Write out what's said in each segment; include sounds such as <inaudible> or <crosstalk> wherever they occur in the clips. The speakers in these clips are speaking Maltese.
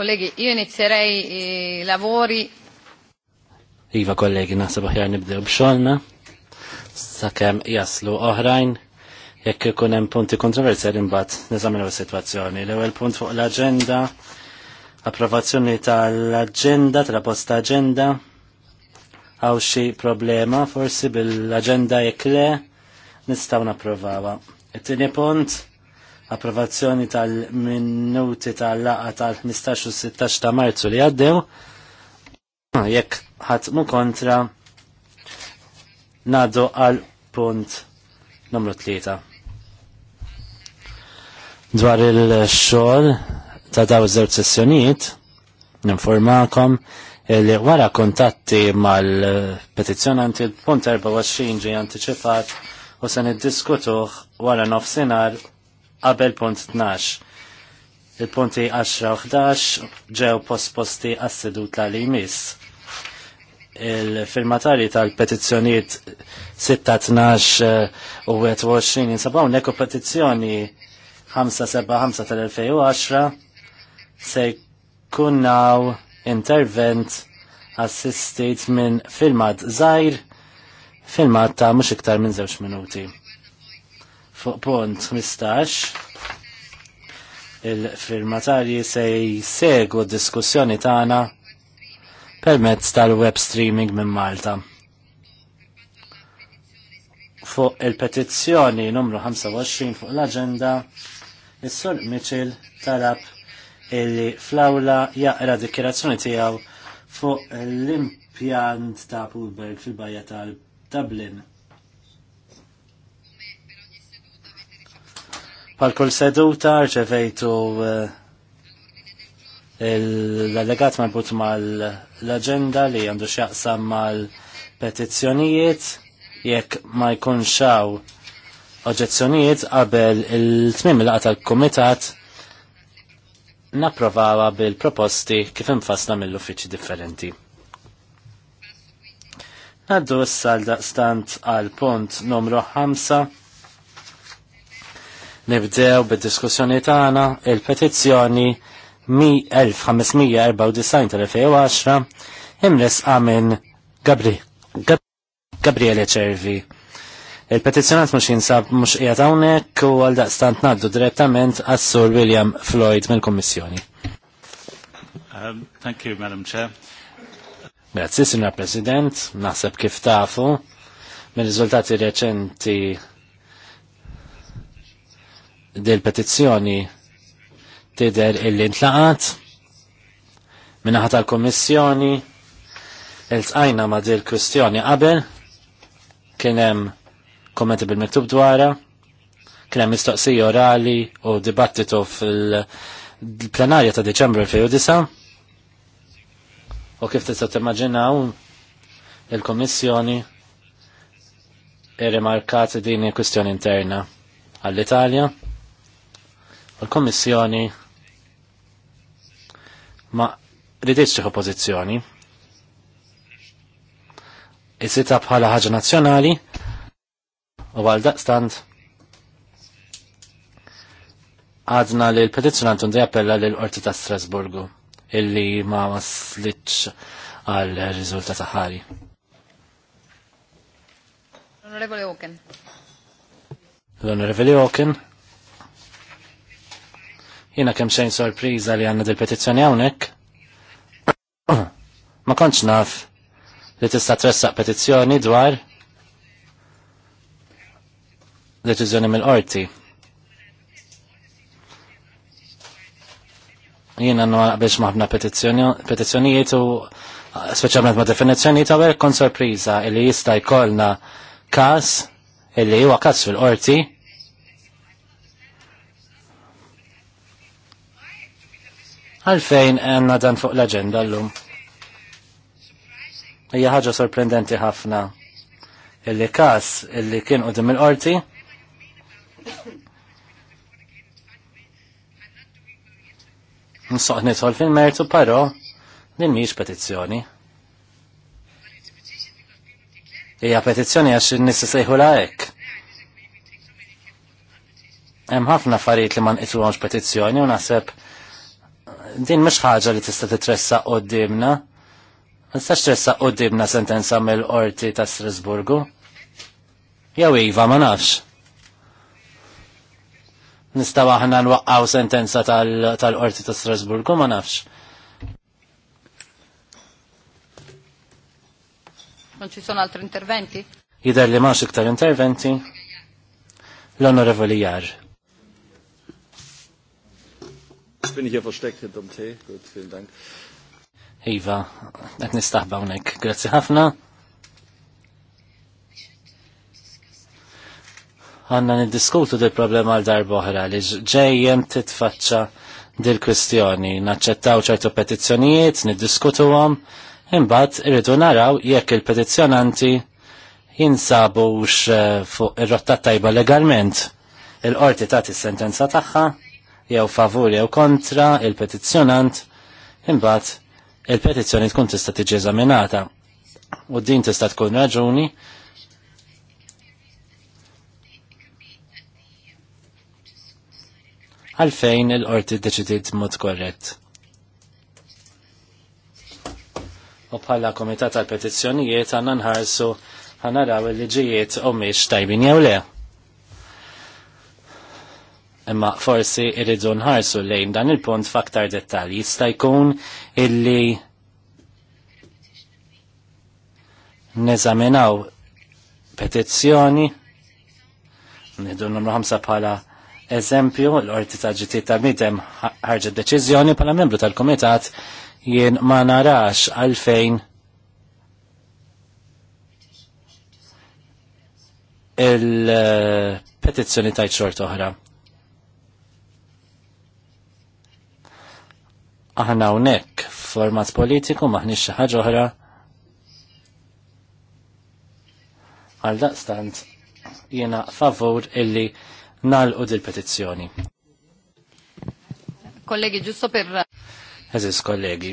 Kollegi, io inizierei i eh, lavori. Iva kollegi, nasib aħjar nibdew b'xogħolna. Sakemm jaslu oħrajn. Jekk ikun hemm punti kontroversjali imbagħad neżaminaw is-sitwazzjoni. L-ewwel punt fuq l-aġenda approvazzjoni tal-aġenda, tal posta aġenda. Għaw xi problema forsi bil-aġenda jekk le nistgħu napprovawa. It-tieni punt approvazzjoni tal-minuti tal-laqa tal-15 u 16 ta' marzu li għaddew, jekk ħatmu kontra nadu għal punt numru 3. Dwar il-xol ta' daw żewġ sessjonijiet, ninformakom li wara kontatti mal-petizzjonanti punt 24 ġi antiċipat u se niddiskutuh wara nofsinhar qabel punt 12. Il-punti 10 u 11 ġew posposti għas-sedut li jmiss. Il-firmatari tal-petizzjoniet 6-12 eh, u 21 jinsabaw neko petizzjoni 575 tal-2010 se kunnaw intervent assistit minn filmat zaħir filmat ta' mux iktar minn zewċ minuti fuq punt 15 il-firmatarji se jsegu d-diskussjoni tagħna permezz tal-web streaming minn Malta. Fuq il-petizzjoni numru 25 fuq l-aġenda, is-Sur Mitchell talab illi fl-awla jaqra dikjerazzjoni tiegħu fuq l-impjant ta' Pulberg fil-bajja tal-Dublin. Pal kull seduta rċevejtu eh, l-allegat marbut mal-agenda li għandu xaqsam mal-petizzjonijiet jekk ma jkun xaw oġezzjonijiet qabel il-tmim il tal-komitat napprovawa bil-proposti kif infasla mill-uffiċi differenti. Naddu s-sal daqstant għal punt numru 5 Nibdew bid-diskussjoni tagħna il-petizzjoni 1594 tal-2010 imres għamin Gabri Gabriele Cervi. Il-petizzjonat mux jinsab mux qiegħed hawnhekk u għal daqstant ngħaddu direttament għas-Sur William Floyd mill-Kummissjoni. Um, thank you, Madam Chair. Grazzi, Signor President, naħseb kif tafu, mir riżultati reċenti del petizzjoni tider illi intlaqat minna tal-Kommissjoni il-tqajna ma dil kwistjoni qabel kienem kommenti bil-miktub dwara kienem mistoqsija orali u dibattitu fil-plenarja ta' Deċembru 2009 u kif tista' timmaġinaw il-Kommissjoni irrimarkat din kwistjoni interna għall-Italja l-Kommissjoni ma ridiċ ċeħu pozizjoni. sita bħala ħaġa nazzjonali u għal daqstant għadna li l-petizjonant un appella li l-Orti ta' Strasburgu illi ma waslitx għal ta' ħari. L-Onorevoli Oken. L-Onorevoli Oken. Jina kemm xejn sorpriża li għandna dil-petizzjoni hawnhekk. <clears throat> Ma kontx naf li tista' tressaq petizzjoni dwar deċiżjoni mill-qorti. Jiena għannu biex maħbna petizzjonijiet u speċjalment ma' definizzjonijiet għawek kon sorpriża li jista' jkollna kas illi huwa kas fil-qorti għalfejn għanna dan fuq l-agenda l-lum. Hija ħaġa sorprendenti ħafna illi kas illi kien qudiem il-qorti Nsoq nidħol fil-mertu però din mhijiex petizzjoni. Hija petizzjoni għax n-nissi sejħu hekk. Hemm ħafna affarijiet li ma nqitruhomx petizzjoni u naħseb din mhux ħaġa li tista' titressa qudiemna. Ma tistax tressa qudiemna sentenza mill-qorti ta' Strasburgu. Jew iva ma nafx. Nistgħu aħna nwaqqaw sentenza tal-qorti ta' Strasburgu ma nafx. Non ci sono altri interventi? Jider li ma' iktar interventi? L-onorevoli jar. Ich bin hier versteckt hinterm Tee. Gut, vielen Dank. Iva, għet nistaħba unek. Grazzi ħafna. Għanna niddiskutu dil problema għal darba oħra li ġejjem titfaċċa dil-kwistjoni. Naċċettaw ċertu petizzjonijiet, niddiskutu għom, imbat irridu naraw jekk il-petizzjonanti jinsabux eh, fuq ir-rotta tajba legalment. Il-qorti tagħti sentenza tagħha jew favur jew kontra il-petizzjonant imbagħad il-petizzjoni tkun tista' tiġi eżaminata. U din tista' tkun raġuni għalfejn il-qorti deċidiet mod korrett. U bħala komitat tal petizzjonijiet għanna nħarsu ħanaraw il-liġijiet u miex tajbin jew le imma forsi irridu nħarsu lejn dan il-punt faktar dettalji. Jista' jkun illi neżaminaw petizzjoni nidu numru ħamsa bħala eżempju l-orti ta' ġitiet ta' midem ħarġet deċiżjoni bħala membru tal-komitat jien ma narax għalfejn il-petizzjoni eh, tajt xort oħra. aħna unek format politiku maħniex xaħġa ħaġa oħra għal daqstant jena favur illi nal u dil petizzjoni Kollegi, ġusto per... Eżis, kollegi.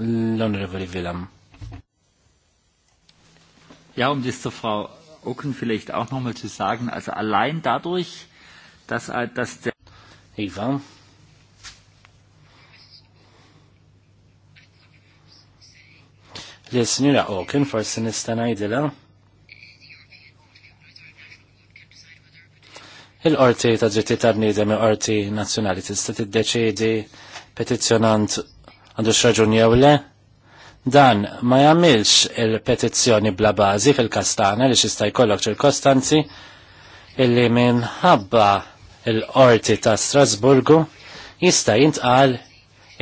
L-Onorevoli Vilam. Ja, um dies zu Frau Ucken vielleicht auch nochmal zu sagen, also allein dadurch, dass, dass der Iva. Li s-snira u kien forsi nista' ngħidilha. Il-qorti ta' Dritti ta' bnidem il-qorti nazzjonali tista' tiddeċiedi petizzjonant għandu x'raġun jew le. Dan ma jagħmilx il-petizzjoni bla bażi fil-kastana li xista' jkollok ċirkostanzi illi minħabba il-qorti ta' Strasburgu jista' jintqal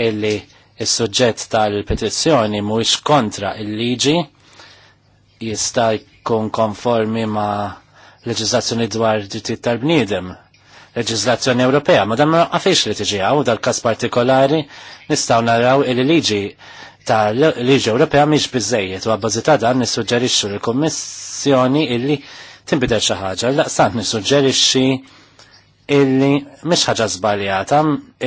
illi il suġġett tal-petizzjoni mhuwiex kontra il-liġi jista' jkun konformi ma' leġislazzjoni dwar drittijiet tal-bniedem leġislazzjoni Ewropea, ma dan għafiex li tiġi għaw dal-kas partikolari nistaw naraw il-liġi ta' liġi Ewropea miex bizzejiet u għabbażita dan nissuġġerixxu l-Kommissjoni illi timbidel xi ħaġa. Laqsant nissuġġerixxi illi mish ħaġa zbaljata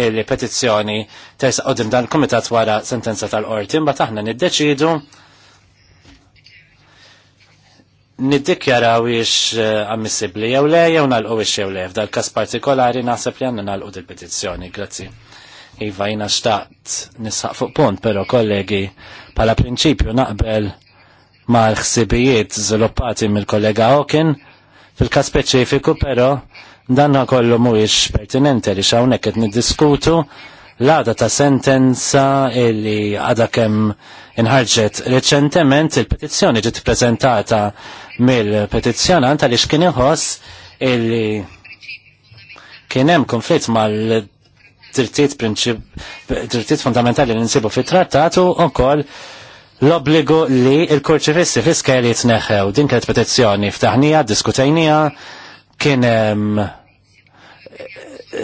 illi petizzjoni tersa qoddim dan komitat wara sentenza tal-qorti imba taħna niddeċidu niddikjaraw ix eh, ammissibli jew le jew nalqu ix jew le f'dal każ partikolari naħseb li għandna nalqu dil-petizzjoni, grazzi. Iva jina xtaqt nisħaq fuq punt, pero kollegi, pala prinċipju naqbel mal ħsibijiet żviluppati mill-kollega Hawkin fil-każ speċifiku, pero Danna kollu mhuwiex pertinenti li hawnhekk qed niddiskutu l-għada ta' sentenza illi għada kem inħarġet reċentement il-petizzjoni ġiet prezentata mill-petizzjonant għaliex kien iħoss illi kien hemm konflitt mal drittijiet fundamentali li nsibu fit-trattat u wkoll l-obbligu li l-kurċivisti fiskali jitneħħew din kienet petizzjoni ftaħnija, diskutejnija, Kien hemm eh,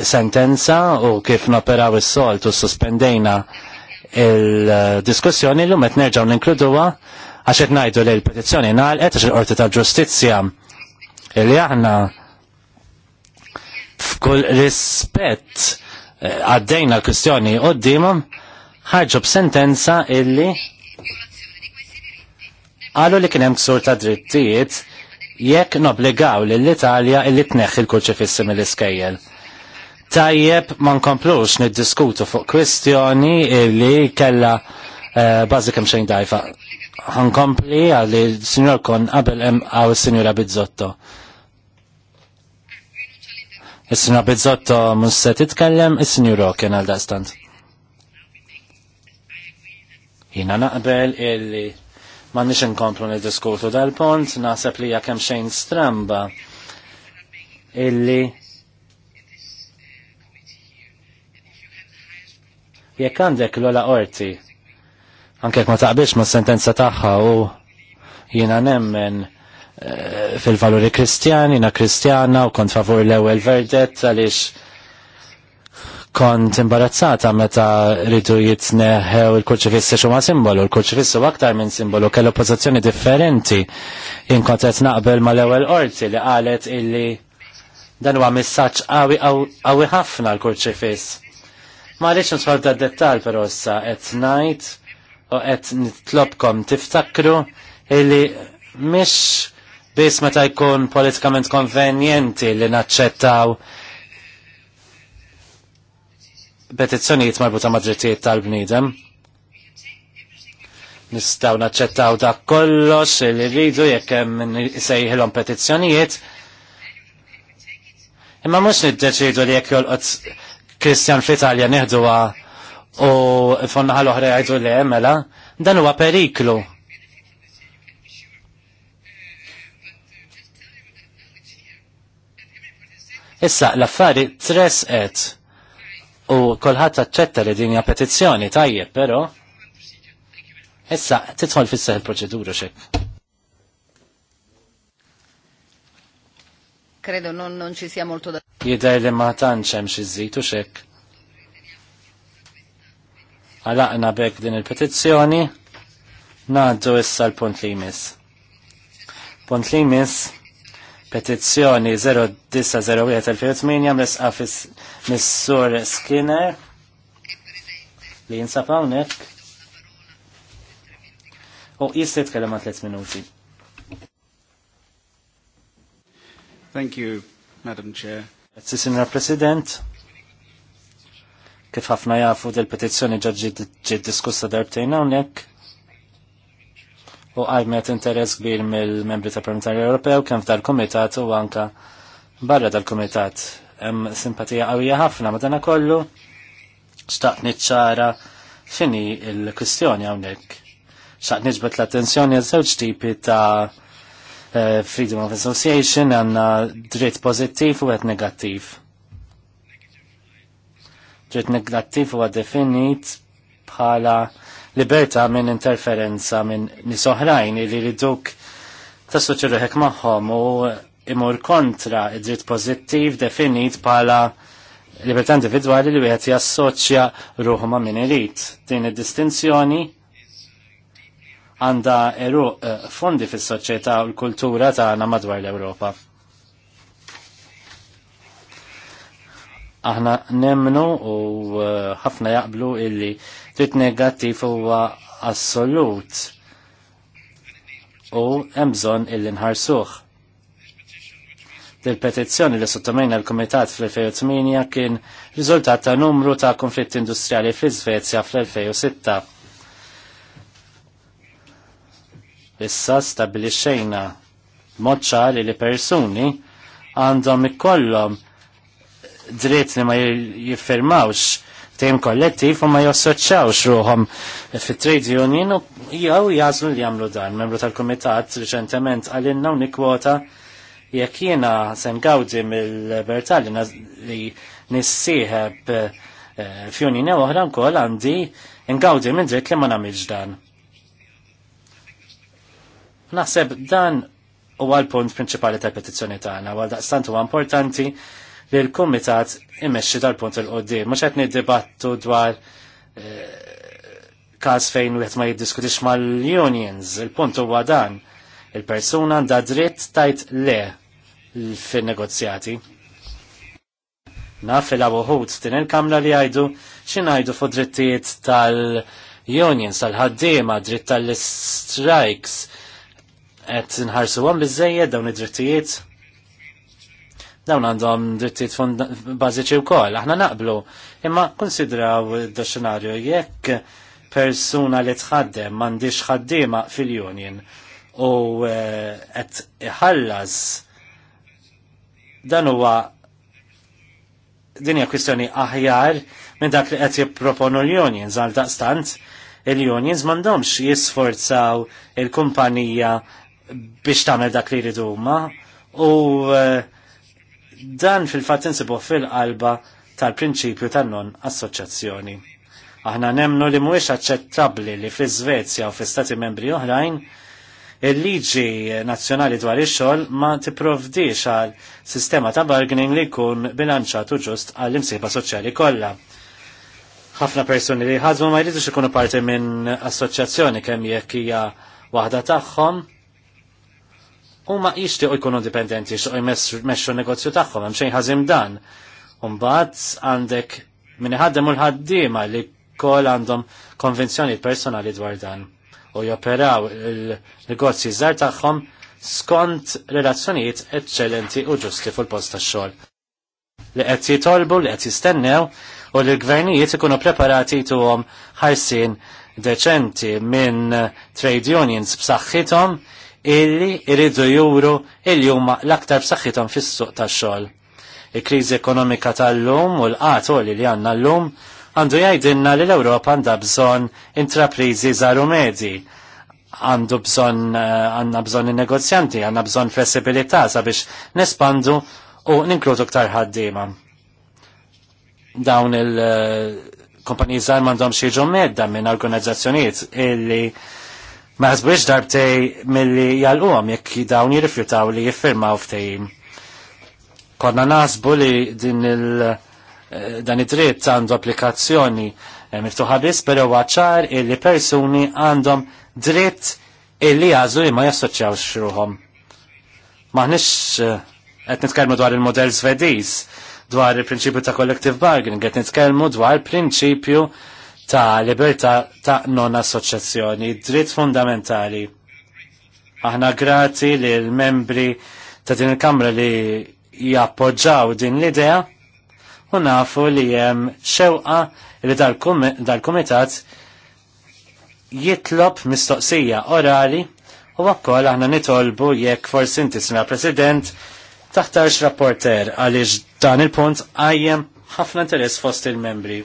sentenza u kif naperaw is-solt u sospendejna il-diskussjoni l-lum qed nerġgħu ninkluduha għax qed ngħidu li l-petizzjoni ngħalqet għax orti ta' tal-Ġustizzja li aħna f'kull rispett eh, għaddejna l-kwistjoni qoddimhom ħarġu b'sentenza illi qalu li kien hemm ksur ta' drittijiet jekk nobligaw lill-Italja illi tneħħi l-kurċifissi mill-iskejjel. Tajjeb ma nkomplux niddiskutu fuq kwestjoni illi kella uh, bażi kemm xejn dajfa. Ħankompli għalli s-sinjor kon qabel hemm għaw is-sinjura Bizzotto. Is-sinjura Bizzotto mhux se titkellem, is-sinjur kien għal daqstant. Jina naqbel illi ma nix nkomplu nidiskutu dal-pont, naħseb li jakem xejn stramba illi jekk għandek l-ola orti, anke ma taqbilx ma sentenza tagħha u jiena nemmen eh, fil-valuri kristjani, na kristjana u kont favur l-ewwel verdet għaliex kont imbarazzata meta rridu jitneħew il-kurċifissi xuma simbolu. Il-kurċifissi u aktar minn simbolu kellu pożizzjoni differenti. Jien kont qed naqbel mal-ewwel qorti li qalet illi dan huwa messaġġ qawwi qawwi ħafna l-kurċifiss. Ma rridx nisfar da dettal però issa qed ngħid u qed nitlobkom tiftakru illi mhix biss meta jkun politikament konvenjenti li naċċettaw petizzjonijiet marbuta ma' drittijiet tal-bniedem. Nistaw naċċettaw dak kollox li rridu jekk hemm sejħilhom petizzjonijiet. Imma mhux niddeċidu li jekk jolqod Kristjan fl-Italja neħduha u fonnaħal oħra jgħidu li mela, dan huwa periklu. Issa, l-affari tresqet u kolħat aċċetta li dinja petizzjoni tajjeb, pero issa titħol fissa il-proċedura xek. Credo non, non ci sia molto da... Jidher li ma tantx hemm xi xek. Għalaqna bek din il-petizzjoni, ngħaddu issa l-punt li jmiss. Punt li jmiss petizzjoni 0901-2008 mresqa fis missur Skinner li jinsa pawnek u jistit jitkellem għal 3 minuti. Thank you, Madam Chair. Grazzi, Signor President. Kif ħafna jafu del petizzjoni ġaġġi diskussa darbtejna unnek, u għajmet interess kbir mill-membri ta' parlamentari Ewropew kemm tal-Kumitat u anka barra tal-Kumitat. Hemm simpatija qawwija ħafna madana kollu xtaqt niċċara x'inhi l-kwistjoni hawnhekk. Xtaqt niġbet l-attenzjoni għal żewġ tipi ta' eh, Freedom of Association għanna dritt pozittiv u għed negattiv. Dritt negattiv u għad definit bħala libertà minn interferenza minn nisoħrajn li riduk ta' soċirruħek maħħom u imur kontra id-dritt pozittiv definit pala libertà individuali li wieħed jassoċja ruħu ma' min irid. Din id-distinzjoni għandha eru eh, fondi fis soċjetà u l-kultura tagħna madwar l-Ewropa. Aħna nemnu u eh, ħafna jaqblu illi Trit negattiv huwa assolut u hemm bżonn illi nħarsuh. Dil-petizzjoni li sottomejna l-Kumitat fl-2008 kien riżultat ta' numru ta' konflitti industriali fl svezja fl-2006. Issa stabilixxejna moċċa li li persuni għandhom ikollhom dritt li ma jiffirmawx ftehim kollettiv u ma jossoċċaw ruhom fit-trade union u jgħu jażlu li jagħmlu dan. Membru tal-kumitat riċentement għalinna unik kwota jekk jiena se ngawdi mill-libertà li nissieħeb eh, f'junjina oħra wkoll għandi ngawdi minn dritt li ma nagħmilx dan. Naħseb dan u għal punt prinċipali tal petizzjoni tagħna, għal daqstant huwa importanti li l-Kumitat immexxi dal-punt il-qoddim. Mhux qed niddibattu dwar eh, każ fejn wieħed ma jiddiskutix mal-unions. Il-punt huwa dan. Il-persuna għandha dritt tajt le fin-negozjati. Naf il uħut din il-kamra li għajdu għajdu fuq drittijiet tal- unions tal-ħaddiema, dritt tal-strikes, qed nħarsu għan bizzejed dawn id-drittijiet dawn għandhom drittijiet bażiċi wkoll, aħna naqblu. Imma konsidraw id-doxxinarju jekk persuna li tħaddem m'għandix ħaddiema fil-union u eh, qed iħallas dan huwa din hija kwistjoni aħjar minn dak li qed jipproponu l-unions għal daqstant il-unions m'għandhomx jisforzaw il-kumpanija biex tagħmel dak li jridu huma u uh, Dan fil-fatt insibu fil-qalba tal-prinċipju tan-non assoċjazzjoni. Aħna nemnu li mhuwiex aċċettabbli li fi Svezja u fi stati membri oħrajn il-liġi nazzjonali dwar ix-xogħol ma tipprovdix għal sistema ta' bargaining li jkun bilanċat u ġust għall imsieħba soċjali kollha. Ħafna persuni li ħadmu ma jridux ikunu parti minn assoċjazzjoni kemm jekk hija waħda tagħhom huma jixtiequ jkunu dipendenti xoq jmexxu negozju tagħhom hemm xejn ħażim dan. Umbagħad għandek min iħaddem u l-ħaddiema li kol għandhom konvenzjoni personali dwar dan u joperaw il-negozji żgħar tagħhom skont relazzjonijiet eċċellenti u ġusti fil-post tax-xogħol. Li qed jitolbu, li qed jistennew u li l-gvernijiet ikunu preparati tuhom ħarsin deċenti minn trade unions b'saħħithom illi iridu juru illi huma l-aktar b'saħħithom fis-suq tax-xogħol. Il-kriżi ekonomika tal-lum u l-qatu li li għandna l-lum għandu jgħidilna li l-Ewropa għandha bżonn intrapriżi żaru medji għandu bżonn eh, għandna bżonn in negozjanti għandna bżonn flessibilità sabiex nespandu u ninkludu ktar ħaddiema. Dawn il-kompaniji eh, żgħar m'għandhom xi medda minn organizzazzjonijiet illi ma ħasbux darbtej mill-li jgħal-qom jekk dawn jirrifjutaw li jiffirmaw ftejim. Konna nasbu li din il- eh, dan id-dritt għandu applikazzjoni eh, miftuħa biss, pero għacċar illi persuni għandhom dritt illi jażu li ma jassoċjawx ruħom. Maħnix eh, qed nitkellmu dwar il-modell Svediż, dwar il-prinċipju ta' collective bargaining, qed nitkellmu dwar prinċipju ta' libertà ta' non assoċjazzjoni, dritt fundamentali. Aħna grati li l-membri ta' din il-Kamra li jappoġġaw din l-idea u nafu li jem xewqa li dal-Kumitat jitlob mistoqsija orali u wakkol aħna nitolbu jekk forsi inti sina President taħtarx rapporter għaliex dan il-punt għajjem ħafna interess fost il-membri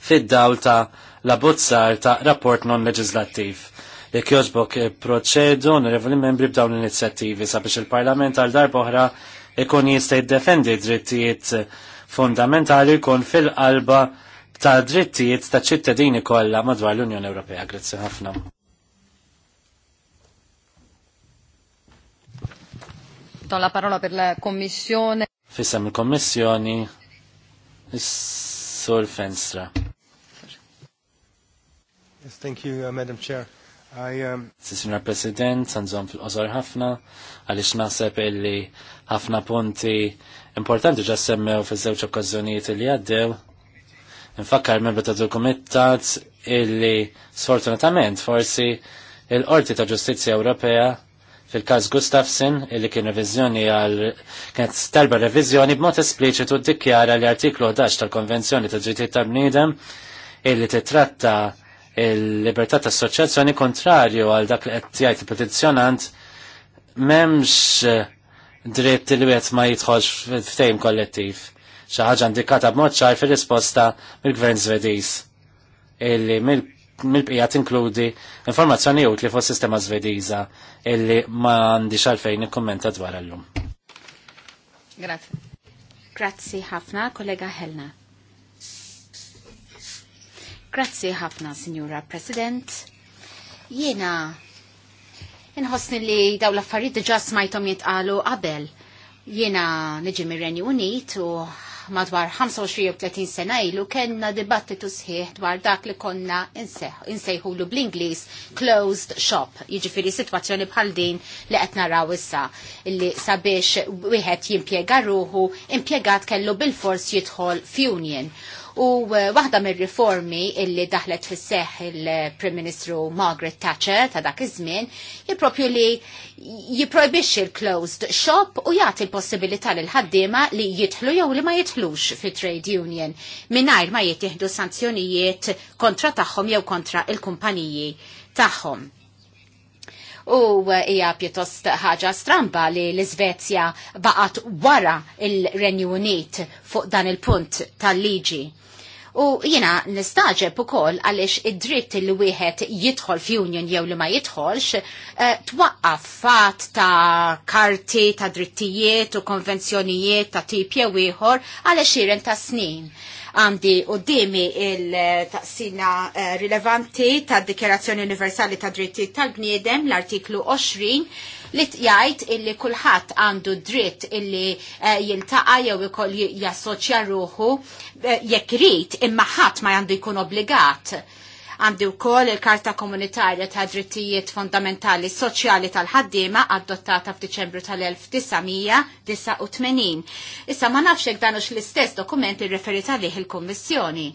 fid-dawl ta' labuzzar ta' rapport non-leġislattiv. Jek joġbok eh, proċedu nirevoli membri b'dawn l-inizjattivi sabiex il-Parlament għal darba oħra ikun jista' jiddefendi drittijiet fundamentali jkun fil-qalba ta' drittijiet ta' ċittadini kollha madwar l-Unjoni Ewropea. Grazzi ħafna. Don la parola per la Commissione. Fissam il-Kommissjoni, Sur Fenstra. Yes, thank you, uh, Madam Chair. I, um... Sisina President, sanżom fil-qosor ħafna, għalix naħseb illi ħafna punti importanti ġa semmew fil-żewġ okkazjonijiet li għaddew. Infakkar membru ta' dokumentat illi sfortunatament forsi il-Qorti ta' Ġustizzja Ewropea fil-każ Gustafsson illi kien revizjoni għal kienet talba revizjoni b'mod espliċitu dikjara li artiklu 11 tal-Konvenzjoni ta' Ġrittijiet tal-Bniedem illi titratta il-libertà ta' assoċjazzjoni kontrarju għal dak li qed jgħid il-petizzjonant m'hemmx eh, dritt li wieħed ma jidħolx ftejm kollettiv. Xi ħaġa indikata b'mod ċar fir-risposta mill-Gvern Zvediż illi mill-bqija tinkludi informazzjoni utli fuq sistema Zvediża illi ma għandix għalfejn ikkummenta dwar illum. Grazie. Grazzi ħafna, kollega Helna. Grazzi ħafna, Signora President. Jena, inħossni li daw l-affarijiet diġà smajthom jitqalu qabel. Jena niġi mir-Renju Unit u madwar 25-30 sena ilu kellna dibattitu sħiħ dwar dak li konna insejħulu bl-Inglis closed shop, jiġifieri sitwazzjoni bħal din li qed naraw issa li sabiex wieħed jimpjega ruħu impjegat kellu bil-fors jidħol f'union U eh, waħda mir-riformi illi daħlet fis seħ il-Prim Ministru Margaret Thatcher ta' dak iż-żmien jippropju li jipprojbixxi l-closed shop u jagħti l-possibilità lil ħaddiema li jidħlu jew li ma jidħlux fi trade union mingħajr ma jittieħdu sanzjonijiet kontra tagħhom jew kontra il-kumpaniji tagħhom u eh, hija pjuttost ħaġa stramba li l-Iżvezja baqgħet wara il-Renju Unit fuq dan il-punt tal-liġi. U jina nistaġeb u kol għalix id-dritt li wieħed jidħol f'union jew li ma jidħolx, eh, twaqqaf fat ta' karti, ta' drittijiet u konvenzjonijiet ta' tip jew ieħor għalix iren ta' snin. Għandi u dimi il-taqsina eh, rilevanti ta' Dikjerazzjoni Universali ta' Dritti tal-Bniedem, l-artiklu 20, li jgħid illi kulħadd għandu dritt illi eh, jiltaqa jew ikoll jassoċja ruħu eh, jekk irid imma ħadd ma għandu jkun obbligat Għandi kol il-Karta Komunitarja ta' Drittijiet Fondamentali Soċjali tal-ħaddiema adottata f'Diċembru tal-1989. Issa ma nafx hekk danux l-istess dokument li referita lih il-Kummissjoni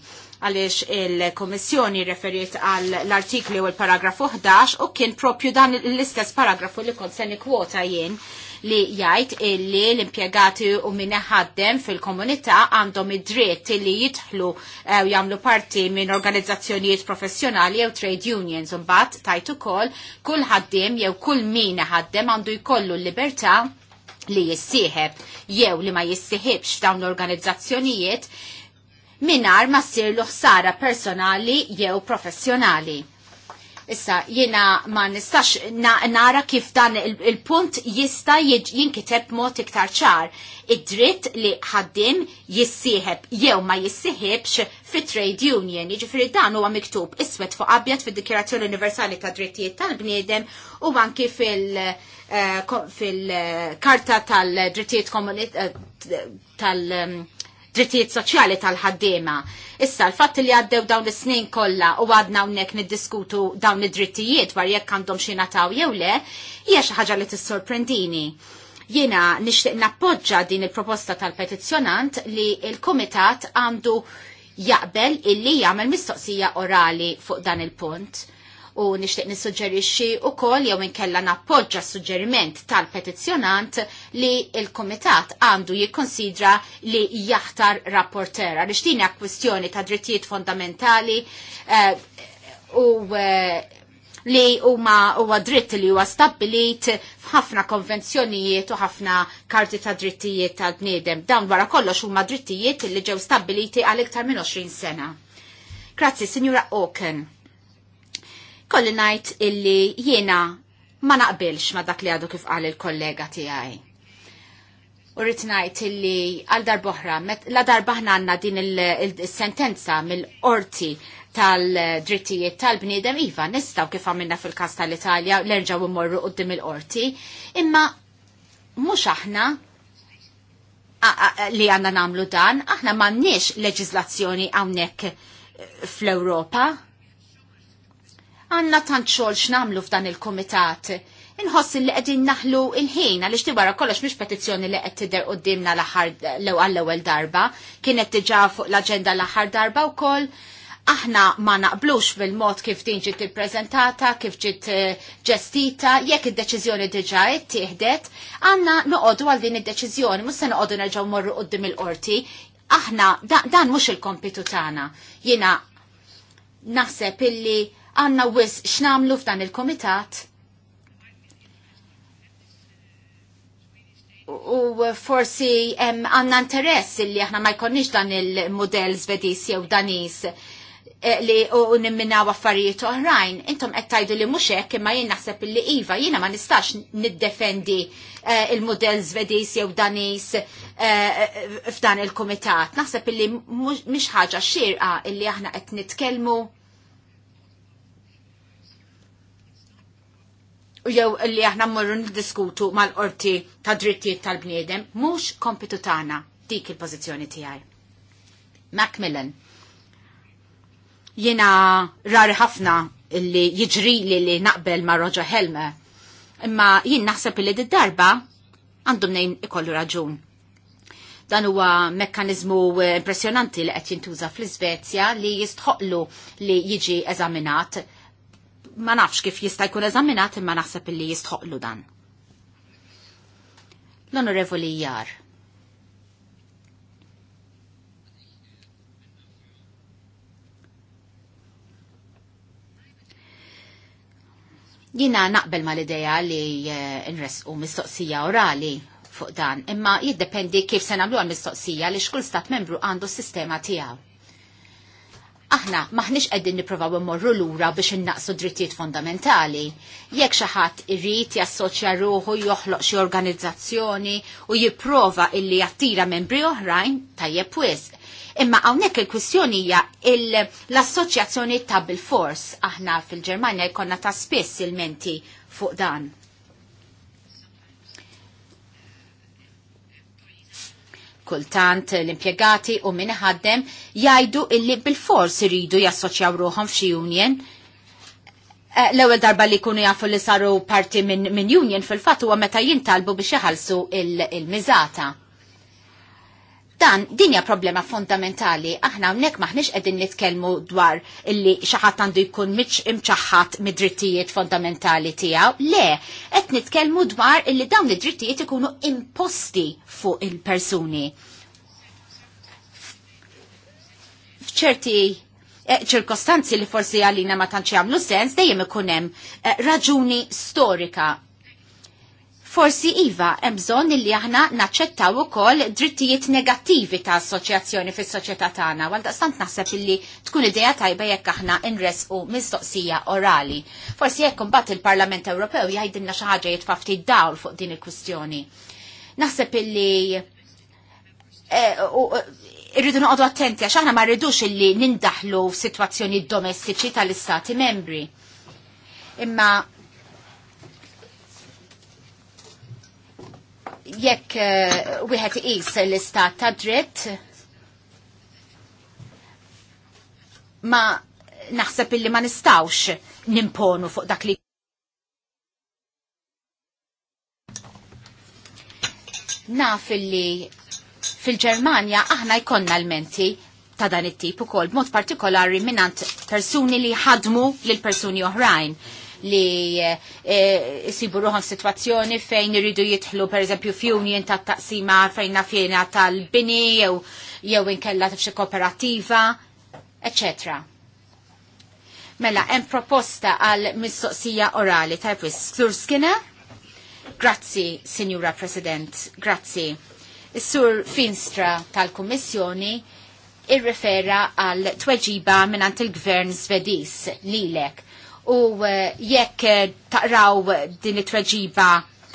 għaliex il-Komissjoni referit għal l-artikli u l-paragrafu 11 u kien propju dan l-istess paragrafu li kont se kwota jien li jgħid illi l-impjegati u min ħaddem fil-komunità għandhom id-dritt li jidħlu eh, u jagħmlu parti minn organizzazzjonijiet professjonali jew trade unions u mbagħad tajt ukoll kull ħaddim jew kull min ħaddem għandu jkollu l-libertà li jissieħeb jew li ma jissieħebx dawn l-organizzazzjonijiet minnar ma sir ħsara personali jew professjonali. Issa, jiena ma nistax nara kif dan il-punt jista jinkiteb mod iktar ċar. Id-dritt li ħaddim jissieħeb jew ma jissieħebx fi trade union. Jiġifieri dan huwa miktub iswed fuq abjad fid-Dikjarazzjoni Universali ta' Drittijiet tal-Bniedem u anki eh, fil-Karta tal-Drittijiet eh, tal-Drittijiet mm, Soċjali tal-ħaddiema. tal drittijiet soċjali tal tal drittijiet soċjali tal ħaddiema Issa, l fat li għaddew dawn is-snin kollha u għadna hawnhekk niddiskutu dawn id-drittijiet war jekk għandhom xi nataw jew le, hija xi ħaġa li tissorprendini. Jiena nixtieq nappoġġa din il-proposta tal-petizzjonant li il-Kumitat għandu jaqbel illi jagħmel mistoqsija orali fuq dan il-punt u nixtieq nissuġġerixxi wkoll jew inkella nappoġġa suġġeriment tal-petizzjonant li l-Kumitat għandu jikkonsidra li jaħtar rapportera. Għaliex din hija kwistjoni ta' drittijiet fondamentali eh, u eh, li huma huwa dritt li huwa stabbilit f'ħafna konvenzjonijiet u ħafna karti ta' drittijiet tal-bniedem. Dawn wara kollox huma drittijiet li ġew stabbiliti għal iktar minn 20 sena. Grazzi, Sinjura Oken kolli najt illi jiena ma naqbilx ma dak li għadu kif qal il-kollega tiegħi. U rrit ngħid illi għal darboħra, la darba ħna għandna din il-sentenza mill-qorti tal-drittijiet tal-bniedem iva nistaw kif għamilna fil-każ tal-Italja l u immorru qudiem il-qorti, imma mhux aħna li għanna namlu dan, aħna nix leġizlazzjoni għawnek fl-Europa. Għanna tant xogħol x'namlu f'dan il-kumitat. Inħossin li qegħdin naħlu il-ħin għaliex ti wara kollox mhix petizzjoni li qed tidher quddiemna l-aħħar għall-ewwel darba, kienet diġà fuq l-aġenda l-aħħar darba wkoll aħna ma naqblux bil-mod kif din ġiet ippreżentata, kif ġiet eh, ġestita, jekk id-deċiżjoni diġà ittieħdet, għandna noqogħdu għal din id-deċiżjoni, mhux se noqogħdu nerġgħu morru quddiem il-qorti. Aħna dan mhux il-kompitu tagħna. Jiena naħseb illi għanna wis x'namlu f'dan il-komitat u forsi għanna interess li aħna ma jkonniex dan il-modell Svedis jew Danis eh, li u nimminaw affarijiet oħrajn, intom qed tajdu li mhux hekk imma jien naħseb illi iva, jiena ma nistax niddefendi eh, il-modell Svediż jew Danis eh, f'dan il-kumitat. Naħseb illi mhux ħaġa xirqa illi aħna qed nitkellmu u jew li aħna mmorru niddiskutu mal-qorti ta' drittijiet tal-bniedem, mhux kompitu tagħna dik il-pożizzjoni tiegħi. Macmillan. Jiena rari ħafna li jiġri li li naqbel ma' Roger Helme, imma jien naħseb li d-darba għandhom nejn ikollu raġun. Dan huwa mekkanizmu impressjonanti li qed jintuża fl-Iżvezja li jistħoqlu li jiġi eżaminat ma nafx kif jista' jkun eżaminat imma naħseb illi jistħoqlu dan. L-Onorevoli Jar. Jina naqbel ma l-ideja li eh, nresqu mistoqsija orali fuq dan, imma jiddependi kif se namlu għal mistoqsija li xkull stat membru għandu s-sistema tiegħu aħna maħnix qegħdin nipprovaw immorru lura biex innaqsu drittijiet fondamentali. Jekk xi ħadd irid jassoċja ruħu joħloq xi organizzazzjoni u jipprova illi jattira membri oħrajn tajjeb wisq. Imma hawnhekk il-kwistjoni hija l-assoċjazzjoni ta' bil-fors aħna fil-Ġermanja jkollna ta' spiss il-menti fuq dan. kultant l-impiegati u min ħaddem jajdu illi bil-fors iridu jassoċjaw ruħom f'xi union. Eh, l-ewwel darba li kunu jafu li saru parti minn union fil-fatt huwa meta jintalbu biex iħallsu il-miżata. Il Dan dinja problema fondamentali, aħna hawnhekk maħniex qegħdin nitkellmu dwar illi xi ħadd għandu jkun miċ imċaħat mid-drittijiet fondamentali tiegħu. Le, qed nitkellmu dwar illi dawn id-drittijiet ikunu imposti fuq il-persuni. F'ċerti eh, ċirkostanzi li forsi għalina ma tantx jagħmlu sens dejjem ikun hemm eh, raġuni storika Forsi Iva, emżon illi aħna naċċettaw ukoll drittijiet negattivi ta' assoċjazzjoni fis soċjetà tagħna, għal daqstant naħseb illi tkun idea tajba jekk aħna nresqu mistoqsija orali. Forsi jekk imbagħad il-Parlament Ewropew jgħidilna xi ħaġa jitfa' ftit dawl fuq din il-kwistjoni. Naħseb illi e, irridu noqogħdu attenti għax aħna ma rridux illi nindaħlu f'sitwazzjoni domestiċi tal-istati membri. Imma jekk uh, wieħed iqis l-istat ta' dritt ma naħseb illi ma nistawx nimponu fuq dak li naf illi fil-Ġermanja aħna jkonna l-menti ta' dan it-tip ukoll b'mod partikolari minant persuni li ħadmu lil persuni oħrajn li jisibu eh, ruħan situazzjoni fejn iridu jitħlu per eżempju f'union ta' taqsima fejn fjena tal-bini jew jew inkella f'xi kooperativa, etc. Mela, hemm proposta għal mistoqsija orali ta' Sur Skina. Grazzi, Signora President, grazzi. Is-Sur Finstra tal-Kummissjoni irrefera għal tweġiba minnant il-Gvern Svedis lilek u eh, jekk eh, taqraw din it-tweġiba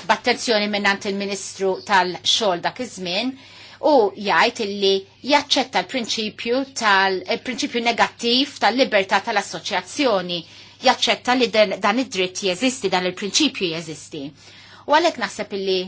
b'attenzjoni minnant il-Ministru tal-xogħol dak iż-żmien, u jgħid illi jaċċetta l-prinċipju tal-prinċipju negattiv tal-libertà tal-assoċjazzjoni, jaċċetta li dan id-dritt jeżisti, dan il-prinċipju jeżisti. U għalhekk naħseb illi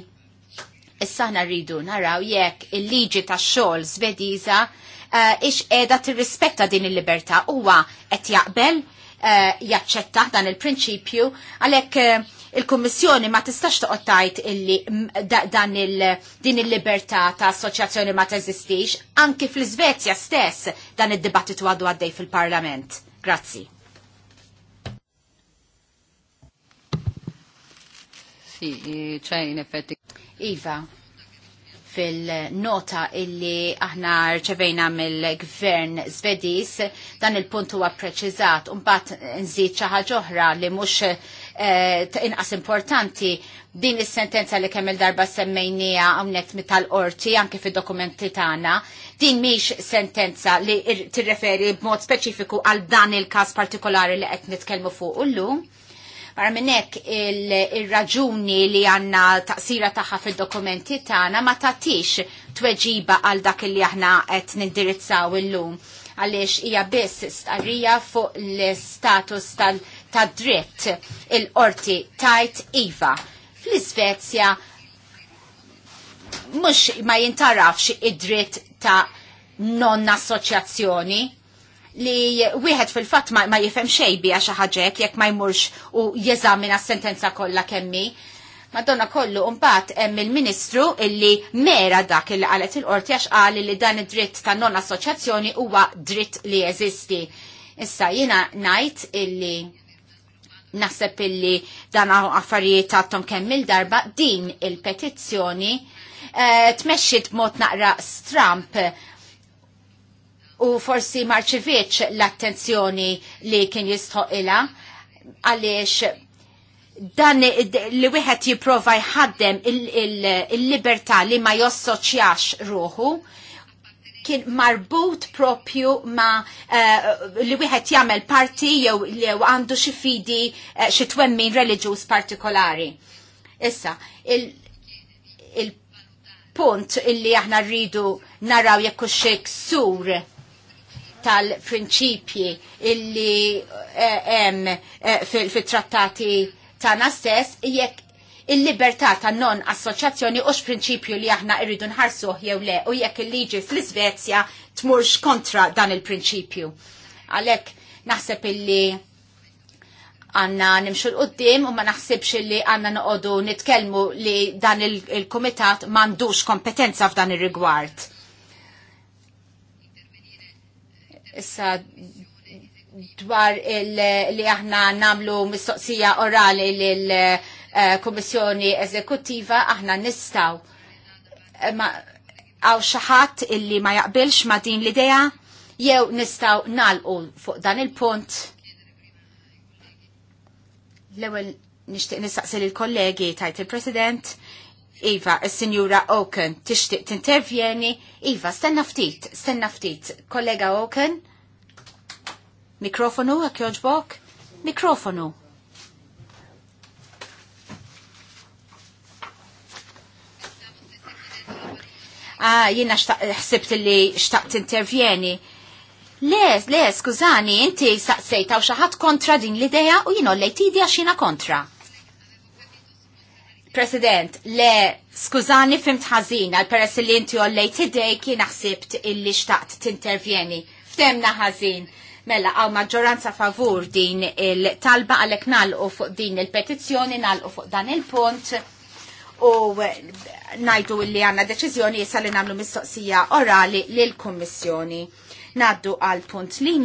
issa aħna rridu naraw jekk il-liġi tax-xogħol żvediża eh, ix qiegħda tirrispetta din il-libertà huwa qed jaqbel Eh, jaċċetta dan il-prinċipju għalhekk eh, il-Kummissjoni ma tistax toqgħod tgħid illi dan il din il-libertà ta' assoċjazzjoni ma teżistix anki fl-Iżvezja stess dan id-dibattitu għadu għaddej fil-Parlament. Grazzi. Eh, iva, fil-nota illi aħna rċevejna mill-gvern Svedis dan il-punt huwa preċiżat u mbagħad nżid xi ħaġa oħra li mhux eh, inqas importanti din is-sentenza li kemm il-darba semmejnija hawnhekk mit-tal-qorti anke fid-dokumenti tagħna, din mhix sentenza li tirreferi b'mod speċifiku għal dan il-każ partikolari li qed nitkellmu fuq illum. Barra minnek il-raġuni il li għanna taqsira taħħa fil-dokumenti tagħna ma taħtix tweġiba għal dak li aħna qed nindirizzaw illum għaliex hija biss starija fuq l-status tad-dritt il-qorti tajt iva. fl svezja mhux ma jintarafx id-dritt ta' non-assoċjazzjoni li wieħed fil-fatt ma, ma jifhem xejn biha xi ħaġek jekk ma jmurx u jeżamina s-sentenza kollha kemmi. Madonna kollu mbagħad hemm il-Ministru illi mera dak il qalet il-qorti għax qal li dan id-dritt ta' non assoċjazzjoni huwa dritt li jeżisti. Issa jiena ngħid illi naħseb illi dan affarijiet għadhom kemm il-darba din il-petizzjoni eh, tmexxit b'mod naqra stramp u forsi marċivieċ l-attenzjoni li kien jistħoqila għaliex dan li wieħed jipprova jħaddem il-libertà li ma jossoċjax ruħu kien marbut propju ma eh, li wieħed jagħmel parti jew jew għandu xi fidi eh, xi twemmin reliġjuż partikolari. Issa, il-punt illi aħna rridu naraw jekk hux sur tal-prinċipji illi hemm eh, eh, fil-trattati tagħna stess jekk il-libertà ta' non assoċjazzjoni u prinċipju li aħna irridu nħarsuh jew le u jekk il-liġi fl-Iżvezja tmurx kontra dan il-prinċipju. Għalhekk naħseb illi għanna nimxu l-qoddim u ma naħsibx li għanna noqodu nitkelmu li dan il-komitat il mandux kompetenza f'dan il-rigward. Issa dwar li aħna namlu mistoqsija orali lill-Kummissjoni eh, Eżekuttiva aħna nistaw eh, għaw xaħat illi ma jaqbilx ma din l-ideja jew nistaw nalqu fuq dan il-punt l-ewel nishtiq nistaqsil il-kollegi tajt il-President Iva, il-Sinjura Oken, tixtieq intervjeni Iva, stenna ftit, stenna ftit. Kollega Oken? Mikrofonu għak joġbok? Mikrofonu. Ah, jina ħsibt li xtaqt intervjeni. Le, le, skużani, inti saqsejta u xaħat kontra din l-ideja u jina l-lejtidi xina kontra. President, le, skużani fim ħażin għal peress li inti għollejt id-dej kien għasibt illi xtaqt tintervjeni. Ftemna ħażin. Mela, għaw maġġoranza favur din il-talba għalek nalqu fuq din il-petizzjoni, nalqu fuq dan il-punt u najdu li għanna deċizjoni jissa li namlu mistoqsija orali l-Kommissjoni. Naddu għal punt li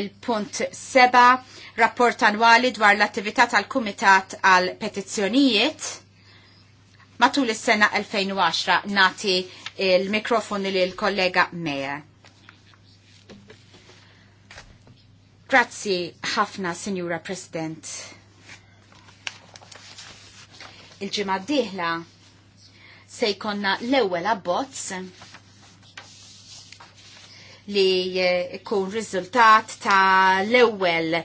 il-punt seba' rapport annwali dwar l-attività tal-Kumitat għal petizzjonijiet matul is-sena 2010 nati il-mikrofon lil kollega Meja. Grazzi ħafna, Signora President. Il-ġimgħa d-dieħla se jkonna l-ewwel abbozz li jkun eh, riżultat ta' l-ewwel eh,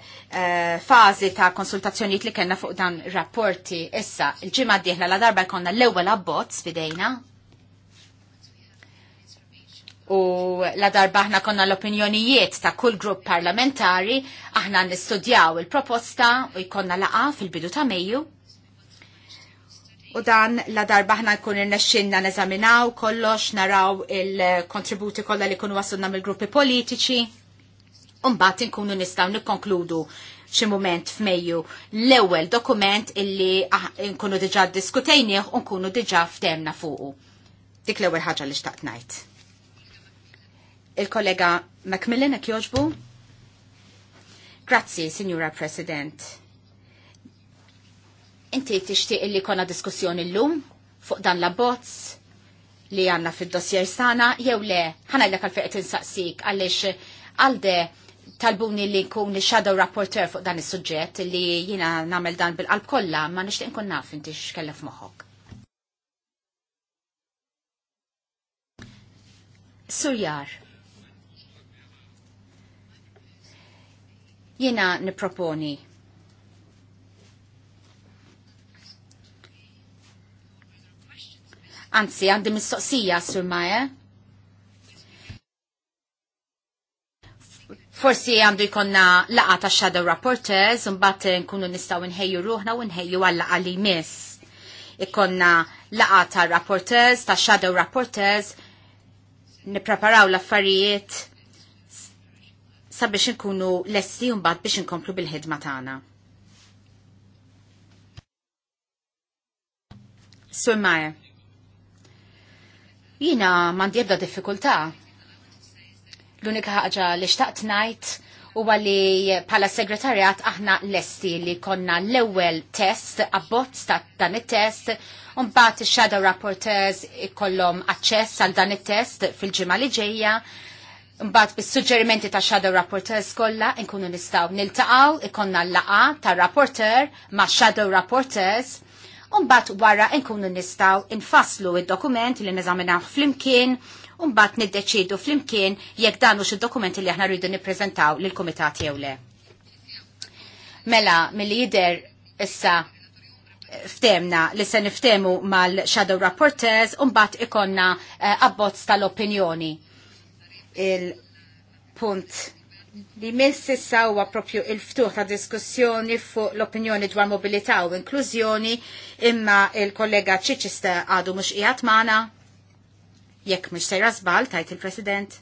fazi fażi ta' konsultazzjonijiet li kellna fuq dan rapporti issa il-ġimgħa d la darba jkollna l-ewwel abbozz fidejna. U la darba aħna konna l-opinjonijiet ta' kull grupp parlamentari, aħna nistudjaw il-proposta u jkonna laqa fil-bidu ta' Mejju U dan la darba ħna jkun irnexxinna neżaminaw kollox, naraw il-kontributi kollha li jkunu għasunna mill-gruppi politiċi. u mbagħad inkunu nistgħu nikkonkludu xi mument f'Mejju l-ewwel dokument illi ah, nkunu diġà diskutejnieh u nkunu diġà ftemna fuqu. Dik l-ewwel ħaġa li xtaqt ngħid. Il-kollega Macmillan jogħġbu? Grazzi, Signora President. Inti tixtieq li konna diskussjoni llum fuq dan la bozz li għanna fid dossier sana, jew le, ħana l għal-feqet insaqsik għalix għalde talbuni li nkun shadow rapporteur fuq dan is-suġġett li jina namel dan bil-qalb kollha ma nixtieq nkun naf inti x'kellef moħħok. Surjar. Jiena niproponi Anzi, għandi mistoqsija, Sur Maje. Forsi għandu jkonna laqa ta' shadow rapporters, mbagħad nkunu nistgħu nħejju ruħna u nħejju għalla għalli mis. miss. Ikonna laqa ta' reporters, ta' shadow rapporters, nippreparaw l-affarijiet sabiex nkunu lessi u mbagħad biex inkomplu bil-ħidma tagħna. Sur Mayer. Jina mandi ebda diffikultà. L-unika ħagġa li xtaqt najt u għalli pala segretarjat aħna lesti li konna l-ewel test, abbozz ta' dan il-test, un-bat shadow rapporteurs ikollom access għal dan il-test fil-ġimma li ġeja, bat bis-suġġerimenti ta' shadow rapporteurs kollha nkunu nistgħu niltaqgħu ikonna l-laqa tar rapporteur ma' shadow rapporteurs Umbat wara nkunu nistaw infaslu il-dokument li neżaminaw flimkien, umbat niddeċidu flimkien jekk danu xid dokumenti li aħna rridu nippreżentaw lil komitat jew le. Mela, mill jider issa ftemna li se niftemu mal-Shadow Rapporteurs umbat ikonna uh, abbozz tal-opinjoni. Il-punt li miss issa huwa propju il-ftuħ ta' diskussjoni fuq l-opinjoni dwar mobilità u inklużjoni imma il-kollega Ċiċista għadu mhux qiegħed magħna. Jekk mhux sejra żball tajt il-President.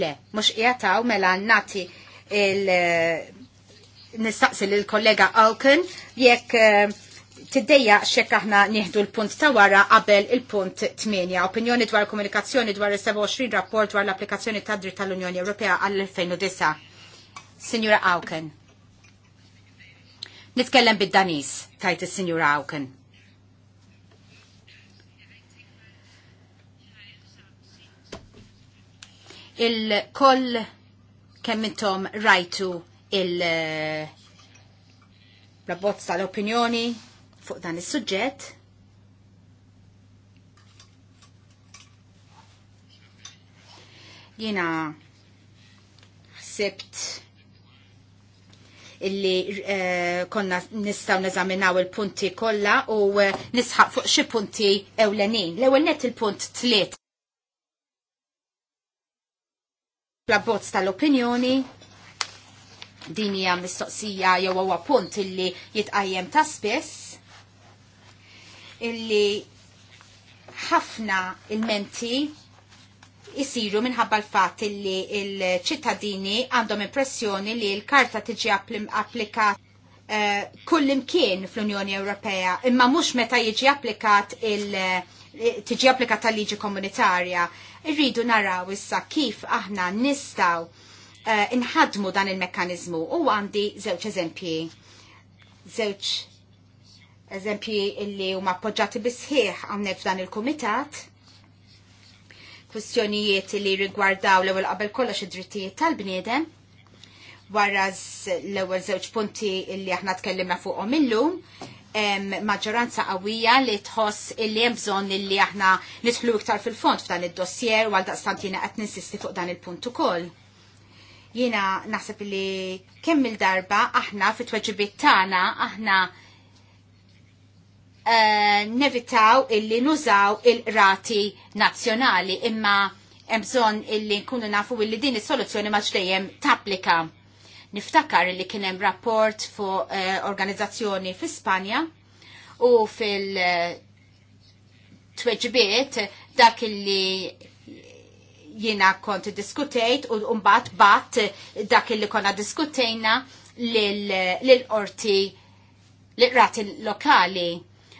Le, mhux qiegħed hawn mela nati il nistaqsi lill kollega Alken jekk eh, tiddeja xek aħna nieħdu l-punt ta' wara qabel il-punt 8. Opinjoni dwar komunikazzjoni dwar il-27 rapport dwar l-applikazzjoni ta' dritt tal-Unjoni Ewropea għall-2009. Signora Auken. Nitkellem bid-Danis, tajt il-Signora Auken. Il-koll kemm intom rajtu il- la tal l-opinjoni fuq dan is-suġġett. Jiena ħsibt illi uh, konna nistaw neżaminaw il-punti kollha u uh, nisħaq fuq xi punti ewlenin. L-ewwel net il-punt tliet. L-abbozz tal-opinjoni din hija mistoqsija jew huwa punt illi jitqajjem ta' spiss illi ħafna il-menti jisiru minħabba l-fat illi il-ċittadini għandhom impressjoni li l-karta tiġi applikat uh, eh, kull imkien fl-Unjoni Ewropea, imma mhux meta jiġi applikat il- tiġi applikat tal-liġi komunitarja. Irridu naraw issa kif aħna nistaw uh, inħadmu dan il-mekkanizmu u għandi żewġ eżempji. zewċ eżempji illi huma appoġġati bisħieħ għamnek f'dan il-kumitat, kwistjonijiet li rigwardaw l-ewwel qabel kollox id-drittijiet tal-bniedem, wara l-ewwel żewġ punti illi aħna tkellimna fuqhom illum, maġġoranza qawwija li tħoss illi hemm bżonn illi aħna nidħlu iktar fil-fond f'dan id-dossier għal daqstant jiena qed ninsisti fuq dan il-punt ukoll. Jiena naħseb li kemm il-darba aħna fit-tweġibiet tagħna aħna Eh, nevitaw illi nużaw il-rati nazzjonali imma hemm bżonn illi nkunu nafu illi din is-soluzzjoni ma dejjem tapplika. Niftakar illi kien hemm rapport fuq eh, organizzazzjoni fi Spanja u fil eh, tweġbiet dak illi jiena kont diskutejt u mbagħad bat dak illi konna diskutejna lil qorti l-rati lokali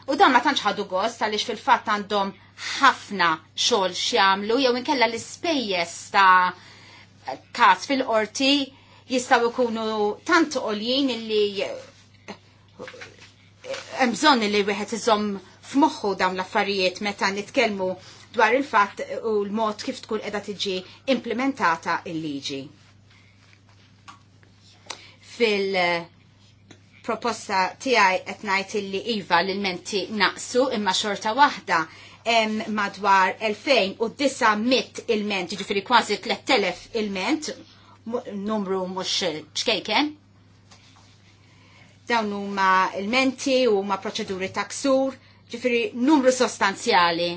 U dan ma tantx ħadu gost għaliex fil-fatt għandhom ħafna xogħol x'jagħmlu jew inkella l-ispejjeż ta' każ fil-qorti jistgħu jkunu tant qoljin illi eh, hemm bżonn li wieħed iżomm f'moħħu dawn l-affarijiet meta nitkellmu dwar il-fatt u l-mod kif tkun qiegħda tiġi implementata il-liġi. Fil- proposta tiegħi qed ngħid illi iva l-menti naqsu imma xorta waħda hemm madwar 2900 il-ment, ġifieri kważi 3000 il-ment, numru mhux ċkejken. Dawn huma il-menti huma proċeduri taksur, ġifieri numru sostanzjali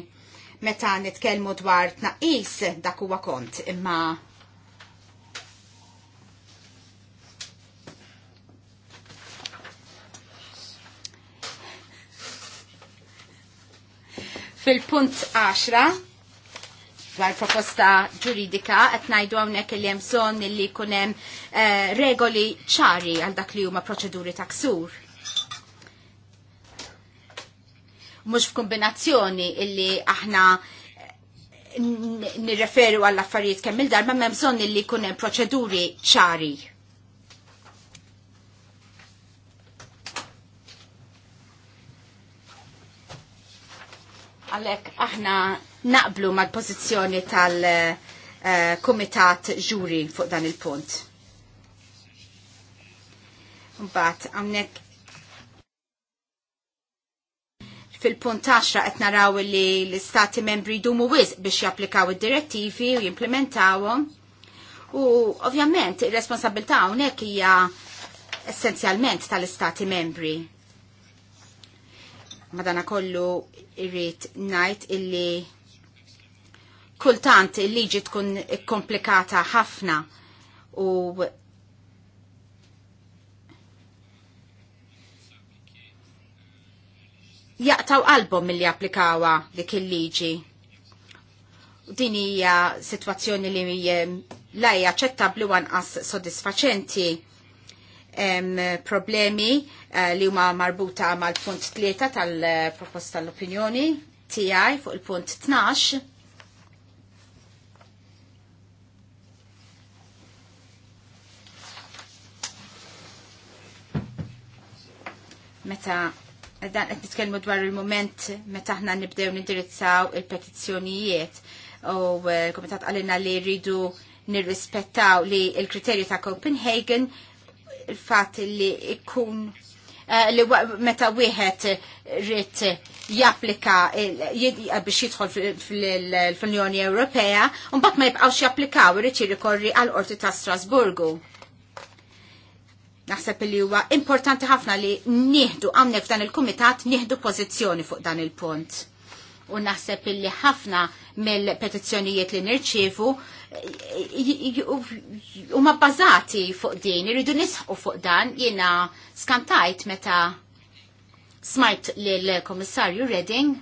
meta nitkellmu dwar tnaqqis dak huwa kont imma Fil-punt 10, dwar proposta ġuridika, qed ngħidu hawnhekk li hemm bżonn li jkun hemm eh, regoli ċari għal dak li huma proċeduri ta' ksur. Mhux f'kombinazzjoni illi aħna eh, nirreferu għall affarijiet kemm il-darba m'hemm bżonn li jkun hemm proċeduri ċari. Għalek aħna naqblu mal-pozizjoni tal-Komitat Ġuri fuq dan il-punt. Mbagħad hawnhekk fil-punt 10 qed naraw li l-istati membri jdumu wisq biex japplikaw id-direttivi u jimplementawhom. U ovvjament ir-responsabilità hawnhekk hija essenzjalment tal-istati membri madana kollu irrit najt illi kultant il-liġi tkun komplikata ħafna u jaqtaw qalbhom milli applikawa dik il-liġi. Din hija sitwazzjoni li lajja hija ċettabli wanqas sodisfaċenti problemi eh, li huma marbuta mal-punt tlieta tal-proposta tal-opinjoni tiegħi fuq il-punt 12 meta dan qed nitkellmu dwar il mument meta aħna nibdew nindirizzaw il-petizzjonijiet u eh, l-komitat qalilna li rridu nirrispettaw li il-kriterju ta' Copenhagen il-fat li ikkun eh, li meta wieħed rrit japplika biex jidħol fl-Unjoni Ewropea, un bat ma jibqawx japplikaw irid jirrikorri għal qorti ta' Strasburgu. Naħseb li huwa importanti ħafna li nieħdu għamnek f'dan il-kumitat nieħdu pożizzjoni fuq dan il-punt u naħseb illi ħafna mill-petizzjonijiet li nirċievu huma bbażati fuq din, irridu nisħu fuq dan jiena skantajt meta smart l komissarju Redding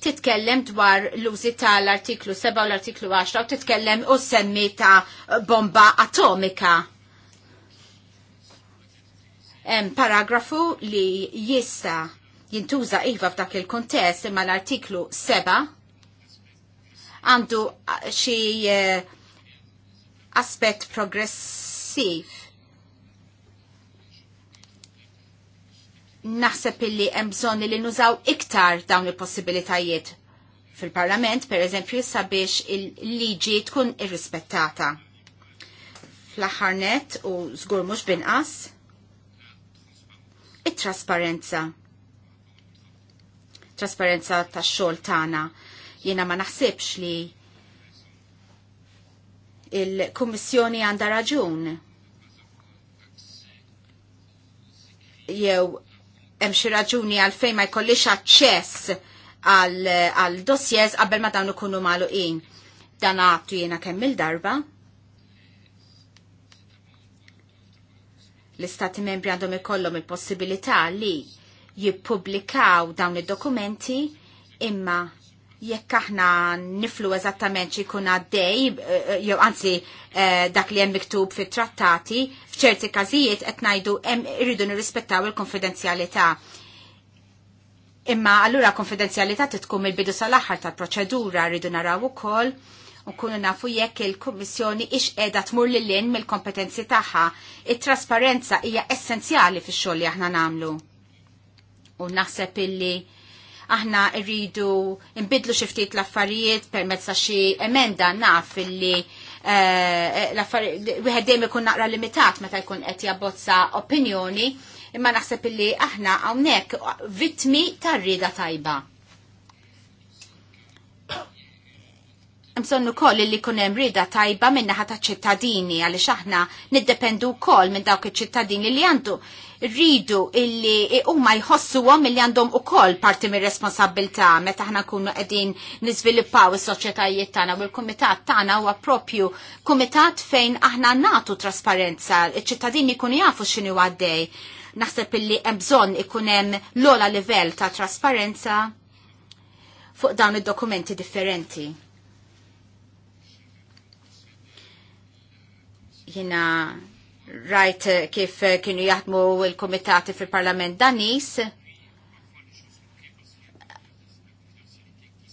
titkellem dwar l-użi tal-artiklu 7 u l-artiklu 10 u titkellem u semmi ta' bomba atomika. Em, paragrafu li jista jintuża iva f'dak il-kontest imma l-artiklu 7 għandu xi e, aspett progressiv. Naħseb illi hemm bżonn li nużaw iktar dawn il-possibilitajiet fil-parlament, per eżempju, sabiex il-liġi tkun irrispettata. Fl-aħħar u żgur mhux binqas, it-trasparenza trasparenza tax xogħol tagħna. Jiena ma naħsibx li il-Kummissjoni għandha raġun jew hemm xi raġuni għalfejn ma jkollix aċċess għal dossiers qabel ma dawn ikunu magħluqin. Dan għattu jiena kemm il-darba. L-istati membri għandhom ikollhom il-possibilità li jippubblikaw dawn id-dokumenti imma jekk aħna niflu eżattament xi jkun għaddej, eh, eh, jew anzi eh, dak li hemm miktub fit-trattati, f'ċerti każijiet qed ngħidu hemm irridu nirrispettaw il-konfidenzjalità. Imma allura konfidenzjalità titkun il-bidu sal-aħħar tal-proċedura rridu naraw ukoll u kunu nafu jekk il-Kummissjoni ix qiegħda tmur lil lin mill-kompetenzi tagħha. It-trasparenza hija essenzjali fix-xogħol li aħna nagħmlu u naħseb illi aħna rridu nbidlu xiftit l-affarijiet permezz ta' xi emenda naf illi eh, wieħed dejjem ikun naqra limitat meta jkun qed jabbozza opinjoni imma naħseb illi aħna hawnhekk vittmi tar-rieda tajba. Mżonnu koll li kunem rida tajba minna ħata ċittadini għalli xaħna niddependu koll minn dawk iċ-ċittadini li għandu rridu illi huma jħossu għom illi għandhom u koll parti mir responsabilta meta ħna kunu għedin nizvilippaw is-soċjetajiet tagħna u l-kumitat tagħna huwa għapropju kumitat fejn aħna natu trasparenza, ċittadini jkunu jafu x'inhu għaddej. Naħseb illi hemm bżonn ikun hemm l-ola livell ta' trasparenza fuq dawn id-dokumenti differenti. Jina rajt kif kienu jaħdmu il-komitati fil-parlament danis.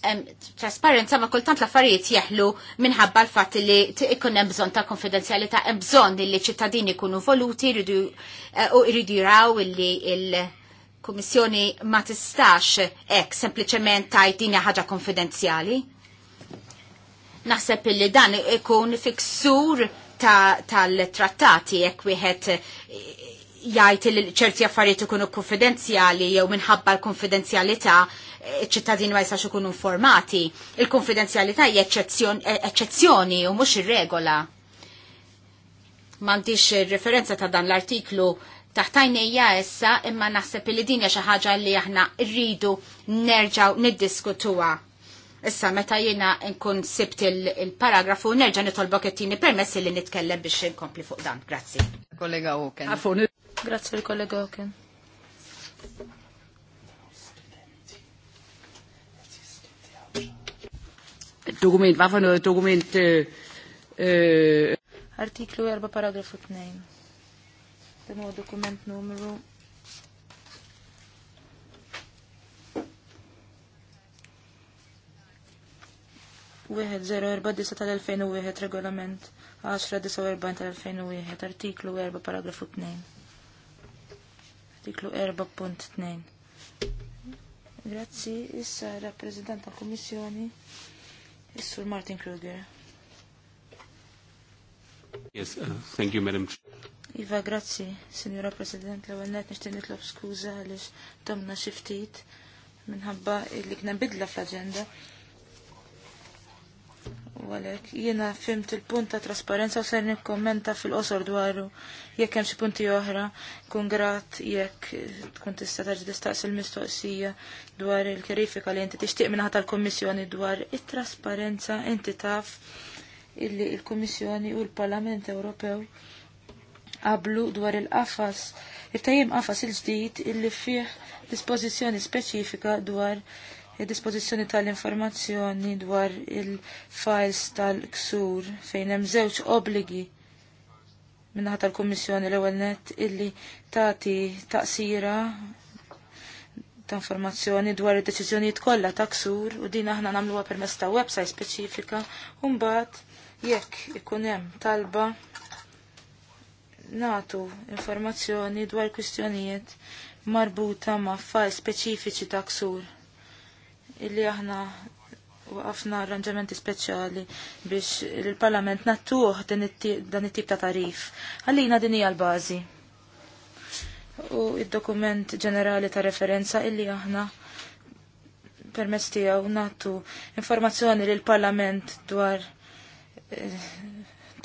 Trasparenza ma kultant l-affarijiet jeħlu minħabba l-fat li ikun hemm bżonn ta' konfidenzjalità, hemm bżonn li ċittadini jkunu voluti eh, u jridu jraw li il-Kummissjoni ma tistax hekk sempliċement tajt din ħaġa konfidenzjali. Naħseb li dan ikun fiksur tal-trattati jekk wieħed jgħid li ċerti affarijiet ikunu konfidenzjali jew minħabba l-konfidenzjalità ċittadini ma jistax ikunu informati. Il-konfidenzjalità hija eċċezzjoni u mhux ir-regola. M'għandix referenza ta' dan l-artiklu taħtajnija issa imma naħseb li din hija xi ħaġa li aħna rridu nerġgħu niddiskutuha Issa meta jina nkun sibt il-paragrafu nerġa' nitolbok it-tieni permessi li nitkellem biex nkompli fuq dan. Grazzi. Kollega Oken. Għafun. Grazzi l-kollega Oken. Dokument, għafun, dokument. Eh, eh. Artiklu 4 paragrafu 2. Dan dokument numru 1049 tal-2001 regolament 1049 tal-2001 artiklu 4 paragrafu 2 artiklu 4.2 Grazzi, issa rappresentant tal kommissjoni Is-Sur Martin Kruger. Yes, uh, thank you, Madam Iva, grazzi, Signora President, l-ewel net nishtin nitlob skuza għalix domna xiftit minħabba li likna bidla fl-agenda. U għalek, jena fimt il-punt ta' trasparenza u ser nikkommenta fil-qosor dwaru jekk hemm xi punti oħra, kun grat jekk tkun tista' tarġi tistaqsi l-mistoqsija dwar il-kerifika li inti tixtieq minħat tal-Kummissjoni dwar it-trasparenza inti taf illi il-Kummissjoni u l-Parlament Ewropew qablu dwar il-qafas, il-tajjem qafas il-ġdid illi fih dispożizzjoni speċifika dwar il disposizjoni tal-informazzjoni dwar il-files tal-ksur fejn hemm żewġ obligi minnaħat tal-Kummissjoni l-ewwel net illi tagħti taqsira ta' informazzjoni dwar id-deċiżjonijiet kollha ta' ksur u din aħna nagħmluha permezz ta' website speċifika u mbagħad jekk ikun hemm talba natu informazzjoni dwar kwistjonijiet marbuta ma' faj speċifiċi ta' ksur illi aħna waqafna arranġamenti speċjali biex il-Parlament nattuħ dan it-tip ta' tarif. Għallina din hija l-bażi. U id-dokument ġenerali ta' referenza illi aħna permezz tiegħu nattu informazzjoni lil parlament dwar eh,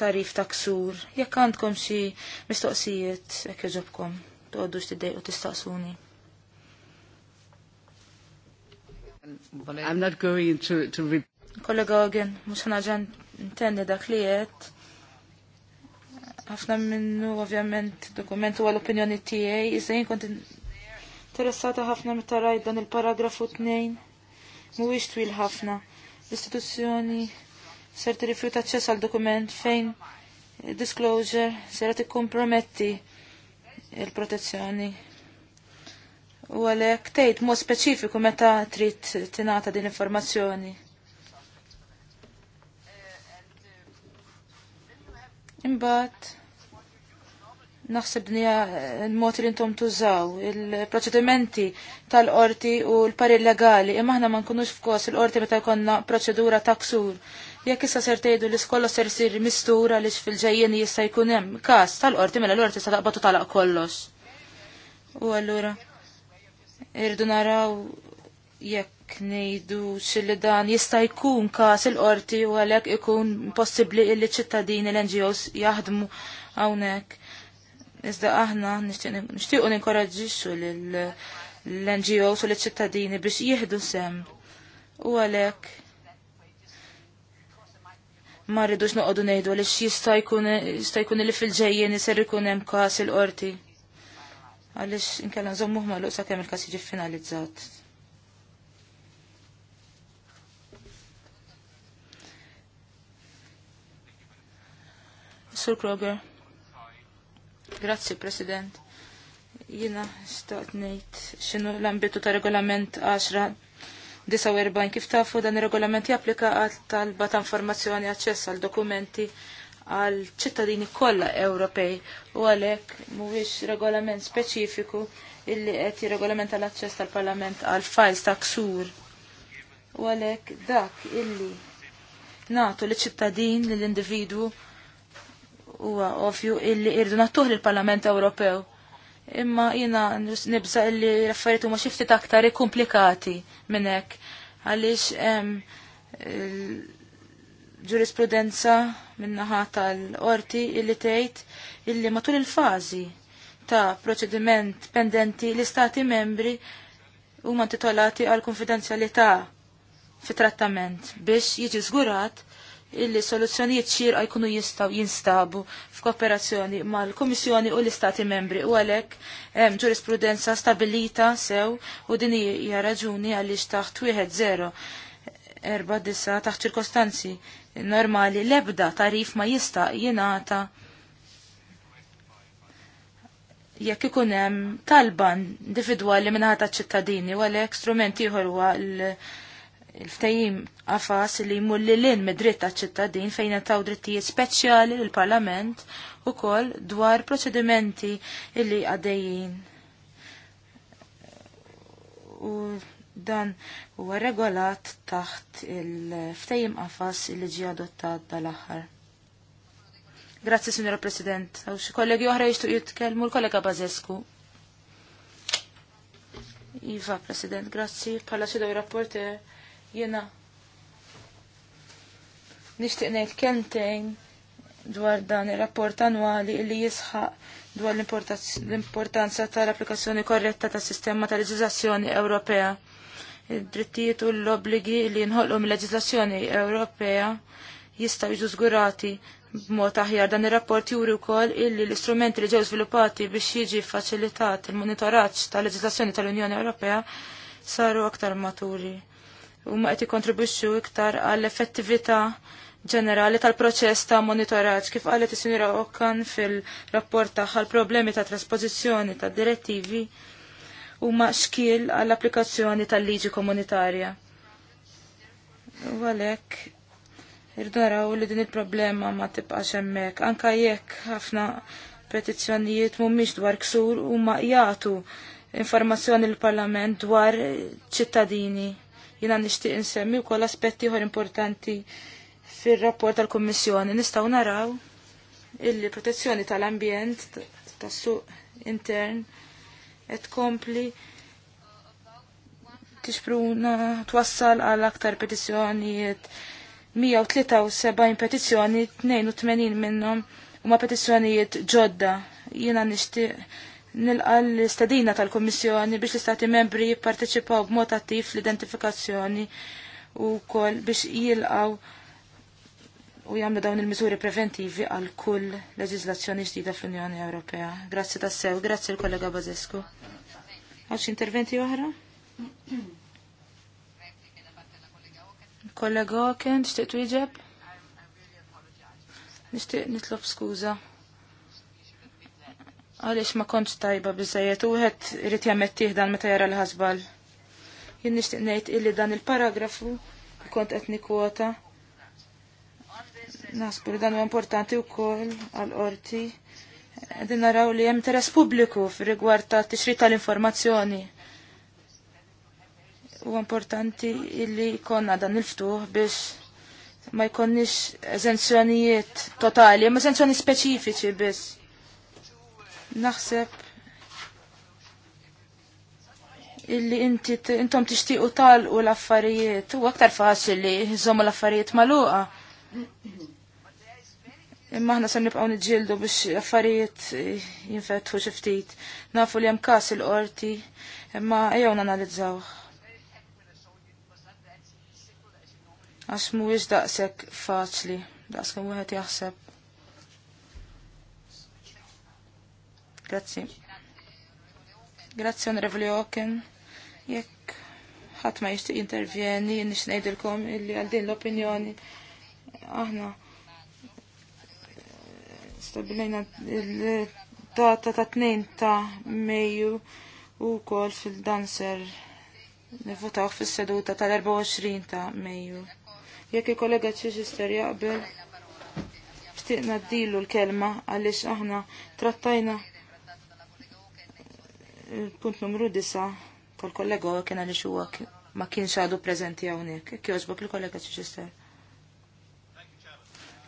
tarif ta' ksur. Jekk għandkom xi mistoqsijiet, jekk jogħġobkom, tgħodux tiddejqu tistaqsuni. I'm not going to, to Kollega Ogen, mux ħanaġan intendi dak li jett. Għafna minnu, ovvjament, dokumentu għal-opinjoni tijaj, jizajn kont interessata ħafna meta rajt dan il-paragrafu 2. Mhuwiex twil ħafna. L-istituzzjoni ser tirrifjuta ċess għal dokument fejn disclosure ser tikkomprometti il-protezzjoni u għalhekk tgħid mod speċifiku meta trid tingħata din informazzjoni. Imbagħad naħseb dinja il-mod li intom tużaw, il-proċedimenti tal-qorti u l pari legali, imma aħna ma nkunux f'kos il-qorti meta jkollna proċedura ta' ksur. Jekk issa ser tgħidu li skolla ser sir mistura lix fil-ġejjeni jista' jkun hemm każ tal-qorti mela l orti sa taqbatu talaq kollox. U allura Irdu naraw jekk nejdu xilli dan jista' jkun każ il-qorti u għalhekk ikun possibbli illi ċittadini l-NGOs jaħdmu hawnhekk. Iżda aħna nixtiequ ninkoraġġixxu l-NGOs u l-ċittadini biex jieħdu sem. U għalhekk ma rridux noqogħdu ngħidu għaliex jista' jkun li fil-ġejjien isir ikun hemm każ il-qorti għalix inkella nżommuħ ma l-uqsa kemm il-kas jiġi finalizzat. Sur Kroger. Grazzi, President. Jina staqt nejt xinu l-ambitu ta' regolament 10 49 kif tafu dan ir-regolament japplika għal talba ta' informazzjoni aċċess għal dokumenti għal ċittadini kollha Ewropej u għalhekk mhuwiex regolament speċifiku illi qed jirregolamenta l-aċċess tal-Parlament għal files ta' ksur. U għalhekk dak illi nagħtu li ċittadin lill-individwu huwa ovvju illi irdu nattuħ lill-Parlament Ewropew. Imma jiena nibza illi raffariet huma xi ftit aktar komplikati minn hekk għaliex ġurisprudenza minnaħa tal-qorti illi tgħid illi matul il-fażi ta' proċediment pendenti l-istati membri huma titolati għal konfidenzjalità fi trattament biex jiġi żgurat illi soluzzjonijiet xirqa jkunu jistaw jinstabu f'kooperazzjoni mal-Komissjoni u l-Istati membri u għalhekk hemm ġurisprudenza stabilita sew u din hija raġuni għaliex taħt wieħed zero erba' disa taħt ċirkostanzi normali lebda tarif ma jista' jingħata jekk ikun hemm talban individwali ħata ċittadini wala għalhekk strument ieħor huwa l-ftehim qafas li jmur lil lin mid-dritt ċittadin fejn taw drittijiet speċjali lill parlament ukoll dwar proċedimenti li għaddejjin u Dan huwa regolat taħt il-ftejim qafas il ġie adottat dal-aħħar. Grazzi, Signora President. Għaw xie kollegi oħra jixtuq jitkellmu l-kollega Bazescu. Iva, President, grazzi. Palla xie daw rapporter jiena nixtieq ngħid kentejn dwar dan ir-rapport annwali li jisħaq dwar l-importanza tal-applikazzjoni korretta tas sistema tal legislazzjoni Ewropea id-drittijiet u l-obligi li nħolqu mill-leġislazzjoni Ewropea jistgħu jiġu żgurati b'mod aħjar dan ir-rapport juri wkoll illi l-istrumenti li ġew sviluppati biex jiġi faċilitat il-monitoraġġ tal-leġislazzjoni tal-Unjoni Ewropea saru aktar maturi u ma qed jikkontribwixxu iktar għall-effettività ġenerali tal-proċess ta' monitoraġġ kif qalet is-Sinjura Okkan fil-rapport tagħha l-problemi ta' trasposizzjoni ta' direttivi huma xkiel għall-applikazzjoni tal-liġi komunitarja. U għalhekk irdu li din il-problema ma tibqax hemmhekk. Anka jekk ħafna petizzjonijiet mhumiex dwar ksur huma jagħtu informazzjoni l-Parlament dwar ċittadini. Jiena nixtieq insemmi wkoll aspetti ieħor importanti fir-rapport tal-Kummissjoni. Nistgħu naraw illi protezzjoni tal-ambjent tas-suq intern et tkompli tixpruna twassal għal aktar petizzjonijiet 173 petizzjoni 82 minnhom huma petizzjonijiet ġodda. Jiena nixtieq nilqa l-istadina tal-Kommissjoni biex l-Istati membri jipparteċipaw b'mod attiv fl-identifikazzjoni u kol biex jilqaw u jagħmlu dawn il-miżuri preventivi għal kull leġislazzjoni ġdida fl-Unjoni Ewropea. Grazzi tassew, grazzi l-kollega Bazesku. Għax interventi oħra? Kollega Oken, tu iġeb? Nixtieq nitlob skuża. Għaliex ma kontx tajba biżejjed u wieħed irid jagħmel dan meta jara l-ħasbal. Jien nixtieq nejt illi dan il-paragrafu kont qed nikkwota Nasbu li dan huwa importanti wkoll għall-qorti. Qegħdin naraw li hemm interess pubbliku f rigward ta' tixrid tal-informazzjoni. Huwa importanti li jkollna dan il-ftuħ biex ma jkonnix eżenzjonijiet totali, ma eżenzjoni speċifiċi biex. Naħseb illi inti intom tixtiqu tal u l-affarijiet u aktar faċli żommu l-affarijiet maluqa Imma aħna se nibqgħu niġġieldu biex affarijiet eh, jinfetħu xi ftit. Nafu li hemm każ il-qorti, imma ejjew nanalizzaw. Għax mhuwiex daqshekk faċli, daqs wieħed jaħseb. Grazzi. Grazzi Onorevoli Oken. Jekk ħadd ma jixtieq intervjeni, nix ngħidilkom illi għal din l-opinjoni aħna eh, stabilajna il-data ta' tnejn ta' Mejju u kol fil-danser nivvotaw fil-seduta tal-24 ta' Mejju. Jekk il-kollega ċiċister jaqbel, ftiqna d-dilu l-kelma għalix aħna trattajna eh, il-punt numru 9 tal-kollega kien għalix huwa ma kienx għadu prezenti għawnek. Kjoġbok il-kollega ċiċister.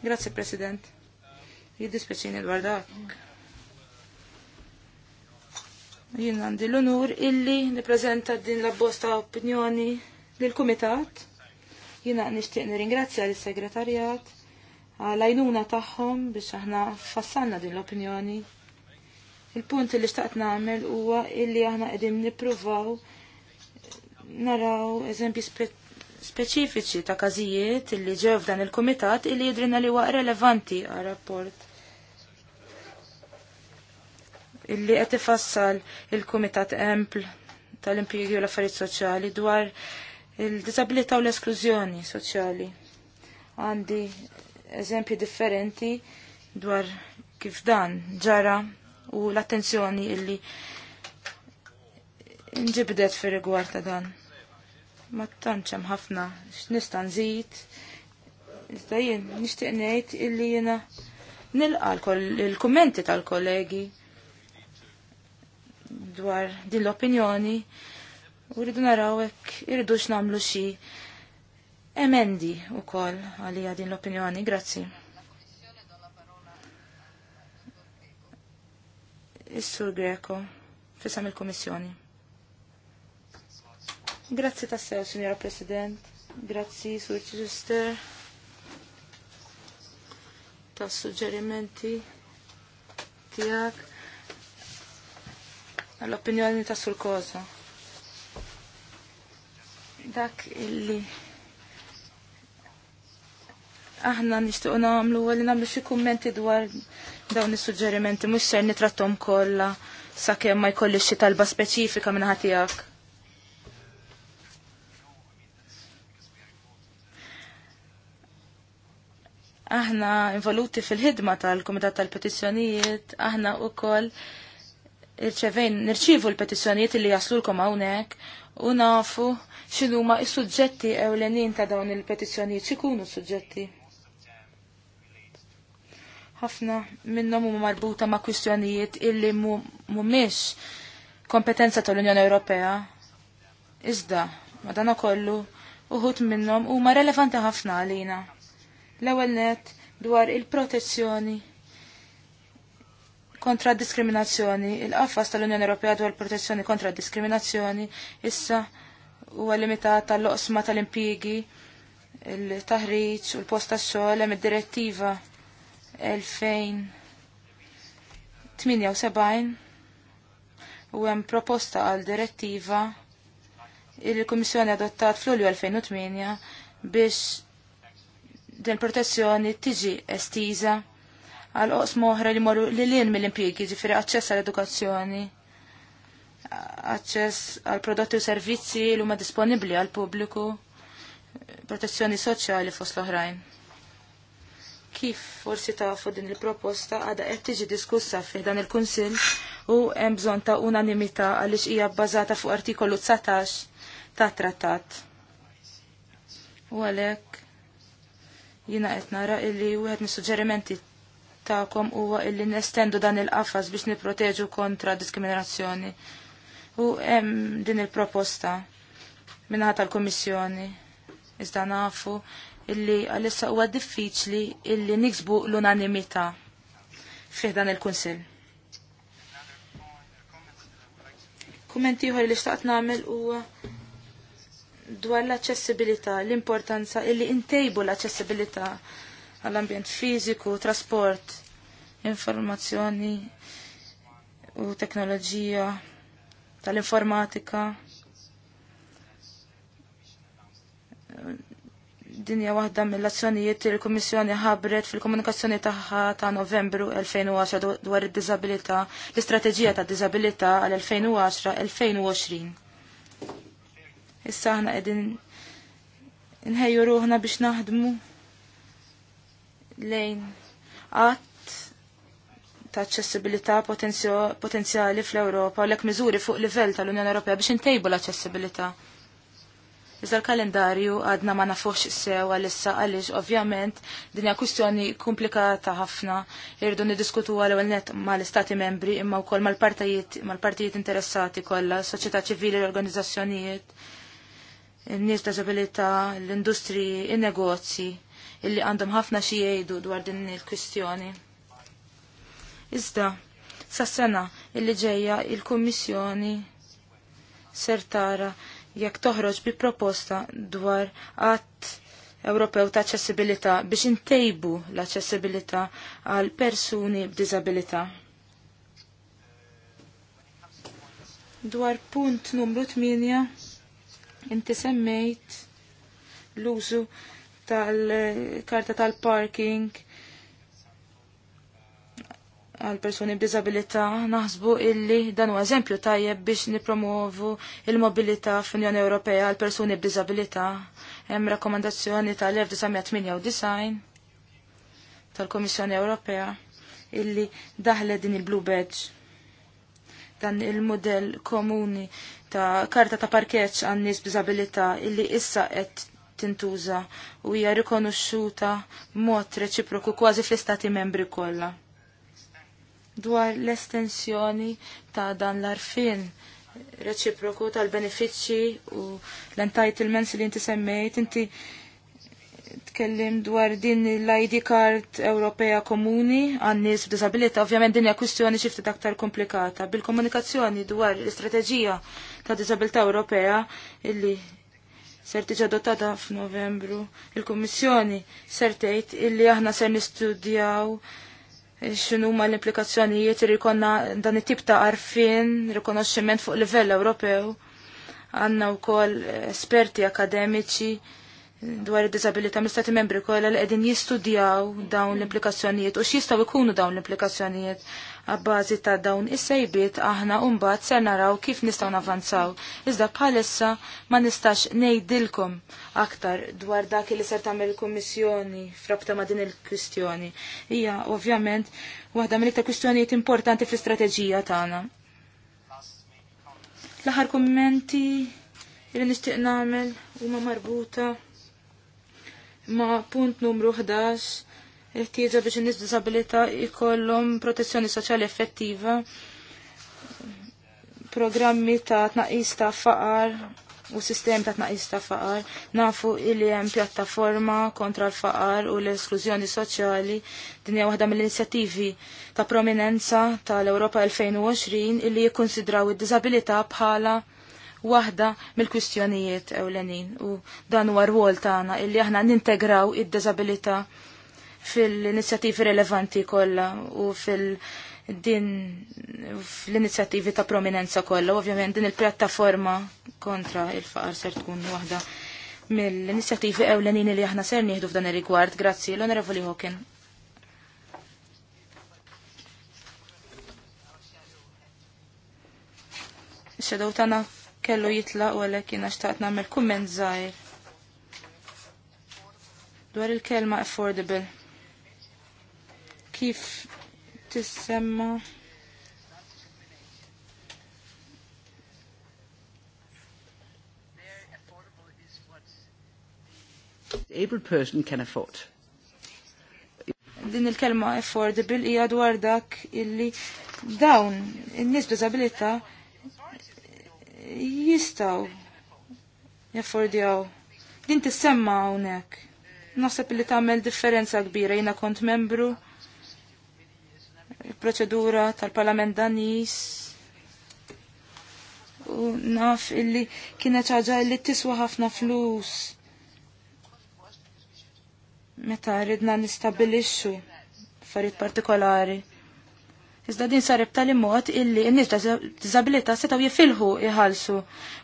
Grazzi, President. Jiddispeċini dwar dak. Jien għandi l-unur illi nippreżenta din la bosta opinjoni lill-Kumitat. Jiena nixtieq nirringrazzja lis-Segretarjat għal-għajnuna tagħhom biex aħna fassanna din l-opinjoni. Il-punt li xtaqt nagħmel huwa illi aħna qegħdin nippruvaw naraw eżempji speċifiċi ta' każijiet illi ġew f'dan il-kumitat illi jidrina li waq relevanti għar rapport illi qed ifassal il-Kumitat Empl tal-Impjegi u l-Affarijiet Soċjali dwar il-disabilità u l-esklużjoni soċjali. Għandi eżempji differenti dwar kif dan ġara u l-attenzjoni illi inġibdet fir rigward ta' dan ma tantx hemm ħafna x'nista' nżid. Iżda jien nixtieq ngħid illi jiena nilqa il-kummenti tal-kollegi dwar din l-opinjoni u rridu naraw hekk irridu x'nagħmlu xi emendi wkoll għalija din l-opinjoni. Grazzi. Is-Sur Greco, fisam il-Kummissjoni. Grazzi tassew, Signora President. Grazzi, Sur Chichester, ta' suġġerimenti tijak l-opinjoni ta' sul Kosa. Dak illi aħna nishtuq namlu għalli namlu xie kummenti dwar dawn is-suġġerimenti, mux ser nitrattom kolla sa' kem ma jkolli xie talba speċifika minna ħatijak. aħna involuti fil-ħidma tal-Komitat tal-Petizzjonijiet, aħna u koll irċevejn, nirċivu l-petizzjonijiet li jaslulkom hawnhekk u nafu xinu ma suġġetti ewlenin ta' dawn il-petizzjonijiet xikunu suġġetti. Ħafna minnhom huma marbuta ma' kwistjonijiet illi mhumiex kompetenza tal-Unjoni Ewropea. Iżda, madana kollu, uħut minnom huma relevanti ħafna għalina L-ewwel net dwar il-protezzjoni kontra diskriminazzjoni. Il-qafas tal-Unjoni Ewropea dwar il protezzjoni kontra diskriminazzjoni issa huwa limitat tal-loqsma tal impigi il-taħriġ u l-post tax-xogħol hemm id-direttiva 2078 u hemm proposta għal direttiva il-Kummissjoni adottat fl-Ulju 2008 biex din protezzjoni tiġi estiża għal oqsma oħra li morru li lin mill-impjiegi, ġifieri aċċess għall edukazzjoni aċċess għal prodotti u servizzi li huma disponibbli għal pubbliku, protezzjoni soċjali fost l-oħrajn. Kif forsi tafu din il-proposta għada qed tiġi diskussa fih dan il-Kunsill u hemm bżonn ta' unanimità għaliex hija bbażata fuq artikolu 19 ta' trattat. U għalhekk Jina qed nara illi wieħed mis-suġġerimenti tagħkom huwa illi nestendu dan il-qafas biex nipproteġu kontra diskriminazzjoni. U hemm din il-proposta minnaħa tal-Kummissjoni. Iżda nafu illi għalissa huwa diffiċli illi niksbu l-unanimità fih dan il-Kunsill. Kummenti li xtaqt nagħmel huwa dwar l-aċċessibilità, l-importanza illi intejbu l-aċċessibilità għall-ambjent fiziku, trasport, informazzjoni u teknoloġija tal-informatika. Dinja waħda mill-azzjonijiet li l-Kummissjoni ħabret fil-komunikazzjoni tagħha ta' Novembru 2010 dwar id-diżabilità, l-istrateġija ta' diżabilità għal 2010-2020 Issa aħna qegħdin nħejju ruħna biex naħdmu lejn qatt ta' aċċessibilità potenzjali fl-Ewropa u lek miżuri fuq livell tal-Unjoni Ewropea biex intejbu l-aċċessibilità. Iżda l-kalendarju għadna ma nafux sew għalissa għaliex ovvjament dinja kwistjoni komplikata ħafna irridu niddiskutu għal ewwel net mal-istati membri imma wkoll kol mal-partijiet interessati kollha, soċjetà ċivili l-organizzazzjonijiet n-nies disabilità, l-industri, il negozji illi għandhom ħafna xi jgħidu dwar din il-kwistjoni. Iżda, sas-sena illi ġejja il-Kummissjoni ser tara jekk toħroġ bi proposta dwar għat Ewropew ta' aċċessibilità biex intejbu l-aċċessibilità għal persuni b'diżabilità. Dwar punt numru 8 Inti semmejt l-użu tal-karta tal-parking għal persuni b'dizabilità naħsbu illi dan huwa eżempju tajjeb biex nipromuovu il-mobilità fl-Unjoni Ewropea għal persuni b'dizabilità. Hemm rakkomandazzjoni tal-1998 tal-Komissjoni Ewropea illi daħle din il-Blue Badge dan il-modell komuni ta' karta ta' parkeċ għan nies b'diżabilità illi issa qed tintuża u hija rikonoxxuta b'mod reċiproku kważi fl-istati membri kollha. Dwar l-estensjoni ta' dan l-arfin reċiproku tal-benefiċċji u l-entitlements li inti semmejt inti tkellim dwar din l-ID card Ewropea Komuni għan nies b'disabilità, ovvjament din hija kwistjoni xi ftit aktar komplikata. Bil-komunikazzjoni dwar l-istrateġija ta' Disabilità Ewropea illi ser tiġi adottata f'Novembru. Il-Kummissjoni ser tgħid illi aħna ser nistudjaw x'inhu ma l-implikazzjonijiet li jkollna dan it-tip ta' arfin, rikonoxximent fuq livell Ewropew. Għandna wkoll esperti akademiċi dwar id-disabilità mill-Stati membri kollha li qegħdin jistudjaw dawn l-implikazzjonijiet u x'jistgħu jkunu dawn l-implikazzjonijiet Għabbażi ta' dawn is-sejbiet aħna mbagħad ser naraw kif nistgħu navanzaw. Iżda bħalissa ma nistax ngħidilkom aktar dwar dak li ser tagħmel il-Kummissjoni frabta ma' din il-kwistjoni. Hija ovvjament waħda mill-iktar kwistjonijiet importanti fl-istrateġija tagħna. L-aħħar kummenti li nixtieq nagħmel huma marbuta ma' punt numru 11 il-ħtieġa biex in-nies b'diżabilità jkollhom protezzjoni soċjali effettiva, programmi ta' tnaqis ta' faqar u sistemi ta' tnaqis ta' faqar, nafu li hemm pjattaforma kontra l-faqar u l-esklużjoni soċjali din hija waħda mill-inizjattivi ta' prominenza tal-Ewropa 2020 illi jikkonsidraw id-diżabilità bħala waħda mill-kwistjonijiet ewlenin u dan huwa rwol tagħna illi aħna nintegraw id-diżabilità il fil-inizjattivi rilevanti kollha u fil- din l inizjattivi ta' prominenza kollha. Ovvjament din il-pjattaforma kontra il-faqar ser tkun waħda mill-inizjattivi ewlenin li aħna ser nieħdu f'dan ir-rigward. Grazzi l-Onorevoli Hawken. Xedaw tagħna kellu jitla u għalek jina xtaqt namel kumment zaħir. Dwar il-kelma affordable kif tissemma able person can afford. Din il-kelma affordable hija dwar dak illi dawn in-nies b'disabilità jistgħu jaffordjaw. Din tissemma hawnhekk. Naħseb li tagħmel differenza kbira jiena kont membru il-proċedura tal-Parlament Danis u naf illi kienet ċaġa illi tiswa ħafna flus meta ridna nistabilixxu affarijiet partikolari. Iżda din sareb tal mod illi n-nis disabilita setaw jifilħu iħalsu.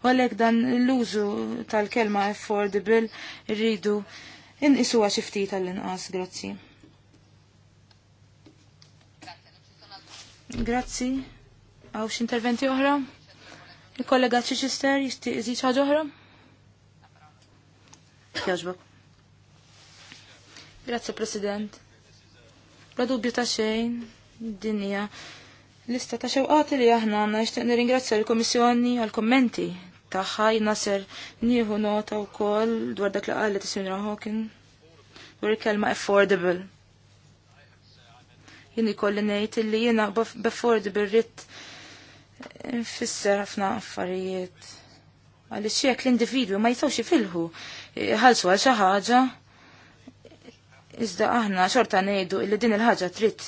Għalek dan l-użu tal-kelma affordable rridu in-isu għaxifti tal-inqas, grazzi. Grazzi. Għaw x'interventi oħra? Il-kollega Chichester jixtieq iżid ħaġa oħra? Jaġbok. Grazzi President. La dubju ta' xejn, dinja. Lista ta' xewqati li aħna għanna nixtieq nirringrazzja l-Komissjoni għal-kommenti tagħha jnaser nieħu nota wkoll dwar dak li qalet is-Sinra Hawking dwar il-kelma affordable jien ikolli ngħid illi jiena b'affordi bir-ritt eh, ħafna affarijiet. Għaliex jekk l-individwi ma jistgħux ifilħu eh, ħalsu għal xi ħaġa Iżda aħna xorta ngħidu li din il-ħaġa trid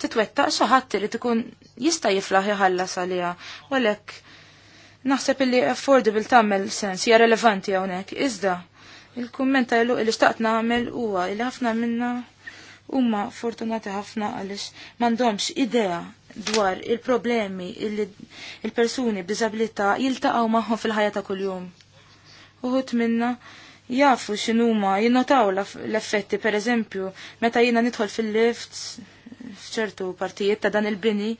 titwettaq xi ħadd irid ikun jista' jiflaħ iħallas għaliha. U għalhekk naħseb illi affordable tagħmel sens hija relevanti hawnhekk. Iżda il-kumment tajluq li xtaqt nagħmel huwa li ħafna minna huma fortunati ħafna għaliex m'għandhomx idea dwar il-problemi illi il-persuni b'diżabilità jiltaqgħu magħhom fil-ħajja ta' kuljum. Uħut minna jafu x'inhuma jinnotaw l-effetti pereżempju meta jiena nidħol fil-lifts f'ċertu partijiet ta' dan il-bini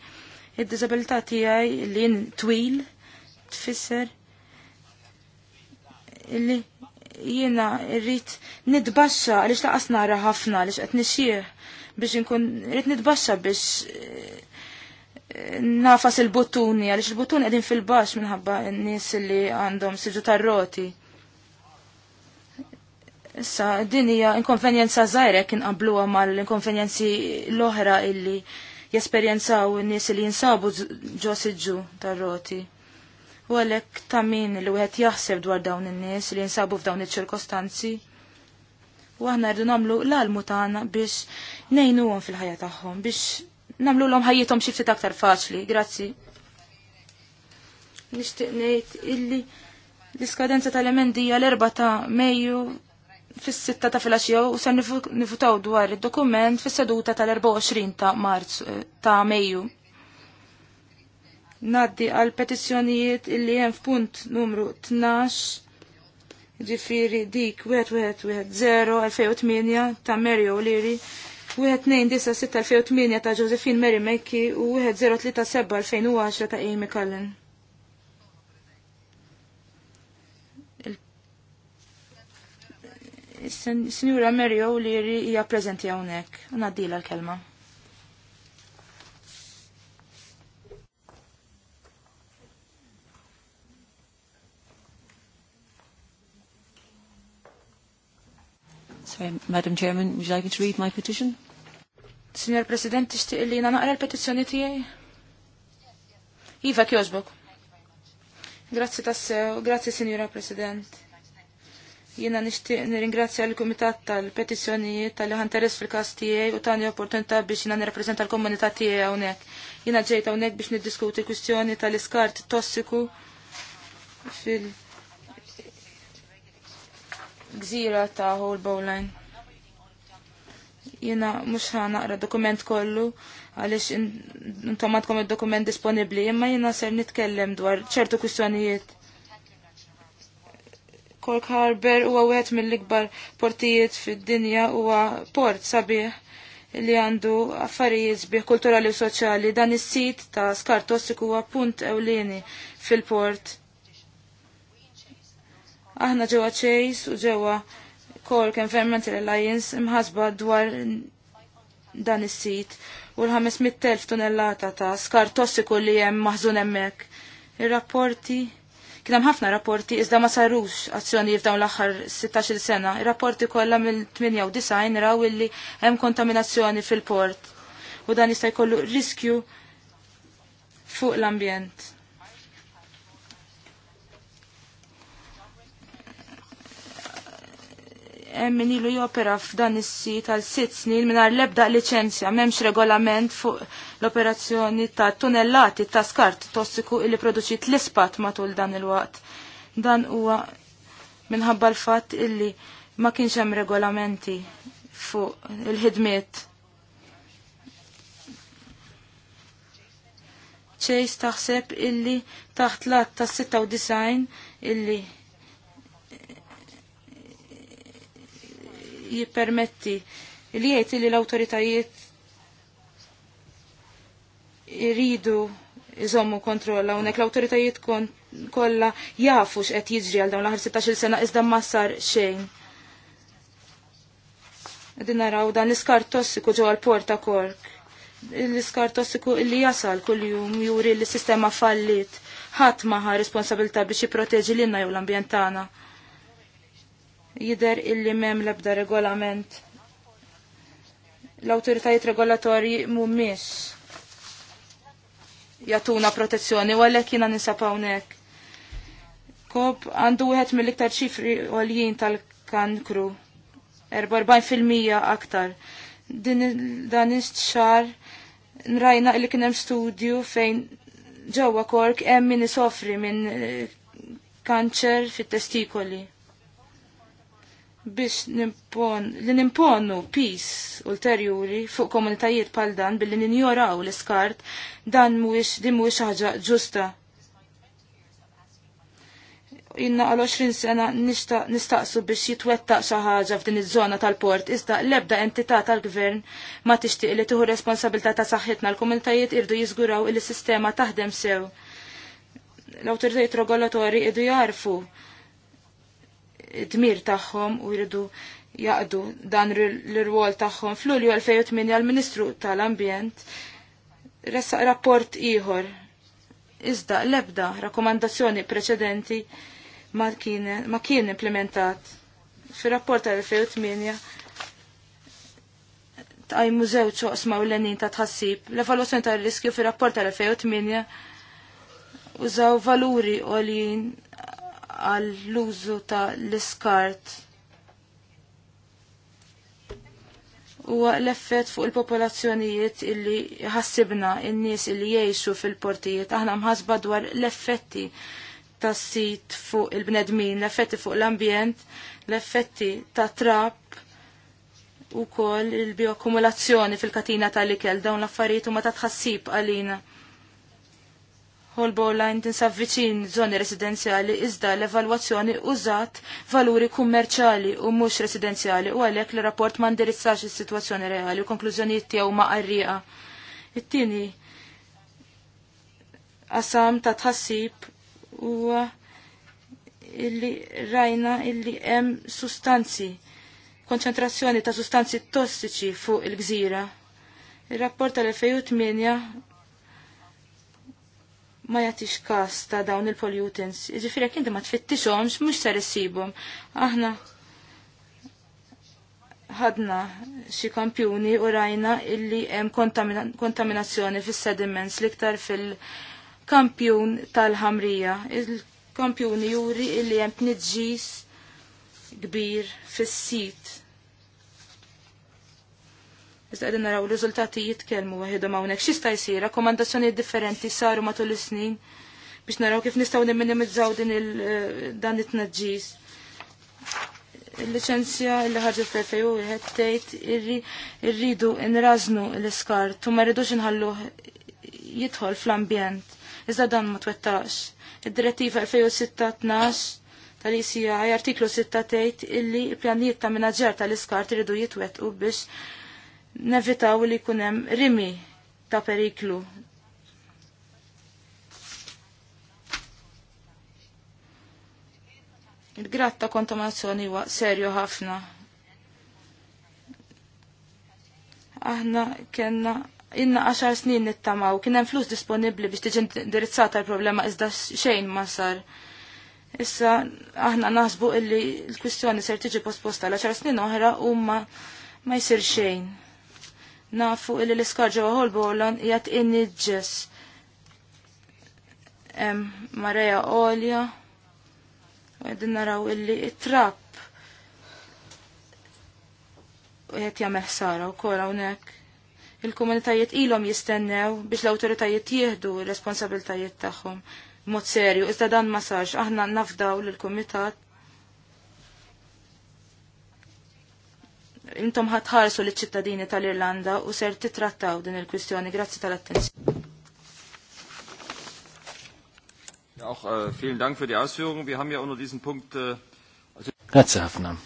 id-diżabilità tiegħi li jien twil tfisser illi jiena rrit nitbaxxa għaliex laqas nara ħafna għaliex qed nixxieħ biex inkun rrit nitbaxxa biex eh, nafas il-buttuni għaliex il-buttuni qegħdin fil-baxx minħabba n-nies li għandhom siġu tar-roti. Issa din hija inkonvenjenza żgħira jekk inqabluha mal-inkonvenjenzi l-oħra illi jesperjenzaw n-nies li jinsabu ġo siġu tar-roti. U għalhekk ta' min li wieħed jaħseb dwar dawn in-nies li jinsabu f'dawn il ċirkostanzi U aħna rridu nagħmlu l-almu tagħna biex ngħinuhom fil-ħajja tagħhom biex namlu l ħajjithom xi ftit aktar faċli. Grazzi. Nixtieq ngħid illi l-iskadenza tal emendija l-4 ta' Mejju fis-sitta ta' filgħaxija u se nifutaw dwar id-dokument fis-seduta tal-24 ta' Marzu ta' Mejju naddi għal petizzjonijiet illi hemm f'punt numru 12 ġifiri dik 0 2008 ta' Mary O'Leary, 6 2008 ta' Josephine Mary Mackey u 7 2010 ta' Amy Cullen. Signora Mary O'Leary hija preżenti hawnhekk. Naddila l-kelma. Sorry, Madam Chairman, would you like me to read my petition? Signor President, tixtieq li naqra l-petizzjoni tiegħi? Iva kjożbok. Grazie tassew, grazie Signora President. Jiena nixtieq nirringrazzja l-Kumitat tal-Petizzjonijiet tal ħanteres fil kas tiegħi u tani opportunità biex jiena nirrappreżenta l-komunità tiegħi hawnhekk. Jiena ġejt hawnhekk biex niddiskuti kwistjoni tal-iskart tossiku fil- gżira ta' whole bowline. Jena mux naqra dokument kollu għalix intomatkom il-dokument disponibli, imma jena ser nitkellem dwar ċertu kwistjonijiet. Cork Harbor huwa wieħed mill-ikbar portijiet fid-dinja huwa port sabiħ li għandu affarijiet sbieħ kulturali u soċjali dan is-sit ta' skar tossiku huwa punt ewlieni fil-port Aħna ġewwa Chase u ġewwa Cork Environmental Alliance imħasba dwar dan is-sit u l-500,000 tonnellata ta' skar tossiku li hemm maħżun hemmhekk. Ir-rapporti kien hemm ħafna rapporti iżda ma sarux azzjoni f'dawn l-aħħar 16-il sena. Ir-rapporti kollha mill-98 raw illi hemm kontaminazzjoni fil-port u dan jista' jkollu riskju fuq l-ambjent. min ilu jopera f'dan is-sit għal sitt snin mingħajr l-ebda liċenzja m'hemmx regolament fuq l-operazzjoni ta' tunellati ta' skart tossiku illi produċi ispat matul dan il-waqt. Dan huwa minħabba l-fatt illi ma kienx hemm regolamenti fuq il-ħidmiet. Chase taħseb illi taħt lat ta' 96 illi jippermetti li jgħid li l-awtoritajiet iridu iżommu kontrolla hawnhekk l-awtoritajiet kollha jafu x'qed jiġri għal dawn l-aħħar 16-il sena iżda ma sar xejn. Qegħdin naraw dan l-iskar tossiku ġew għal porta Kork. L-iskar tossiku li jasal kuljum juri l sistema fallit ħadd maħa responsabilità biex jipproteġi lilna jew l-ambjent tagħna jider illi mem lebda regolament l-autoritajiet regolatorji mumiex jatuna protezzjoni, u kina jina nisapawnek. Kob għandu għet mill-iktar ċifri għoljien tal-kankru, 44% aktar. Din dan ix nrajna li kienem studju fejn ġewwa kork hemm min isofri minn eh, kanċer fit-testikoli biex nimpon, li nimponu pis ulterjuri fuq komunitajiet pal dan billi ninjoraw l-iskart dan mhuwiex din mhuwiex ħaġa ġusta. Inna għal 20 sena nistaqsu biex jitwettaq xi ħaġa f'din iż-żona tal-port, iżda l-ebda entità tal-gvern ma tixtieq li tieħu responsabilità ta' saħħitna l-komunitajiet irdu jiżguraw il-sistema taħdem sew. L-awtoritajiet regolatori irdu jarfu dmir tagħhom u jridu jaqdu dan l-rwol tagħhom. F'Lulju 2008 għal-Ministru tal-Ambjent ressaq rapport ieħor. Iżda l-ebda rakkomandazzjoni preċedenti ma kien, ma kien implementat. Fir-rapport tal-2008 tqajmu żewġ oqsma u l-lenin ta' tħassib. L-evaluazzjoni tal-riskju fir-rapport tal-2008 użaw valuri għolin għall-użu ta' l-iskart. huwa l-effett fuq il-popolazzjonijiet illi ħassibna il nies illi jgħixu fil-portijiet. Aħna mħasba dwar l-effetti tas-sit fuq il-bnedmin, l-effetti fuq l-ambjent, l-effetti ta' trap u kol il-bioakkumulazzjoni fil-katina tal-ikel dawn l-affarijiet huma ta' tħassib għalina. Holbowline tinsab viċin zoni residenzjali iżda l-evalwazzjoni użat valuri kummerċali u mhux residenzjali u għalhekk li rapport ma ndirizzax is-sitwazzjoni reali u konklużjonijiet tiegħu ma qarrieqa. It-tieni qasam ta' tħassib huwa illi rajna illi hemm sustanzi konċentrazzjoni ta' sustanzi tossiċi fuq il-gżira. Il-rapport tal-2008 ma jagħtix każ ta' dawn il-pollutants. Jiġifieri kinti ma tfittixhomx mhux ser issibhom. Aħna ħadna xi kampjuni u rajna illi hemm kontaminazzjoni fis-sediments liktar fil-kampjun tal-ħamrija. Il-kampjuni juri illi hemm tniġġis kbir fis-sit Iżda qegħdin naraw riżultati jitkellmu waħedhom hawnhekk x'ista jsir rakkomandazzjonijiet differenti saru matul is-snin biex naraw kif nistgħu nimminimizzaw din eh, dan it-tnaġġis. Il-licenzja li ħarġet fl wieħed tgħid irridu nrażnu l-iskart u ma rridux inħalluh jidħol fl-ambjent. Iżda dan ma twettax. Id-direttiva 2016 tal-ICI artiklu 6 tgħid illi l-pjanijiet ta' minaġġar tal-iskart iridu jitwettqu biex nevitaw li kunem rimi ta' periklu. Il-grat ta' kontamazzjoni huwa serju ħafna. Aħna kena inna 10 snin nittamaw, kien hemm flus disponibbli biex tiġi indirizzata l-problema iżda xejn ma sar. Issa aħna naħsbu illi l-kwistjoni ser tiġi posposta l-10 snin oħra u ma ma jsir xejn nafu illi l iskarġa ġewwa Holborn jgħat inniġġes mareja olja u qegħdin naraw illi it-trapp u jett jamel ħsara u kora hawnhekk. Il-komunitajiet ilhom jistennew biex l-awtoritajiet jieħdu r-responsabiltajiet tagħhom mod serju. Iżda dan ma sarx aħna nafdaw lill kumitat intom ħatħarsu li ċittadini tal-Irlanda u ser titrattaw din il-kwistjoni. Grazzi tal-attenzjoni. Ja, auch äh, vielen Dank für die Ausführung. Wir haben ja unter diesem Punkt. Äh, Grazie ħafna.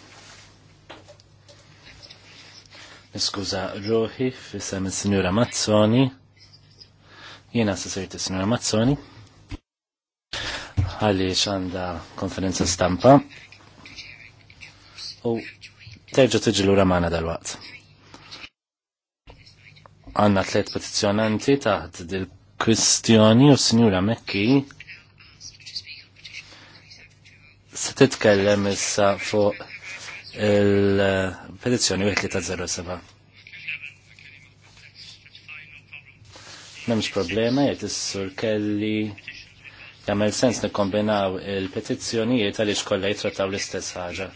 Niskuża ruħi fissem il-Sinjura Mazzoni. Jiena s-sirt il-Sinjura Mazzoni. Għalli xanda konferenza stampa. U terġa tiġi lura magħna dalwaqt. Għandna tliet petizzjonanti taħt dil-kwistjoni u s Sinjura Mekki se titkellem issa fuq il-petizzjoni 1307. Nemx problema jgħid is-sur kelli jagħmel sens nikkombinaw il-petizzjonijiet għaliex kollha jitrattaw l-istess ħaġa.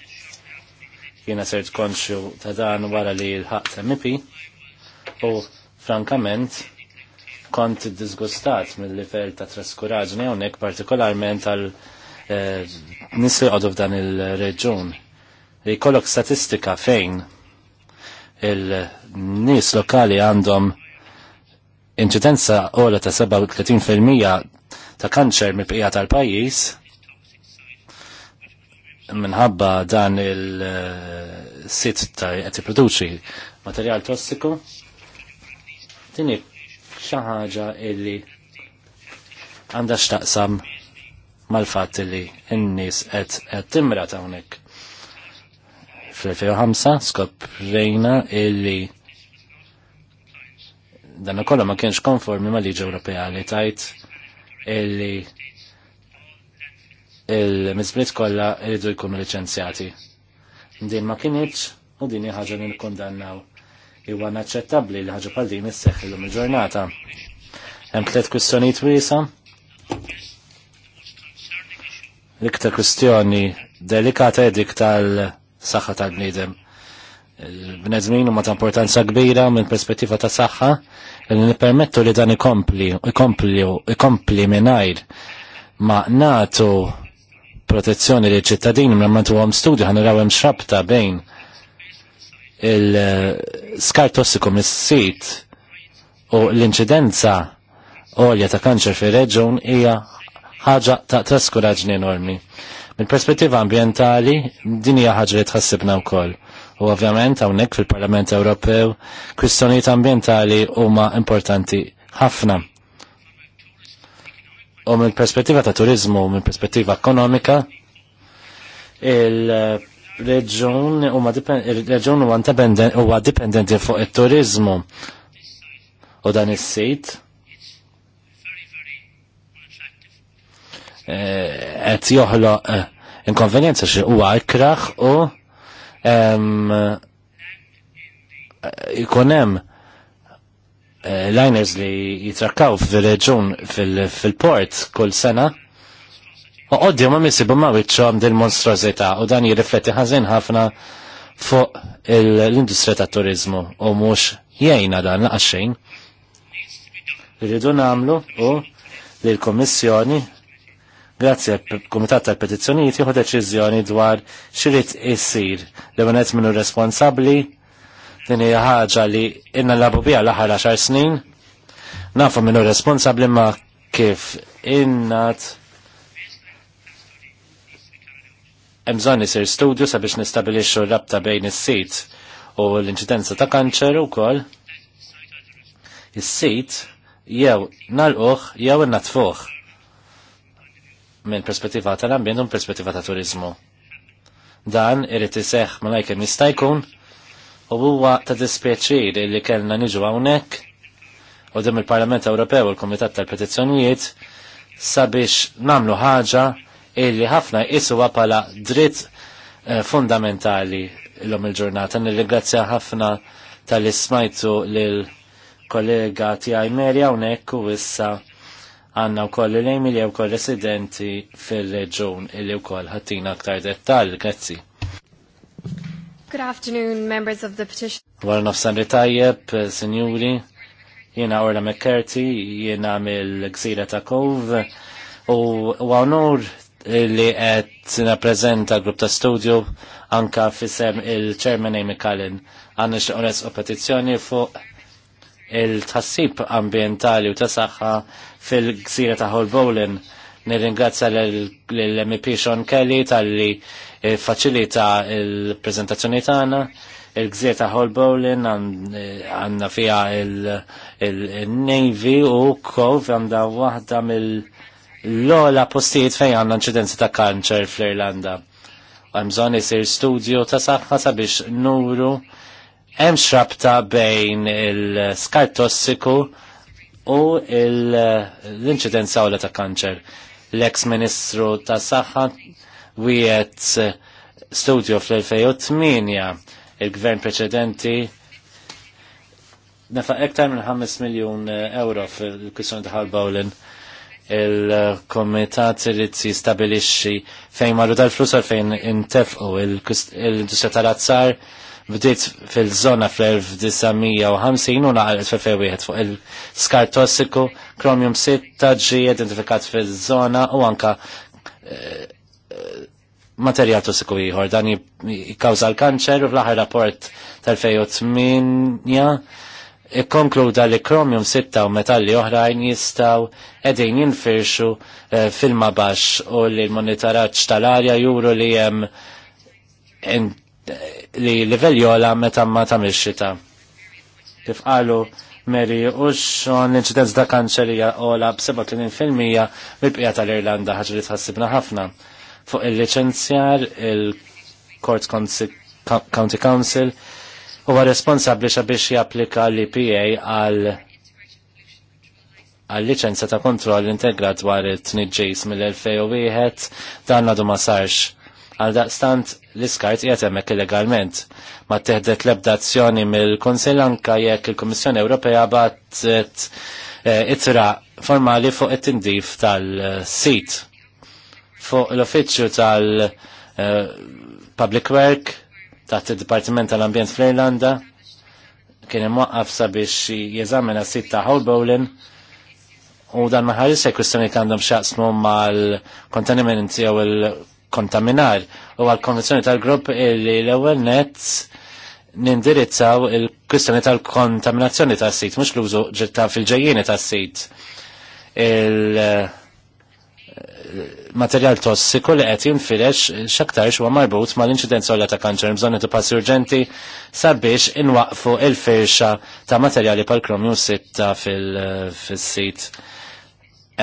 Jiena sert konxu ta' dan wara li l-ħaq ta' mipi u frankament kont disgustat mill-livell ta' traskuraġni hawnhekk partikolarment għal eh, nis li għadu f'dan il-reġun li kollok statistika fejn il-nis lokali għandhom inċidenza ola ta' 37% ta' kanċer mill-bqija tal-pajjiż minħabba dan il-sit ta' qed produċi materjal tossiku tini xi ħaġa illi għanda x'taqsam mal-fatt illi n-nies qed timra timrat hawnhekk. Fl-2005 skoprejna illi dan ukoll ma kienx konformi mal-liġi Ewropea li tajt illi il-mizblit kolla iridu jkunu licenzjati. Din ma kienieċ u din ħaġa li nkundannaw. Iwa naċċettabli li ħaġa pal din isseħħ il-ġurnata. Hemm tliet kwistjonijiet wiesa. L-iktar kwistjoni delikata dik tal-saħħa tal-bniedem. Il-bnedmin huma ta' importanza kbira minn perspettiva ta' saħħa li nippermettu li dan ikompli, ikompli, ikompli mingħajr ma natu protezzjoni li ċittadini imma ma għom studju għan rawem xrabta bejn il-skar tossiku mis-sit u l-inċidenza olja ta' kanċer fir reġun hija ħaġa ta' traskuraġni enormi. Mill perspettiva ambientali, din hija ħaġa li tħassibna wkoll. U ovvjament hawnhekk fil-Parlament Ewropew kwistjonijiet ambientali huma importanti ħafna U minn perspettiva ta' turizmu, minn perspettiva ekonomika, il-reġun huwa huwa dipendenti fuq il turizmu u dan il sit Et eh, joħlo eh, inkonvenienza xi u eh, ikraħ u jkunem. hemm Eh, liners li jitrakkaw fil-reġun fil-port kull sena u għoddi ma misibu ma wicċu għam din monstrozita u dan jirrifletti ħazin ħafna fuq l-industrija ta' turizmu u mux jajna dan laqaxxejn. Rridu namlu u li l-Kommissjoni grazzi għal Komitat tal-Petizzjonijiet jieħu deċiżjoni dwar xirrit issir li minnu responsabbli responsabli Din hija ħaġa li inna labu biha l-aħħar 10 snin. Nafu minnu responsabli ma kif innat hemm bżonn isir studju sabiex nistabilixxu rabta bejn is-sit u l-inċidenza ta' kanċer ukoll. Is-sit jew nalquh jew innatfuh minn perspettiva tal-ambjent u perspettiva ta' turizmu. Dan irid iseħħ malajk jista' jkun U huwa ta' dispjaċir li kellna niġu hawnhekk u dim il-Parlament Ewropew u l-Kumitat tal-Petizzjonijiet sabiex namlu ħaġa illi ħafna jqisuha bħala dritt eh, fundamentali l-om il-ġurnata. Nirringrazzja ħafna tal ismajtu l kollega tiegħi Merja hawnhekk u issa għanna u koll l-Emilja u koll residenti fil-reġun illi u koll ħattina aktar dettal, grazzi. Good afternoon, members of the petition. Għal nafsan tajjeb, senjuri, jena Orla McCarthy, jena mill-gżira ta' Kov, u għanur li għet prezenta grupp ta' studio anka fisem il-ċermen Amy Cullen. Għanna xorres u petizjoni fuq il-tassib ambientali u ta' saħħa fil-gżira ta' Holbowlin. Bowlin Nirringrazzja l-MP Sean Kelly tal-li eh, faċilita il-prezentazzjoni tagħna eh, il gżieta Hall Bowlin għanna fija il-Navy u Kov għanda wahda mill-lola postijiet fejn għanna inċidenzi ta' kanċer fl-Irlanda. Għamżon isir studio ta' saħħa sabiex nuru hemm xrabta bejn il-skar tossiku u l-inċidenza għola ta' kanċer. L-eks ministru ta' saħħa wiet eh, studio fl-2008 il-gvern preċedenti nefa' ektar minn 5 miljon eh, euro fil-kwissjoni ta' Bowlin il-komitat irrid jistabilixxi fejn marru tal-flus għal fejn intefqu il-industrija tal-azzar bdiet fil-żona fl-1950 u naqalet fil 2001 fuq il-skar tossiku, kromium 6 ġi identifikat fil-żona u anka eh, materjal tossiku ieħor dan jikkawża l-kanċer u fl-aħħar rapport tal-2008 ikkonkluda li kromium 6 u metalli oħrajn jistaw edin jinfirxu eh, filma baxx u li l-monitoraġġ tal-arja juru li hemm li livell jola meta ma tamil xita. Kif qalu Mary Ushon l-inċidenz ta' kanċerija ola b-37% mill-bqija tal-Irlanda ħaġa li tħassibna ħafna. Fuq il-licenzjar il-Court County Council huwa responsabbli xa biex japplika l-IPA għal għal licenza ta' kontroll integrat dwar it tniġis mill-2001 dan għadu ma sarx. Għal daqstant l-iskart jgħet hemmhekk illegalment. Ma teħdet l-ebda azzjoni mill-Kunsill anke jekk il-Kummissjoni Ewropea eh, it-tra formali fuq it-tindif tal-sit fuq l-uffiċċju tal-Public eh, Work taħt il-Dipartiment tal-Ambjent fl-Irlanda kien imwaqqaf sabiex jeżamina sit ta' Holbowlin u dan maħarissa kwistjoni li għandhom xaqsmu mal-kontenimenti jew il- kontaminar u għal-konvenzjoni tal-grupp li l-ewel net nindirizzaw il-kwistjoni tal-kontaminazzjoni tas-sit, mhux l-użu ġitta fil-ġejjieni tas-sit. Il-materjal tossiku li qed jinfilex x'aktar huwa marbut mal-inċidenza olja ta' kanċer bżonn ta' passi urġenti sabiex inwaqfu il-firxa ta' materjali pal kromju sitta fil-sit.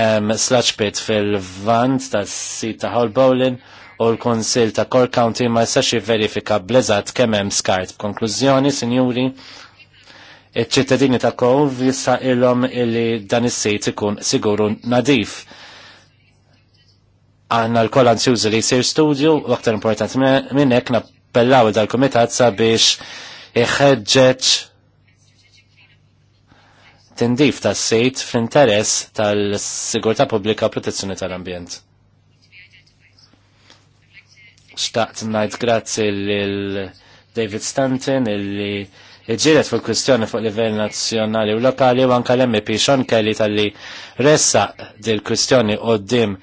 Um, Slaċ pit fil-vant tas-sit ta' Hall Bowlin u l-Konsil ta' Cork County ma jistax jivverifika bleżat kemm hemm skart. Konklużjoni, sinjuri, iċ-ċittadini ta' Kov jista' ilhom illi dan is-sejt ikun siguru nadif. Għanna l-kol ansjużi li jsir studju, u aktar importanti minnek nappellaw dal-komitat sabiex iħeġġeġ tindif tas sejt fl-interess tal-sigurta pubblika u protezzjoni tal-ambjent xtaqt najt grazzi l-David Stanton illi iġġiret fuq kwistjoni fuq livell nazjonali u lokali u anka l-MP Sean Kelly tal-li ressa dil kwistjoni d-dim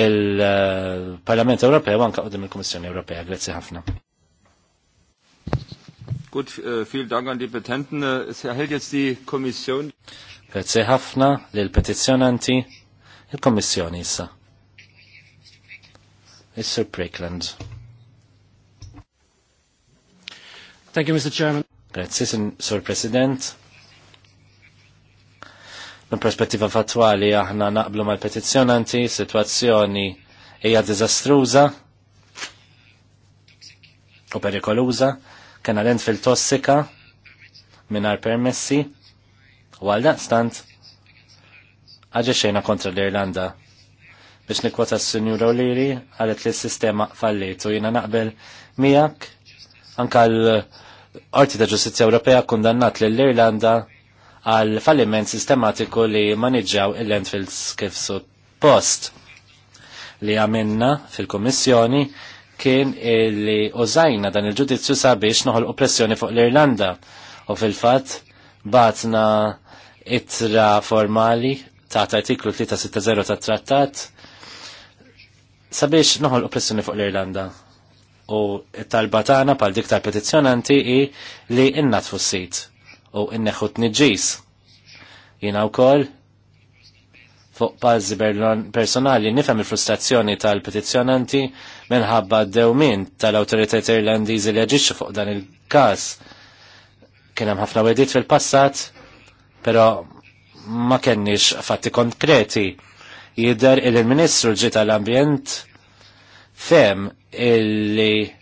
il-Parlament Ewropew u anka qoddim il komissjoni Ewropea. Grazzi ħafna. Gut, äh, vielen Dank an die Petenten. Äh, es erhält jetzt die Kommission. Grazie ħafna lil petizzjonanti il-Kommissjoni issa. Is-Sir Breakland. Thank you, Mr. Chairman. Grazie, Sur President. Min perspettiva fatwali aħna naqblu mal-petizzjonanti, situazzjoni hija diżastruża u perikoluża, kena l fil-tossika minar permessi u għal daqstant xejna kontra l-Irlanda biex nikwota s sinjur O'Leary għalet li s-sistema fallit u jina naqbel miegħek anka l- Orti ta' Ġustizja Ewropea kundannat lill-Irlanda għal falliment sistematiku li maniġġaw il-landfills kif post li għamilna fil-Kommissjoni kien li użajna dan il-ġudizzju sabiex noħol oppressjoni fuq l-Irlanda u fil-fat batna itra formali ta' artiklu 360 ta' trattat sabiex noħol oppressjoni fuq l-Irlanda u talba tagħna pal dik tal-petizzjonanti hi li innatfu s-sit u inneħu t-nġis. Jina wkoll fuq pazzi personali nifhem il-frustrazzjoni tal-petizzjonanti minħabba d-dewmin tal-awtoritajiet irlandiżi li jaġixxu fuq dan il-każ. Kien hemm ħafna wedit fil-passat, però ma kenniex fatti konkreti. Jider il-Ministru ġi tal-Ambjent fem illi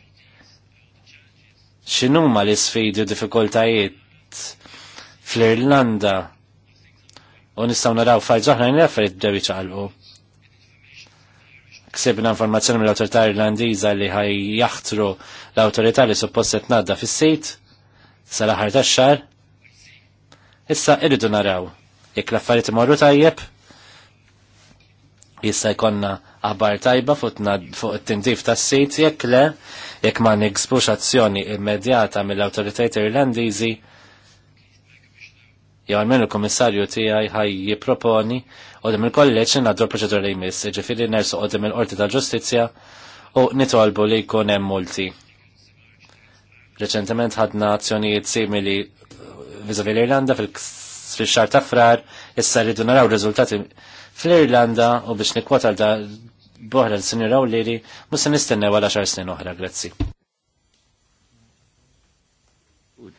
x'inhuma l-isfidi u diffikultajiet fl-Irlanda u nistgħu naraw fajġoħna nreferi bdewi ċalqu. Ksebna informazzjoni mill-autorità Irlandiża li ħaj jaħtru l-autorità li suppost nadda fis-sit sal-aħħar tax-xahar. Issa irridu naraw jekk l-affarijiet imorru tajjeb jissa jkonna aħbar tajba futna fuq it-tindif tas sit jekk le, jekk ma niksbux azzjoni immedjata mill-autoritajt irlandiżi, jew għalmenu l-komissarju tiegħi ħaj jipproponi dem il-kolleġġ ingħaddu l-proċedura li jmiss, jiġifieri nersu dem il-Qorti tal-Ġustizzja u nitolbu li jkun hemm multi. Reċentement ħadna azzjonijiet simili viżavi l-Irlanda fil-xar ta' frar, issa rridu naraw riżultati fl-Irlanda u biex nikwota da boħra l-sinjura u liri, musa nistenne għala xar snin oħra, grazzi.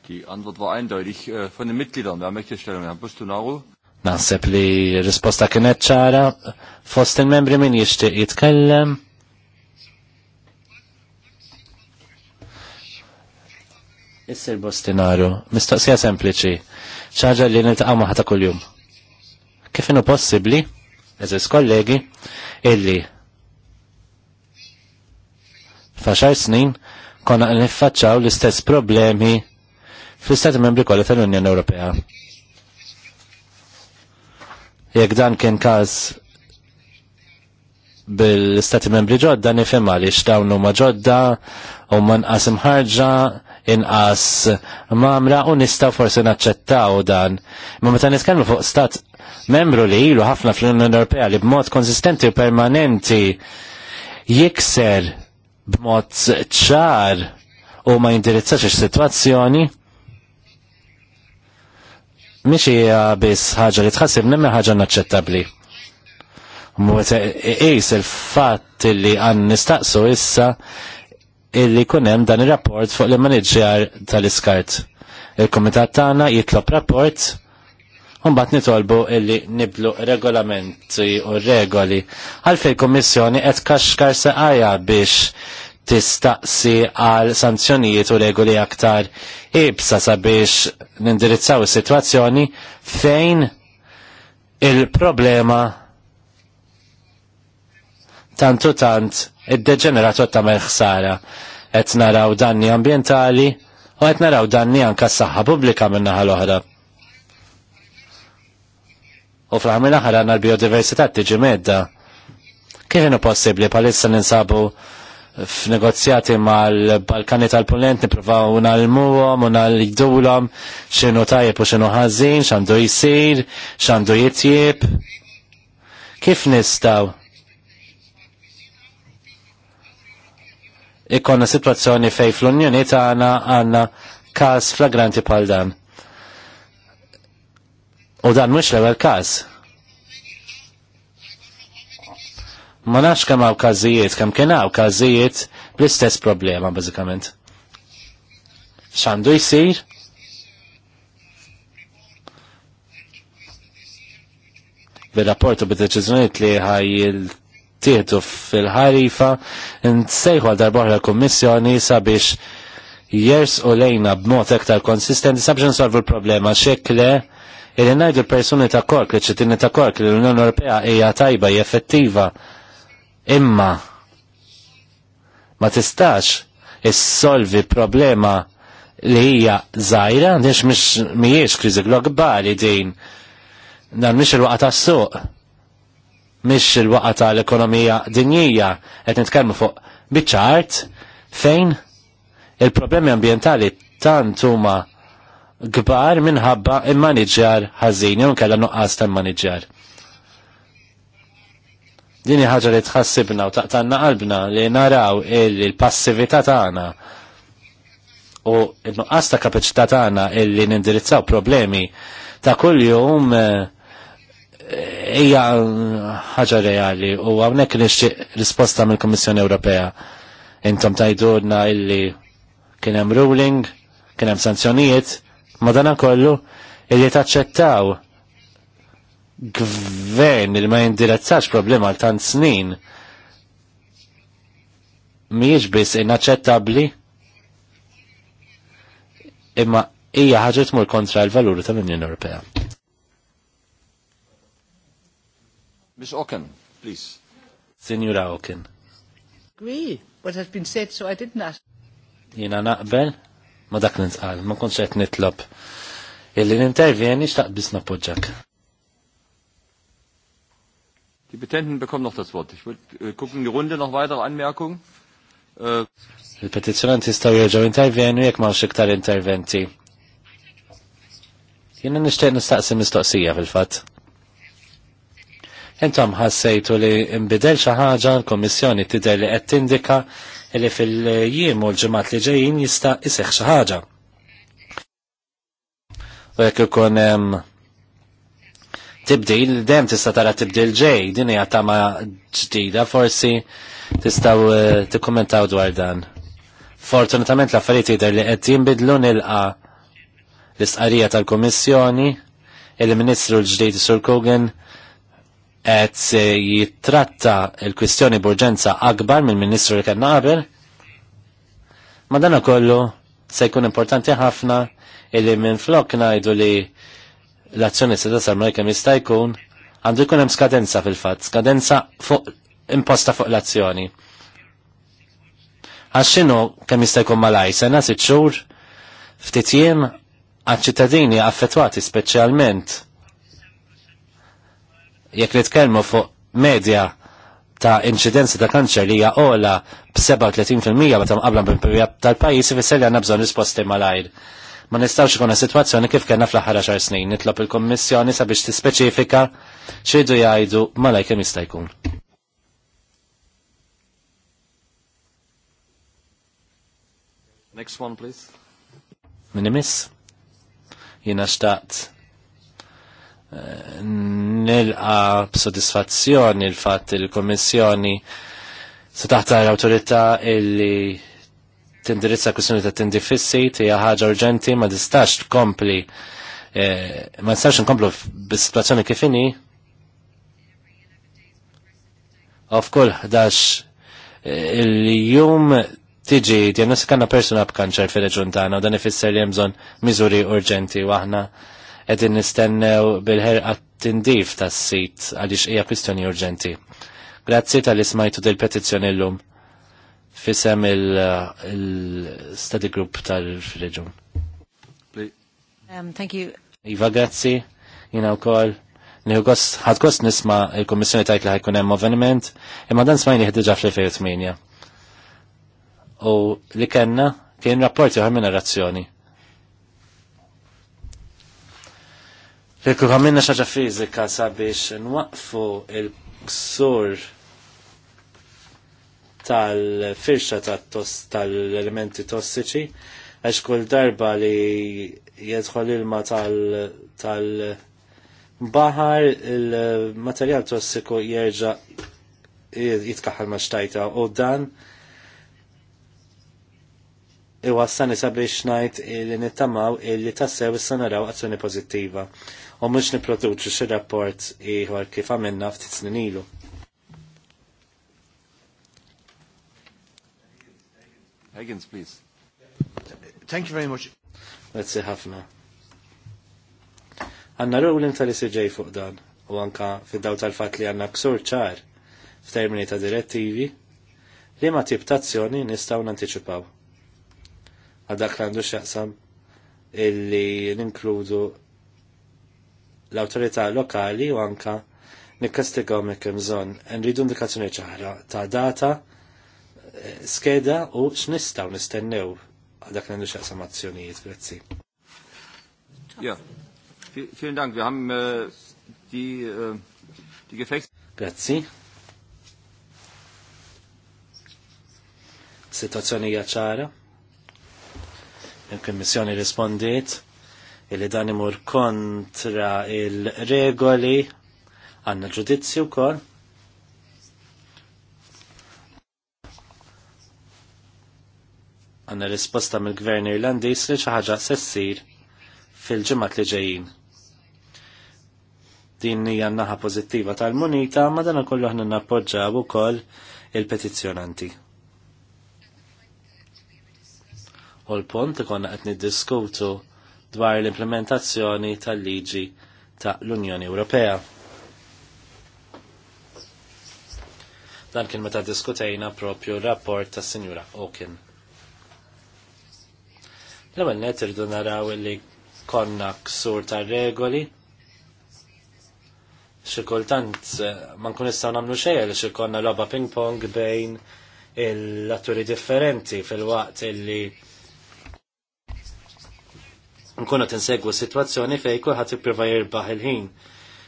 Die Antwort war eindeutig äh, von den Mitgliedern der minn Herr Bustunaru. Naħseb li risposta kienet ċara, fost il-membri min jishtiq jitkellem. Issir Bostinaru, mistoqsija sempliċi, ċaġa li niltaqa maħta kull-jum. Kif inu possibli? eżis kollegi, illi faċar snin konna niffaċċaw l-istess problemi fl-Istati Membri kollha tal-Unjoni Ewropea. Jekk dan kien każ bil-Istati Membri ġodda nifhem għaliex dawn huma ġodda u ma nqas imħarġa inqas mamra u nista' forsi naċċettaw dan. Ma meta nitkellmu fuq stat membru li ilu ħafna fl-Unjoni Ewropea li b'mod konsistenti u permanenti jikser b'mod ċar u ma jindirizzax is-sitwazzjoni miex hija biss ħaġa li tħassib nemmi ħaġa naċċettabbli. Mwet qis il-fatt li għan nistaqsu issa illi kunem dan ir rapport fuq l-manager tal-iskart. Il-komitat tagħna jitlob rapport Umbat nitolbu illi niblu regolamenti u regoli. Għalfej il-Kommissjoni qed kaxkar għaja biex tistaqsi għal sanzjonijiet u regoli aktar ibsa sabiex nindirizzaw is-sitwazzjoni fejn il-problema tantu tant id-deġenerat u tamer ħsara qed naraw danni ambjentali u qed naraw danni anke s-saħħa pubblika min-naħa l-oħra u fl-ħamil aħar aħħar l-biodiversità tiġi medda. Kif inu possibbli palissa ninsabu f'negozjati mal-Balkani tal-Punent nippruvaw nalmuhom u nal-jdulhom x'inhu tajib u x'inhu ħażin, x'għandu jsir, x'għandu jitjieb. Kif nistgħu? Ikkonna situazzjoni fej fl-Unjoni tagħna għandna każ flagranti bħal dan U dan mhux l-ewwel każ. Ma nafx kemm hawn każijiet, kemm kien hawn każijiet bl-istess problema bażikament. X'għandu jsir? bir-rapport u bid-deċiżjonijiet li ħaj tieħdu fil-ħarifa nsejħu għal darbohra l-Kommissjoni sabiex jers u lejna b'mod iktar konsistenti sabiex nsolvu l-problema xekle Illi najdu persuni ta' kork, li ċittini ta' kork, li l-Unjoni Ewropea hija tajba, hija effettiva, imma ma tistax issolvi problema li hija zaħira, għandix mhix mhijiex kriżi globali din. Dan mhix il-waqa tas-suq. Mhix il-waqa tal-ekonomija dinjija qed nitkellmu fuq biċċart, fejn il-problemi ambjentali tant huma gbar minħabba il-manager ħażin, jew kalla nuqqas tal-manager. Din hi ħaġa li tħassibna u taqtanna qalbna li naraw il-passività tagħna u nuqqas ta' kapaċità tagħna li nindirizzaw problemi ta' kuljum eh, hija ħaġa reali u hawnhekk nixtieq risposta mill-Kummissjoni Ewropea. Intom tajdurna il kien hemm ruling, kien hemm sanzjonijiet, Madanakollu illi taċċettaw gvern il ma jindirezzax problema għal tant snin miex biss inaċċettabbli imma hija ħaġa tmur kontra l-valuri tal-Unjoni Ewropea. Miss Oken, please. Signora Oken. Agree what has been said, so I didn't ask. Jina naqbel ma dak nintqal, ma kontx qed nitlob. Illi nintervjeni xtaq biss nappoġġak. Die Petenten bekommen noch das Wort. Ich will äh, gucken die Runde noch weitere Anmerkungen. Äh Il-petizjonanti jistaw jirġaw intervjenu jekk ma iktar interventi. Jiena nixtieq nistaqsi mistoqsija fil-fatt. Intom ħassejtu li imbidel xi ħaġa l-Kommissjoni tidher li qed tindika li fil-jiem u l-ġemat li ġejjin jista' jseħħ xi ħaġa. U jekk ikun hemm tibdil, dem tista' tara tibdil ġej, din hija tama ġdida, forsi tistgħu eh, tikkumentaw dwar dan. Fortunatament l-affarijiet jidher li qed jinbidlu nilqa l istqarija tal-Kummissjoni, il-Ministru l-ġdid Sur Kogan qed jitratta l-kwistjoni b'urġenza akbar mill-Ministru li kellna qabel. Ma dana kollu se jkun importanti ħafna illi minn flok ngħidu li l-azzjoni se tasal ma jkemm jista' jkun għandu jkun hemm skadenza fil-fatt, skadenza fuq imposta fuq l-azzjoni. Għaxxinu kemm jista' jkun malaj sena sitt xhur ftit jiem għal ċittadini affettwati speċjalment jekk nitkellmu fuq medja ta' inċidenza ta' kanċer li jaqola b-37% meta mqabla b perjodu tal pajis ifisser li għandna bżonn risposti malajr. Ma nistgħux ikun sitwazzjoni kif kellna fl-aħħar xar snin. Nitlob il-Kommissjoni sabiex tispeċifika x'iridu jgħidu malaj kemm jista' jkun. Next one, please. Minimis. Jina xtaqt nilqa b'sodisfazzjoni l-fatt il-Kommissjoni se taħtar l-autorità illi tindirizza kwistjoni ta' tindifissi hija ħaġa urġenti ma tistax tkompli eh, ma tistax nkomplu bis-sitwazzjoni kif inhi. Of kull 11 eh, il-jum tiġi diagnostikana persuna b'kanċer fil-reġun tagħna u dan ifisser li hemm bżonn miżuri urġenti u aħna edin nistennew bil-ħerqa tindif tas sit għaliex hija kwistjoni urġenti. Grazzi tal-ismajtu dil-petizzjoni l-lum fisem il-study il group tal-reġun. Um, thank you. Iva, grazzi, jina u Għad Ħadkost nisma il-Kommissjoni tajt li ħajkun hemm avveniment, imma dan smajni ħdiġa fl-2008. U li kellna kien rapporti ħar minn razzjoni Fekku għamilna xaġa fizika sabiex nwaqfu il-ksur tal-firxa tal-elementi tossiċi għax kull darba li jedħol ilma tal-bahar il-materjal tossiku jerġa jitkaħal maċtajta u dan iwassani sabiex najt li nittamaw illi tassew s-sanaraw azzjoni pozittiva u mhux nipproduċu xi rapport ieħor kif għamilna ftit snin ilu. Higgins, please. Thank you very much. Grazzi ħafna. Għanna ruling tal ġej fuq dan u anka fid-daw tal-fat li għanna ksur ċar f'termini ta' direttivi li ma tip tazzjoni nistaw nanticipaw. Għadak l-għandu xaqsam illi ninkludu l-autorità lokali u anka nikkastigaw mek bżonn. Nridu indikazzjoni ċara ta' data, eh, skeda u x'nistgħu nistennew għal dak l xaqsam azzjonijiet, grazzi. vielen Dank, wir haben äh, die, äh, die Gefechts... Grazzi. Situazzjoni ċara. Il-Kommissjoni rispondiet illi dan imur kontra il-regoli għanna ġudizzju kol. Għanna risposta mill-gvern Irlandis li ħaġa sessir fil-ġemat li ġejjin. Din hija naħa pożittiva tal-munita, ma dan kollu ħna nappoġġaw ukoll il-petizzjonanti. U l-pont li qed niddiskutu dwar l-implementazzjoni tal-liġi ta' l-Unjoni Ewropea. Dan kien meta diskutejna propju rapport ta' Sinjura Oken. L-ewwel net irdu naraw li konna ksur ta' regoli. Xi kultant eh, ma nkun nistgħu nagħmlu xejn li xi konna logħba ping pong bejn il-atturi differenti fil-waqt illi nkunu tinsegwu situazzjoni fej kulħadd jipprova jirbaħ il-ħin.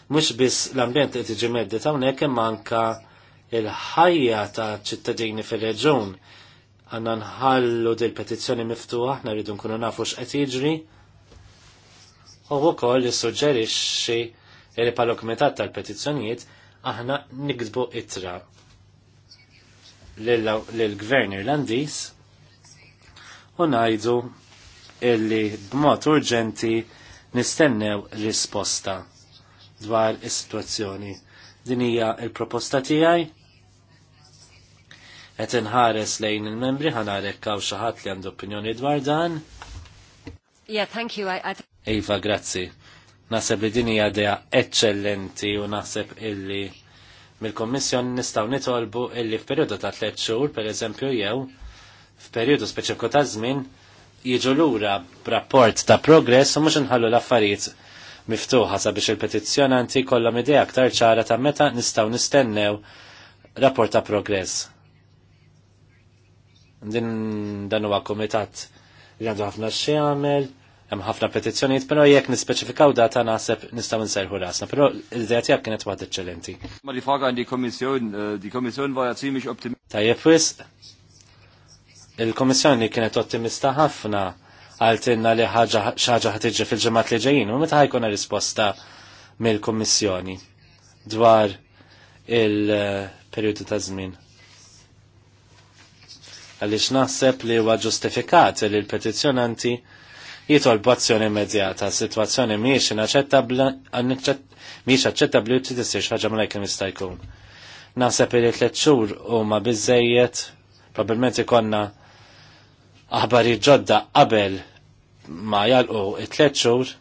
Mhux biss l-ambjent qed iġi medded hawnhekk imma anke il-ħajja ta' ċittadini fir-reġun. Għanna nħallu dil petizzjoni miftuħa, aħna rridu nkunu nafu x'qed jiġri. U wkoll issuġġerixxi li bħala kumitat tal-petizzjonijiet aħna nikdbu ittra lill-gvern Irlandiż u ngħidu illi b'mod urġenti nistennew risposta dwar is-sitwazzjoni. Din hija l proposta tiegħi qed inħares lejn il-membri ħanarek hawn xi ħadd li għandu opinjoni dwar dan. Yeah, thank you. I, I... Eva, grazzi. Naħseb li din hija idea eċċellenti u naħseb illi mill-Kommissjon nistgħu nitolbu illi f'perjodu ta' tliet xhur, pereżempju jew f'perjodu speċifiku ta' żmien jiġu lura b'rapport ta' progress u mhux inħallu l-affarijiet miftuħa sabiex il-petizzjonanti kollhom idea aktar ċara ta' meta nistgħu nistennew rapport ta' progress. Din dan huwa kumitat li għandu ħafna x'jagħmel, hemm ħafna petizzjonijiet, però jekk nispeċifikaw data naħseb nistgħu nserħu rasna, però l-idea tiegħek kienet waħda eċċellenti. Ma li faga għandi kommissjon, eh, di kommissjon vaja ziemlich optimistisch. Tajjeb wisq, Il-Komissjoni kienet ottimista ħafna għaltinna li ħaġa ħatiġi fil-ġemat li ġejjin, u meta ħajkuna risposta mill komissjoni dwar il-periodu ta' żmien. Għaliex naħseb li huwa ġustifikat li l-petizzjonanti jitolbu azzjoni immedjata, situazzjoni miex miex aċċettabli u tisirx ħaġa mal kemm jista' jkun. Naħseb li tliet xhur huma biżejjed, probabbilment ikonna aħbar ġodda qabel ma jalqu it-tlet xhur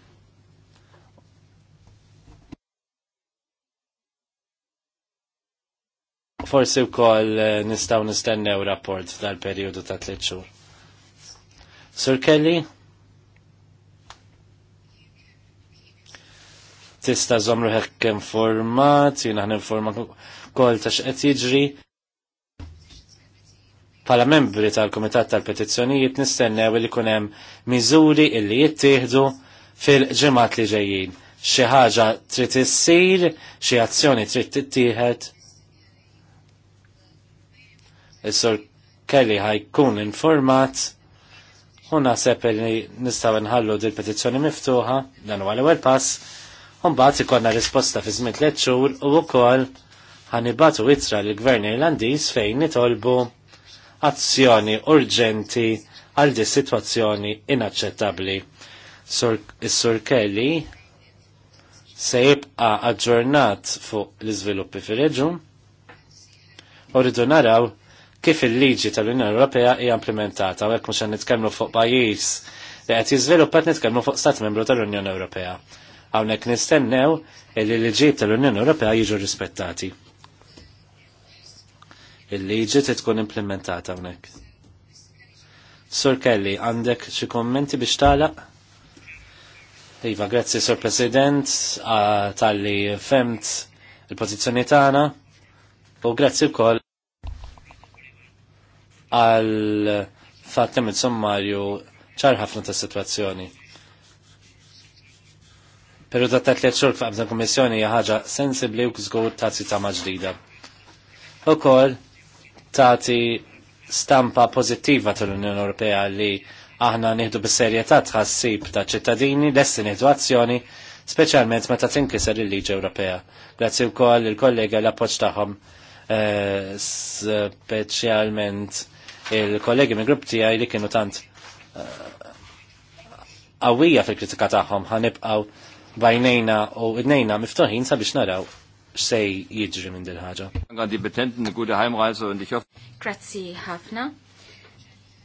forsi wkoll eh, nistgħu nistennew rapport tal-perjodu ta' tliet xhur. Sur Kelly? Tista' żomru hekk informat, jiena ħan informa kol ta' x'qed jiġri Pala membri tal-Komitat tal-Petizzjonijiet nistennew li kunem miżuri illi jittieħdu fil-ġemat li ġejjin. Xi ħaġa trid issir, xi azzjoni trid tittieħed. Is-sur Kelly ħajkun informat u naħseb li nistgħu nħallu din petizzjoni miftuħa dan huwa l-ewwel pass u mbagħad ikollna risposta fi żmien tliet xhur u wkoll ħanibatu ittra l-Gvern Irlandiż fejn nitolbu azzjoni urġenti għal di situazzjoni inaċċettabbli. sur Kelly se jibqa aġġornat fuq l-iżviluppi fir-reġun u rridu naraw kif il-liġi tal-Unjoni Ewropea hija implementata u hekk mhux nitkellmu fuq pajjiż li qed jiżviluppat nitkellmu fuq stat membru tal-Unjoni Ewropea. Hawnhekk nistennew li l-liġijiet tal-Unjoni Ewropea jiġu rispettati il-liġi tkun implementata hawnhekk. Sur Kelly, għandek xi kommenti biex tagħlaq? Iva, grazzi Sur President tal-li femt il-pożizzjoni tagħna u grazzi wkoll għal fatt li sommarju ċar ħafna ta' situazzjoni. Pero ta' tatlet xurk fa' kommissjoni hija ħaġa sensibbli u kżgur tazzi ta' maġdida. Ukoll tati stampa pozittiva tal-Unjoni Ewropea li aħna nieħdu bis-serjetà tħassib ta' ċittadini lesti nieħdu azzjoni speċjalment meta tinkiser il-liġi Ewropea. Grazzi wkoll il-kollega l-appoġġ tagħhom eh, speċjalment il-kollegi minn grupp tiegħi li kienu tant eh, qawwija fil-kritika tagħhom ħanibqgħu bajnejna u idnejna miftuħin sabiex naraw sej jiġri minn din ħaġa. Għandi petenten għuda ħajmrajzu għandi xof. Grazzi ħafna.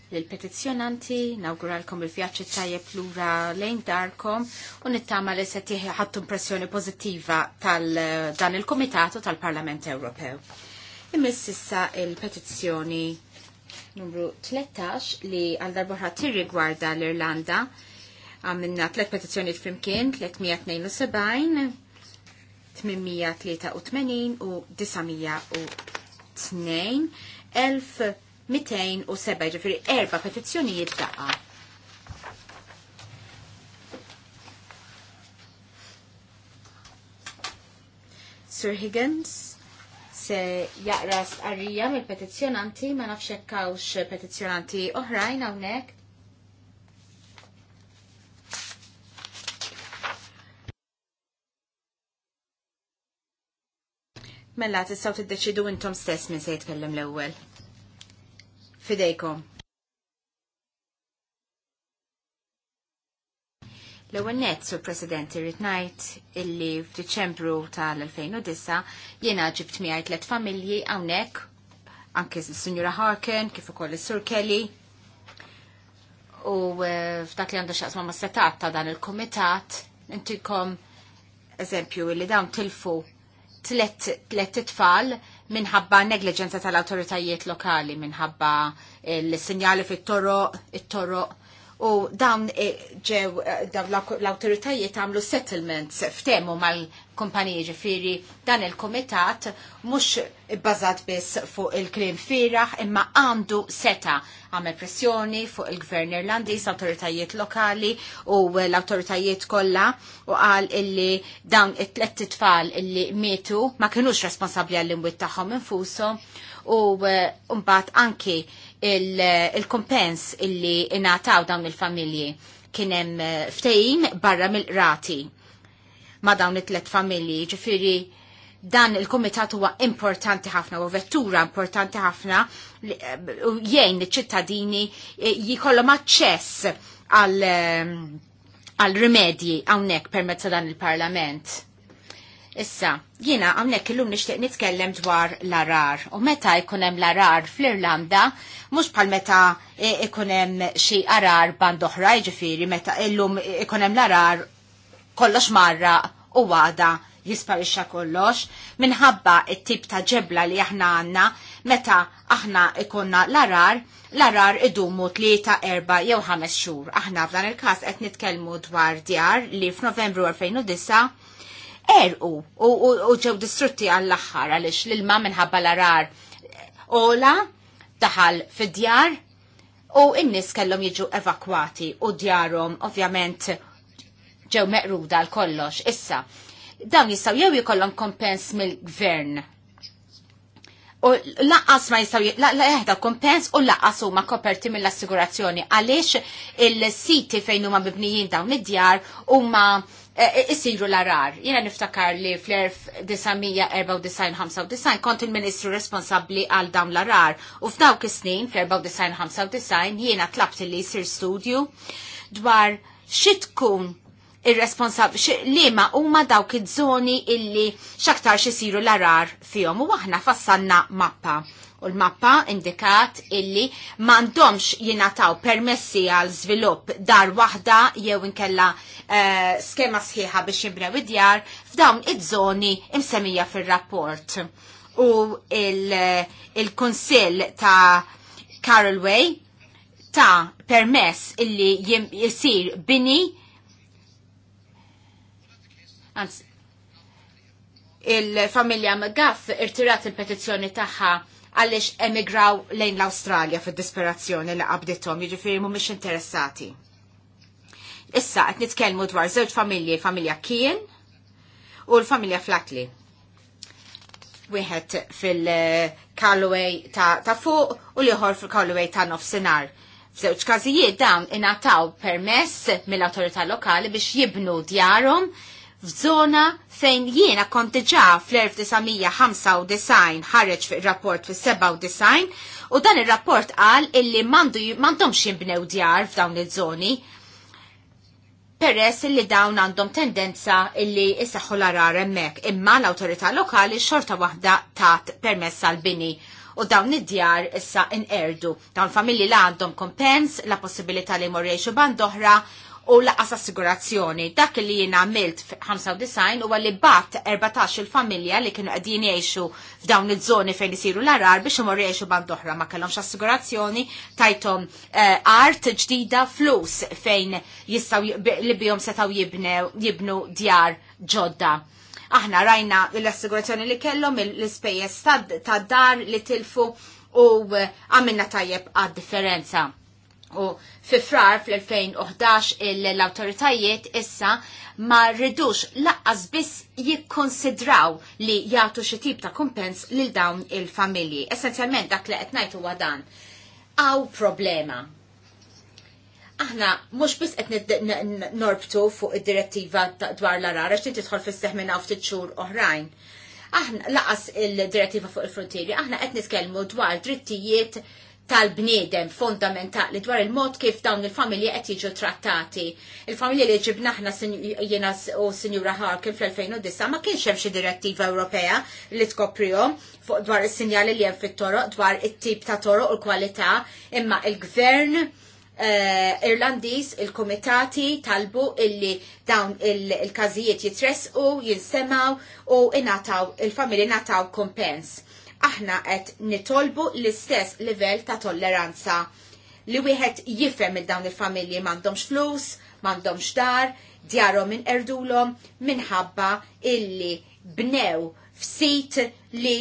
Lil-petizjonanti, nawguralkom il fjaċi tajjeb lura lejn darkom u nittama li se ħattu impressjoni pozittiva tal-dan il-Komitatu tal-Parlament Ewropew. Immiss issa il-petizzjoni numru 13 li għal darbohra tirrigwarda l-Irlanda għamilna tlet t flimkien 372 883 u 902 1207 ġifiri erba petizzjonijiet daqqa. Sir Higgins se jaqras arrija mill petizzjonanti ma nafx hekk petizzjonanti oħrajn hawnhekk Mella tistgħu tiddeċidu intom stess minn se jitkellem l-ewwel. Fidejkom. L-ewwel nett, Sur President, irrid ngħid illi f'Diċembru tal-2009 jiena ġibt miegħi tliet familji hawnhekk anke s-Sinjura Harkin, kif ukoll is-Sur Kelly, u eh, f'dak li għandu xaqsma ma setat ta' dan il-komitat, intikom eżempju li dawn tilfu tlet tfal minħabba negliġenza tal-autoritajiet lokali, minħabba l-sinjali fit torro it-toroq u dawn e, ġew e, l-autoritajiet għamlu settlements ftemu mal-kumpaniji ġifiri dan il-komitat mux bazat biss fuq il-klim firaħ imma għandu seta għamel pressjoni fuq il-gvern irlandis, autoritajiet lokali u l-autoritajiet kolla u għal illi dawn it-tlet tfal illi mietu ma kienux responsabli għall-imwit taħħom infusom u e, mbagħad anki il-kompens il illi inataw dawn il-familji kienem eh, ftejn barra mill-rati ma dawn it-tlet familji ġifiri dan il-komitat huwa importanti ħafna u vettura importanti ħafna eh, u jgħin iċ-ċittadini eh, jikollhom aċċess għal għal rimedji hawnhekk permezz dan il-Parlament. Issa, jina għamnek illum nishtiq nitkellem dwar l-arar. U meta ikunem l-arar fl-Irlanda, mux bħal meta ikunem xi arar band oħra, ġifiri, meta illum ikunem l-arar kollox marra u għada jisparixxa kollox minħabba it-tip ta' ġebla li aħna għanna meta aħna ikunna l-arar, l-arar idumu tlieta erba jew ħames xhur. Aħna f'dan il-każ qed nitkellmu dwar djar li f'Novembru 2009 erqu u ġew distrutti għall-aħħar għaliex l-ilma minħabba l-arar ola daħal fid-djar u n-nies kellhom jiġu evakwati u djarhom ovvjament ġew meqruda għal kollox. Issa, dawn jistaw jew jikollhom kompens mill-gvern. U laqqas ma jistaw jeħda kompens u laqqas huma koperti mill-assigurazzjoni għaliex il-siti fejn huma mibnijin dawn id-djar huma Eh, isiru l-arar. Jena niftakar li fl-1994-95 kont il-ministru responsabli għal dawn l-arar u f'dawk is-snin fl-94-95 jiena tlabt li jisir studju dwar xitkun ir-responsabli li ma huma dawk iż-żoni illi xaktar xisiru l-arar fihom u aħna fassanna mappa u l-mappa indikat illi mandomx jinataw permessi għal zvilupp dar waħda jew inkella uh, skema sħiħa biex jimbrew id-djar f'dawn id-żoni imsemija fil-rapport. U il-Konsil il ta' Carolway ta' permess illi jisir bini il-familja McGuff irtirat il-petizzjoni tagħha għaliex emigraw lejn l-Awstralja fid-disperazzjoni li qabdithom, jiġifieri mhumiex interessati. Issa qed nitkellmu dwar żewġ familji, familja Kien u l-familja Flatley. Wieħed fil-Callaway ta', ta fuq u liħor fil-Callaway ta' nofsinhar. F'żewġ każijiet dawn ingħataw permess mill-awtorità lokali biex jibnu djarhom f'żona fejn jiena kont diġà fl-1995 ħareġ fi rapport fis-97 u dan ir-rapport qal illi m'għandhomx jinbnew djar f'dawn iż-żoni peress illi dawn għandhom tendenza illi isaħħu l-arar hemmhekk imma l-awtorità lokali xorta waħda tat permess għal bini u dawn id-djar issa inqerdu. Dawn familji la għandhom kompens, la possibilità li morrejxu band oħra u laqas assigurazzjoni. Dak li jien għamilt 95 u li bat 14 il-familja li kienu qegħdin jgħixu f'dawn iż-żoni fejn isiru l-arar biex imorru jgħixu band oħra ma kellhomx assigurazzjoni tajtom eh, art ġdida flus fejn jistgħu li bihom setgħu jibnu djar ġodda aħna rajna l-assigurazzjoni li kellhom l-ispejjeż tad-dar li tilfu u eh, għamilna tajjeb għad-differenza. U fi frar fl-2011 l-autoritajiet issa ma rridux laqqas biss jikkonsidraw li jagħtu xi tip ta' kumpens lil dawn il-familji. Essenzjalment dak li qed ngħidu huwa dan. Aw problema. Aħna mhux biss qed norbtu fuq id-direttiva dwar l-arar għax tidħol fis-seħ minn ftit xhur oħrajn. Aħna laqas il-direttiva fuq il-frontieri, aħna qed nitkellmu dwar drittijiet tal-bniedem li dwar il-mod kif dawn il-familji qed jiġu trattati. Il-familji li ġibna aħna jiena u Sinjura Harkin fl-2009 ma kienx hemm xi direttiva Ewropea li tkoprihom fuq dwar is-sinjali li hemm fit-toroq dwar it-tip ta' toroq u l-kwalità, imma il-gvern uh, Irlandiż il-komitati talbu illi dawn il-każijiet il jitresqu, jinsemaw u inataw il-familji nataw kompens aħna qed nitolbu l-istess livell ta' tolleranza li wieħed jifhem minn dawn il-familji m'għandhomx flus, m'għandhomx dar, djarhom minn erdulhom minħabba illi bnew f'sit li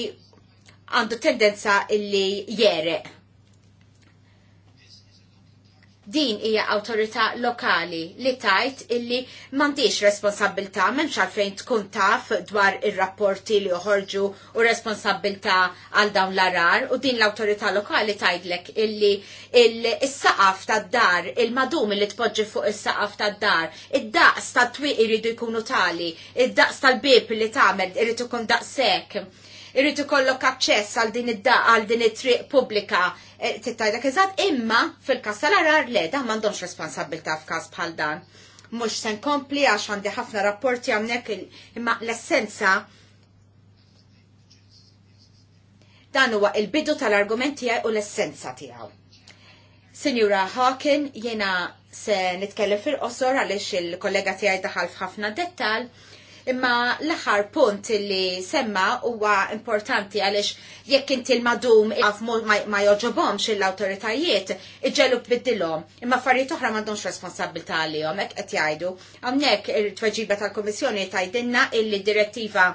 għandu tendenza illi jereq Din hija awtorità lokali li tajt illi m'għandix responsabilità m'hemmx għalfejn tkun taf dwar ir-rapporti li joħorġu u responsabilità għal dawn l-arar u din l-awtorità lokali tajdlek illi il-saqaf tad-dar, il-madum li tpoġġi fuq is-saqaf tad-dar, id-daqs ta' twieq iridu jkunu tali, id-daqs tal-bib li tagħmel irid ikun daqshekk irrid ikollok aċċess għal din id għal din it-triq pubblika eh, tittajda kizad imma fil-każ tal le dan m'għandhomx responsabilità f'każ bħal dan. Mhux se nkompli għax għandi ħafna rapporti hawnhekk imma l-essenza dan huwa il-bidu tal-argument tiegħu u l-essenza tiegħu. Sinjura Hawken, jena se nitkellem fil-qosor għaliex il-kollega tiegħi daħal f'ħafna dettal, Imma l-aħħar punt li semma huwa importanti għaliex jekk inti l-madum għaf ma joġobomx l-autoritajiet, iġġelu bbiddilhom. Imma affarijiet oħra m'għandhomx responsabilità għalihom, ek qed jgħidu. Hawnhekk il-tweġiba tal-Kummissjoni tgħidilna illi direttiva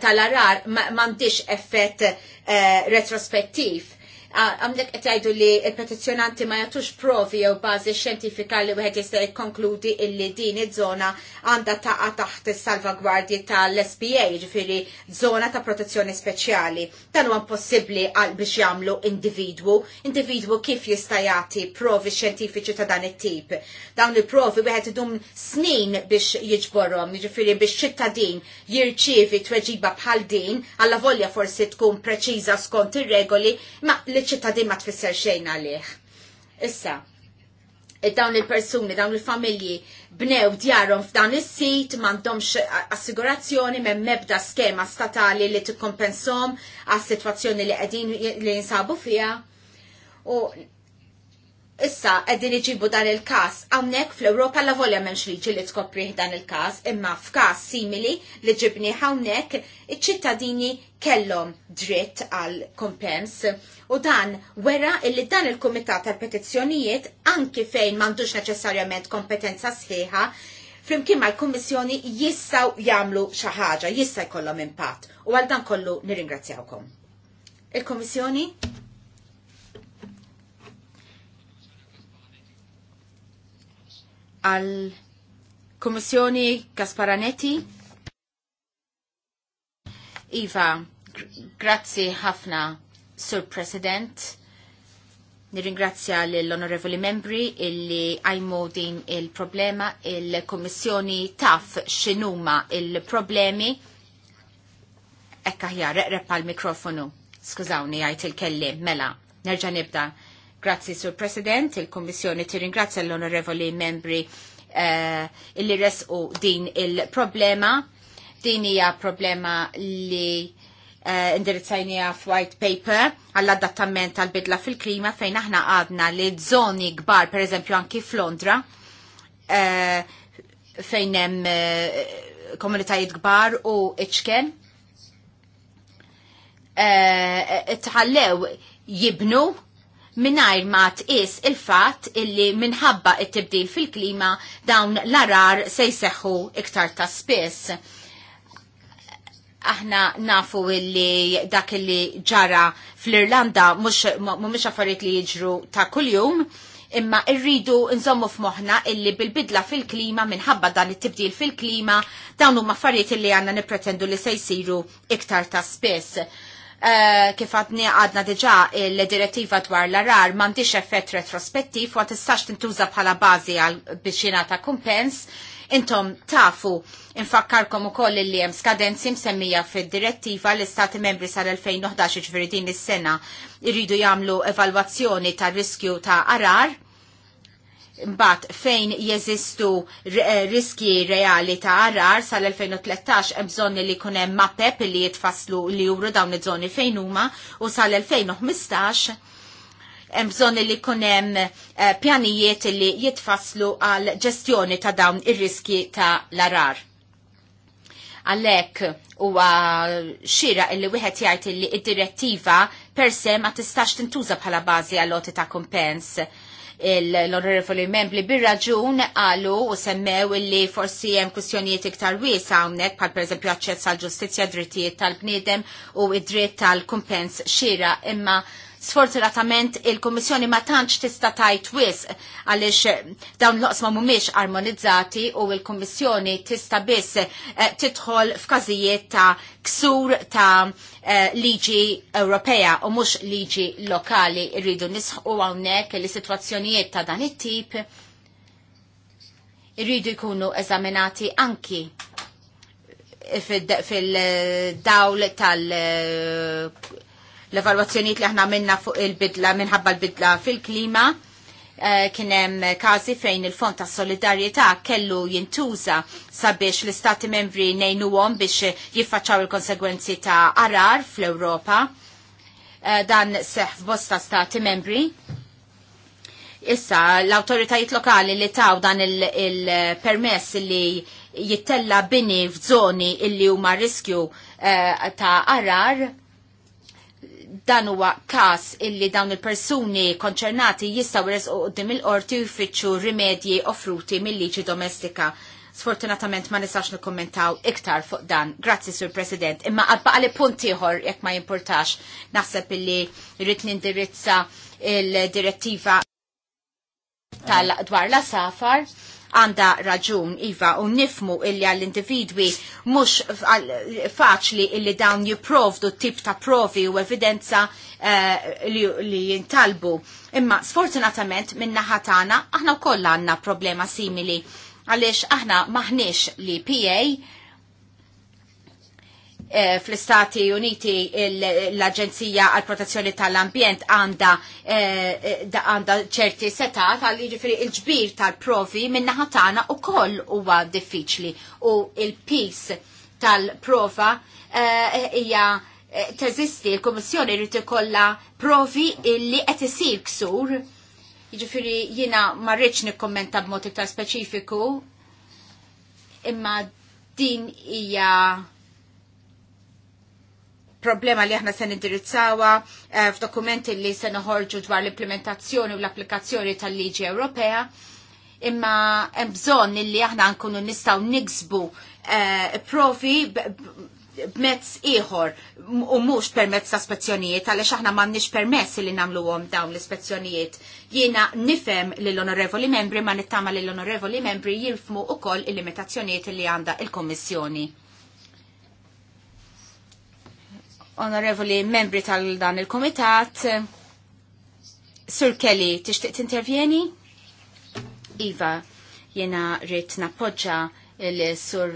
tal-arar m'għandix effett eh, retrospettiv Ah, għamlek qed jgħidu li l-petizzjonanti ma jagħtux provi jew bażi xjentifika li wieħed jista' jikkonkludi illi din iż-żona għandha taqa' taħt is-salvagwardji tal sba jiġifieri żona ta' protezzjoni speċjali. Dan huwa impossibbli biex jagħmlu individwu, individwu kif jista' jagħti provi xjentifiċi ta' dan it-tip. Dawn il-provi wieħed idum snin biex jiġborhom, jiġifieri biex ċittadin jirċievi tweġiba bħal din, alla volja forsi tkun preċiża skont ir-regoli, ma li il-ċittadin ma tfisser xejn għalih. Issa, dawn il-persuni, dawn il-familji bnew djarhom f'dan is-sit m'għandhomx assigurazzjoni minn mebda skema statali li tikkompensom għas-sitwazzjoni li qegħdin li jinsabu fiha. U issa qegħdin iġibu dan il-każ hawnhekk fl-Ewropa la volja m'hemmx liġi li tkoprih dan il-każ, imma f'każ simili li ġibni hawnhekk iċ-ċittadini kellhom dritt għal kompens u dan wera illi dan il-Kumitat tal-Petizzjonijiet anki fejn m'għandux neċessarjament kompetenza sħiħa flimkien ma' l-Kummissjoni jissaw jagħmlu xi ħaġa, jista' jkollhom impatt. U għal dan kollu nirringrazzjawkom. Il-Kummissjoni? għal kommissjoni Gasparanetti? Iva, Grazzi ħafna, Sur President. Nirringrazzja l-onorevoli membri illi għajmu din il-problema, il-Komissjoni taf xinuma il-problemi. Ekka ħja, reqreb mikrofonu. Skużawni għajt il-kelli, mela, nerġa nibda. Grazzi, Sur President, il-Komissjoni tirringrazzja l-onorevoli membri uh, illi resqu din il-problema. Din hija problema li uh, indirizzajnija f-white Paper għall-adattament tal-bidla fil-klima fejn aħna għadna li zoni kbar, per eżempju anki f'Londra, uh, fejn hemm uh, komunitajiet kbar u iċken, uh, tħallew jibnu minnajr ma tqis il-fat illi minħabba it-tibdil fil-klima dawn l-arar se jseħħu iktar ta' spess aħna nafu illi dak illi ġara fl-Irlanda mhumiex affarijiet li jiġru ta' kuljum, imma irridu nżommu f'moħħna illi bil-bidla fil-klima minħabba dan it-tibdil fil-klima dawn huma affarijiet illi għandna nippretendu li se jsiru iktar ta' spess. Uh, eh, kif għadni għadna diġa il-direttiva dwar l-arar mandiċ effett retrospettiv u għat tistax tintuża bħala bazi għal biex ta' kumpens intom tafu Infakkarkom ukoll li skaden skadenzi msemmija fid-direttiva l istati membri sar 2011 ġifieri din is-sena jridu jagħmlu evalwazzjoni ta' riskju ta' arar Mbagħad fejn jeżistu eh, riski reali ta' arar sal-2013 hemm bżonn li jkun hemm li jitfasslu li juru dawn iż-żoni fejn huma u sal-2015 hemm bżonn li jkun hemm eh, pjanijiet li jitfasslu għal ġestjoni ta' dawn ir-riski ta' l-arar. Għalhekk huwa xira illi wieħed jgħid li id-direttiva per se ma tistax tintuża bħala bażi għal loti ta' kumpens l-onorevoli membri bir-raġun għalu u semmew illi forsi hemm kwistjonijiet iktar wiesa hawnhekk bħal pereżempju aċċess għall ġustizzja drittijiet tal-bniedem u id-dritt tal-kumpens xira imma Sfortunatament il-Kummissjoni ma tantx tista' tajt wis għaliex eh, dawn l-oqsma mhumiex armonizzati u l-Kummissjoni tista' biss eh, tidħol f'każijiet ta' ksur ta' eh, liġi Ewropea u mhux liġi lokali rridu nisħu hawnhekk li sitwazzjonijiet ta' dan it-tip irridu jkunu eżaminati anki fil-dawl tal- l evaluazzjoniet li aħna minna fuq il-bidla minħabba l-bidla fil-klima eh, kienem kazi fejn il-fond ta' solidarieta kellu jintuża sabiex l-istati membri għom biex jiffaċċaw il-konsegwenzi ta' arar fl-Ewropa. Eh, dan seħ f'bosta stati membri. Issa, l-autoritajiet lokali li taw dan il-permess il li jittella bini f'żoni illi huma riskju uh, ta' arar dan huwa każ illi dawn il-persuni konċernati jistgħu resqu qudiem il-qorti jfittxu rimedji offruti mill-liġi domestika. Sfortunatament ma nistax nikkommentaw iktar fuq dan. Grazzi, Sur President. Imma għadbaqa li punt ieħor jekk ma jimpurtax. Naħseb illi rrid nindirizza il-direttiva tal-dwar la safar għanda raġun iva u nifmu illi għall-individwi mux faċli illi dawn jiprovdu tip ta' provi u evidenza eh, li, jintalbu. Imma sfortunatament minna ħatana aħna u koll għanna problema simili għalix aħna maħniex li PA Eh, fl-Istati Uniti l-Aġenzija għal protezzjoni tal-Ambjent għanda eh, eh, għanda ċerti setat għal ġifiri il-ġbir tal-provi minna ħatana u koll huwa diffiċli u il-pis tal-prova hija teżisti l-Kommissjoni rrid ikollha provi illi qed isir ksur. Jiġifieri jiena ma rridx nikkommenta b'mod iktar speċifiku imma din hija problema li aħna se indirizzawa eh, f'dokumenti li se noħorġu dwar l-implementazzjoni u l-applikazzjoni tal-liġi Ewropea, imma hemm bżonn li aħna nkunu nistgħu niksbu eh, provi b'mezz ieħor u mhux permezz ta' spezzjonijiet għaliex aħna m'għandniex permess li nagħmluhom dawn l-ispezzjonijiet. Jiena nifhem lill-onorevoli membri ma nittama lill-onorevoli membri jilfmu ukoll il-limitazzjonijiet li għandha il-Kommissjoni. il kommissjoni onorevoli membri tal-dan il-komitat, Sur Kelly, tixtieq intervjeni Iva, jena rrit nappoġġa il-Sur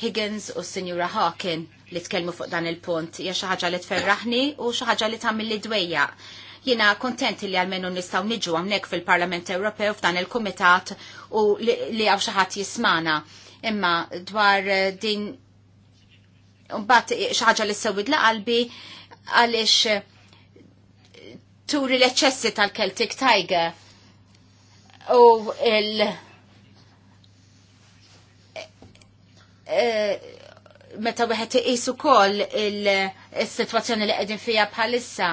Higgins u Sinjura Hawkin li tkellmu fuq dan il-punt. Ja xi ħaġa li tferraħni u xi ħaġa li tagħmel li dweja. Jiena kontenti li għalmenu nistgħu niġu hawnhekk fil-Parlament Ewropew f'dan il-Kumitat u li għaw xi ħadd jismana. Imma dwar din mbagħad xi ħaġa li sewwid la qalbi għaliex eh, turi l-eċċessi tal-Celtic Tiger u il- eh, meta wieħed iqis ukoll is-sitwazzjoni li qegħdin fija bħalissa.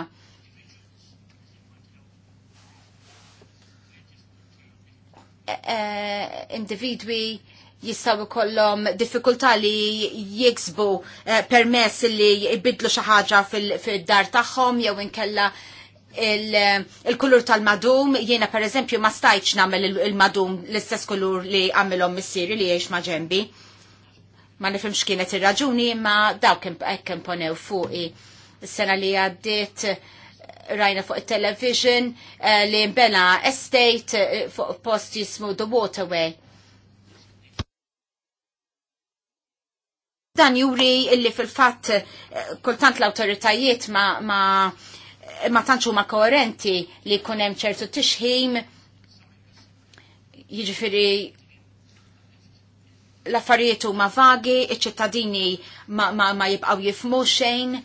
Eh, individwi jistaw kollom diffikulta li jiksbu eh, permess li jibidlu xi ħaġa fil-dar tagħhom jew inkella eh, il-kulur il kulur tal madum jiena per eżempju ma stajċ namel il-madum il madum l istess kulur li għamilhom missiri li jgħix ma Ma nifimx kienet ir-raġuni, ma dawk kem imponew fuqi. s sena li għaddiet eh, rajna fuq il-television li mbena estate fuq post jismu The Waterway Dan juri illi fil-fatt eh, kultant l-autoritajiet ma, ma, ma tanċu ma koerenti li kunem ċertu tixħim jiġifiri l-affarijiet huma vagi, iċ-ċittadini ma, ma, ma jibqaw jifmu xejn.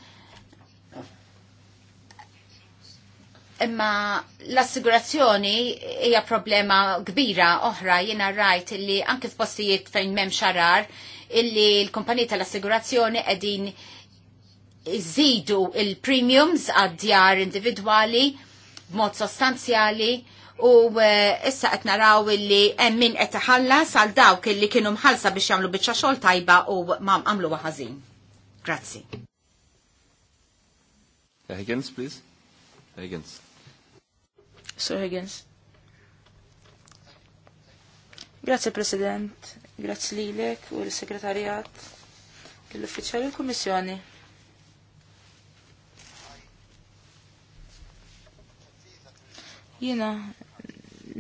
Imma l-assigurazzjoni hija problema kbira oħra jiena rajt li anke f'postijiet fejn m'hemm xarar illi l-kumpaniji tal-assigurazzjoni qegħdin iżidu il-premiums għad-djar individwali b'mod sostanzjali u eh, issa qed naraw illi hemm min qed iħallas għal dawk illi kienu mħallsa biex jagħmlu biċċa xogħol tajba u ma għamlu ħażin. Grazzi. Higgins, please. Higgins. Sir Higgins. Grazie, President. Grazzi lilek u l-Segretarjat, l-Uffiċjali l-Kummissjoni. Jiena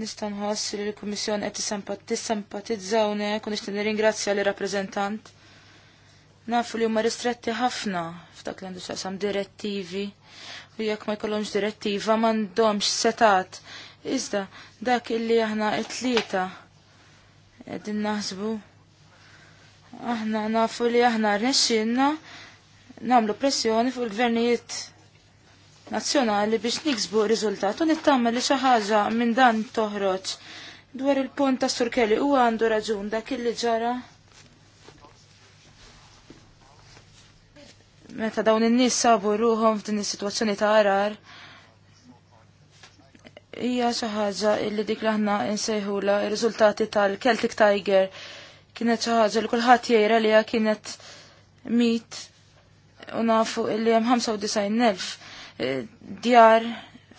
nista' li l-Kummissjoni qed t-sempatizzawne u nixtieq nirringrazzja li rappresentant. Nafu li huma ristretti ħafna f'dak li għandu xaqsam direttivi u jekk ma jkollhomx direttiva m'għandhomx setat. Iżda dak illi aħna t-tlieta qegħdin naħsbu. Aħna nafu li aħna rnexxinna nagħmlu pressjoni fuq il-gvernijiet nazzjonali biex niksbu riżultat u nittammel li xi ħaġa minn dan toħroġ. Dwar il-punt ta' Sur Kelly huwa għandu raġun dak illi ġara. meta dawn in-nies sabu ruhom f'din is-sitwazzjoni ta' arar, hija xi ħaġa li dik laħna aħna nsejħula r-riżultati tal-Celtic Tiger kienet xi ħaġa li kulħadd jgħira li kienet mit u nafu illi hemm 95,000 eh, djar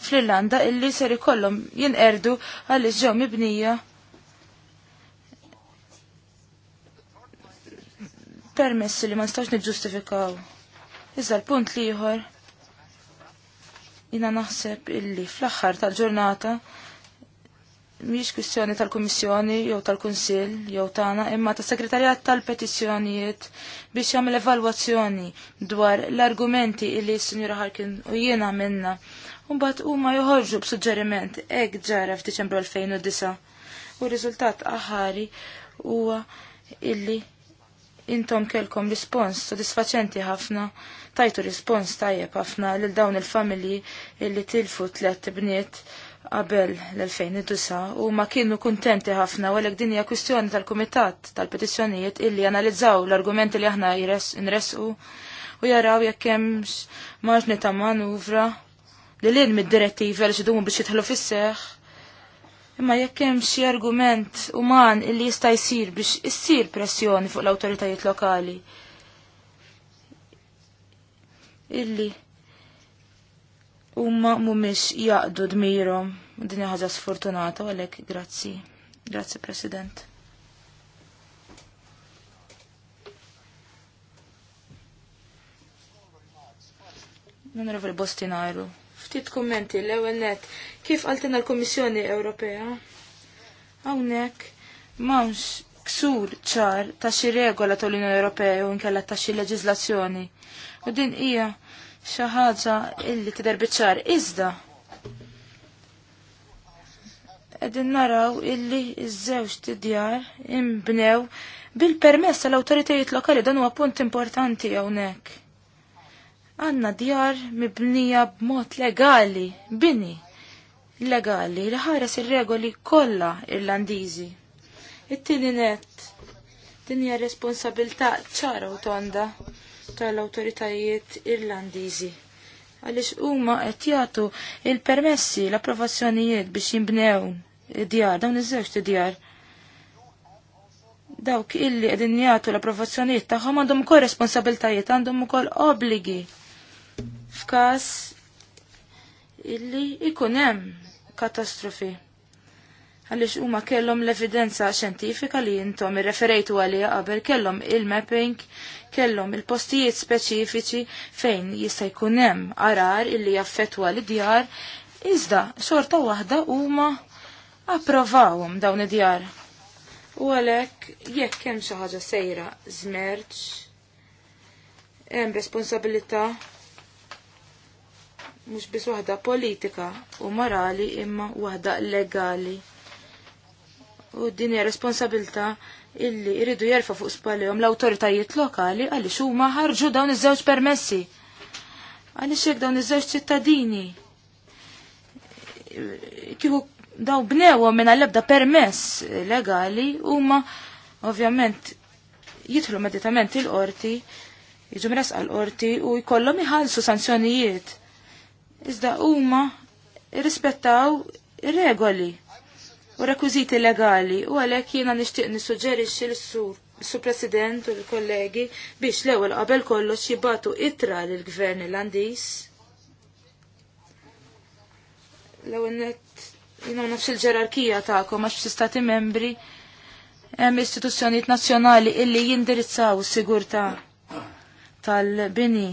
fl-Irlanda illi ser ikollhom jinqerdu għalli ġew mibnija permessi li ma nistax niġġustifikaw. Iżda l-punt liħor Jina naħseb illi fl-axħar tal-ġurnata miex kwistjoni tal-Kummissjoni jew tal-Kunsill jew tagħna imma tas segretarjat tal-Petizzjonijiet biex jagħmel evalwazzjoni dwar l-argumenti illi s-Sinjura Harkin u jiena minna. Mbagħad huma joħorġu b'suġġeriment hekk ġara f'Diċembru 2009. U r-riżultat aħari huwa illi intom kelkom rispons sodisfaċenti ħafna, tajtu rispons tajjeb ħafna lil dawn il-familji illi tilfu tlet bniet qabel l-2009 u ma kienu kuntenti ħafna u għalek dinja kwistjoni tal-Kumitat tal-Petizzjonijiet illi analizzaw l-argumenti li aħna nresqu u jaraw jekk hemm maġni ta' manuvra li lin mid-direttiva li xidumu biex jitħlu fis Imma jekk hemm xi argument uman illi jista' jsir biex issir pressjoni fuq l-awtoritajiet lokali illi huma mhumiex jaqdu dmirhom din ħaġa sfortunata għalhekk grazzi. Grazzi President. Onorevole Bostinajru ftit kommenti l-ewwel net kif għaltina l-Kummissjoni Ewropea. Hawnhekk m'hawnx ksur ċar ta' xi regola tal-Unjoni Ewropea u nkella ta' xi leġiżlazzjoni. U din hija xi ħaġa illi tidher biċ-ċar iżda. Qegħdin naraw illi ż-żewġ tidjar imbnew bil-permess tal-awtoritajiet lokali dan huwa punt importanti hawnhekk Għanna djar mibnija b'mod legali, bini legali li ħares ir-regoli kollha Irlandiżi. It-tieni net din hija responsabilità ċara u tonda tal-awtoritajiet Irlandiżi għaliex huma qed jagħtu il-permessi l-approvazzjonijiet biex jinbnew djar dawn iż-żewġ djar. Dawk illi qegħdin jagħtu l-approvazzjonijiet tagħhom għandhom ukoll responsabiltajiet, għandhom ukoll obligi f'każ illi ikun hemm katastrofi. Għaliex huma kellhom l-evidenza xjentifika li intom irreferejtu għaliha qabel kellhom il-mapping, kellhom il-postijiet speċifiċi fejn jista' jkun hemm arar illi jaffettwa l-djar, iżda xorta waħda huma approvawhom dawn id-djar. U għalhekk jekk hemm xi ħaġa sejra żmerġ, hemm responsabilità mhux biss waħda politika u morali imma waħda legali. U din hija responsabilità illi jridu jerfa' fuq spallihom l-awtoritajiet lokali għaliex huma ħarġu dawn iż-żewġ permessi. Għaliex hekk dawn iż-żewġ ċittadini kieku daw bnewhom minn l-ebda permess legali huma ovvjament jidħlu meditament il-qorti jiġu mresqa l-qorti u jkollhom iħallsu sanzjonijiet iżda huma rispettaw regoli u rekwiziti legali u għalhekk jiena nixtieq nissuġġerixxi l-sur su-president u l-kollegi biex l-ewwel qabel kollox jibatu itra lill-gvern Irlandiż. L-ewwel net jiena nafx il-ġerarkija tagħkom għax fl-istati membri hemm istituzzjonijiet nazzjonali illi jindirizzaw is-sigurtà tal-bini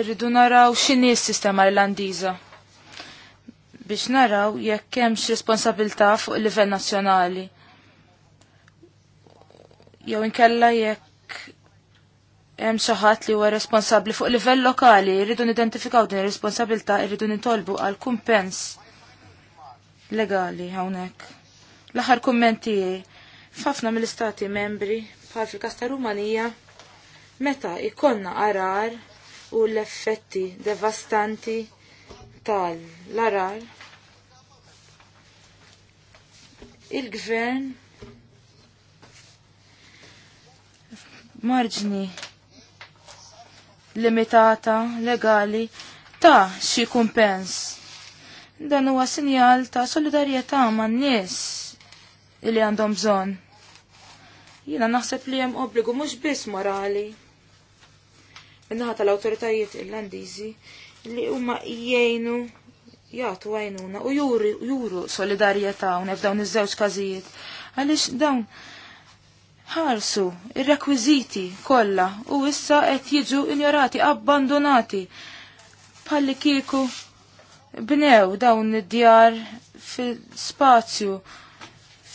Irridu naraw x'inhi s-sistema Irlandiża biex naraw jekk hemmx responsabilità fuq livell nazzjonali. Jew inkella jekk hemm xi ħadd li huwa responsabbli fuq livell lokali, jridu nidentifikaw din ir-responsabilità, jridu nitolbu għal kumpens legali hawnhekk. L-aħħar kummenti f'ħafna mill-istati membri bħal fil kasta Rumanija meta ikonna qarar u l-effetti devastanti tal larar Il-gvern marġni limitata legali ta' xi kumpens. Dan huwa sinjal ta' solidarjetà man-nies li għandhom bżonn. Jiena naħseb li hemm obbligu mhux biss morali Naħat tal-awtoritajiet irlandiżi li huma jgħinu jagħtu għajnuna u juru, juru solidarjetà u f'dawn iż-żewġ każijiet għaliex dawn ħarsu ir-rekwiżiti kollha u issa qed jiġu injorati, abbandonati palli kieku bnew dawn id-djar fil-spazju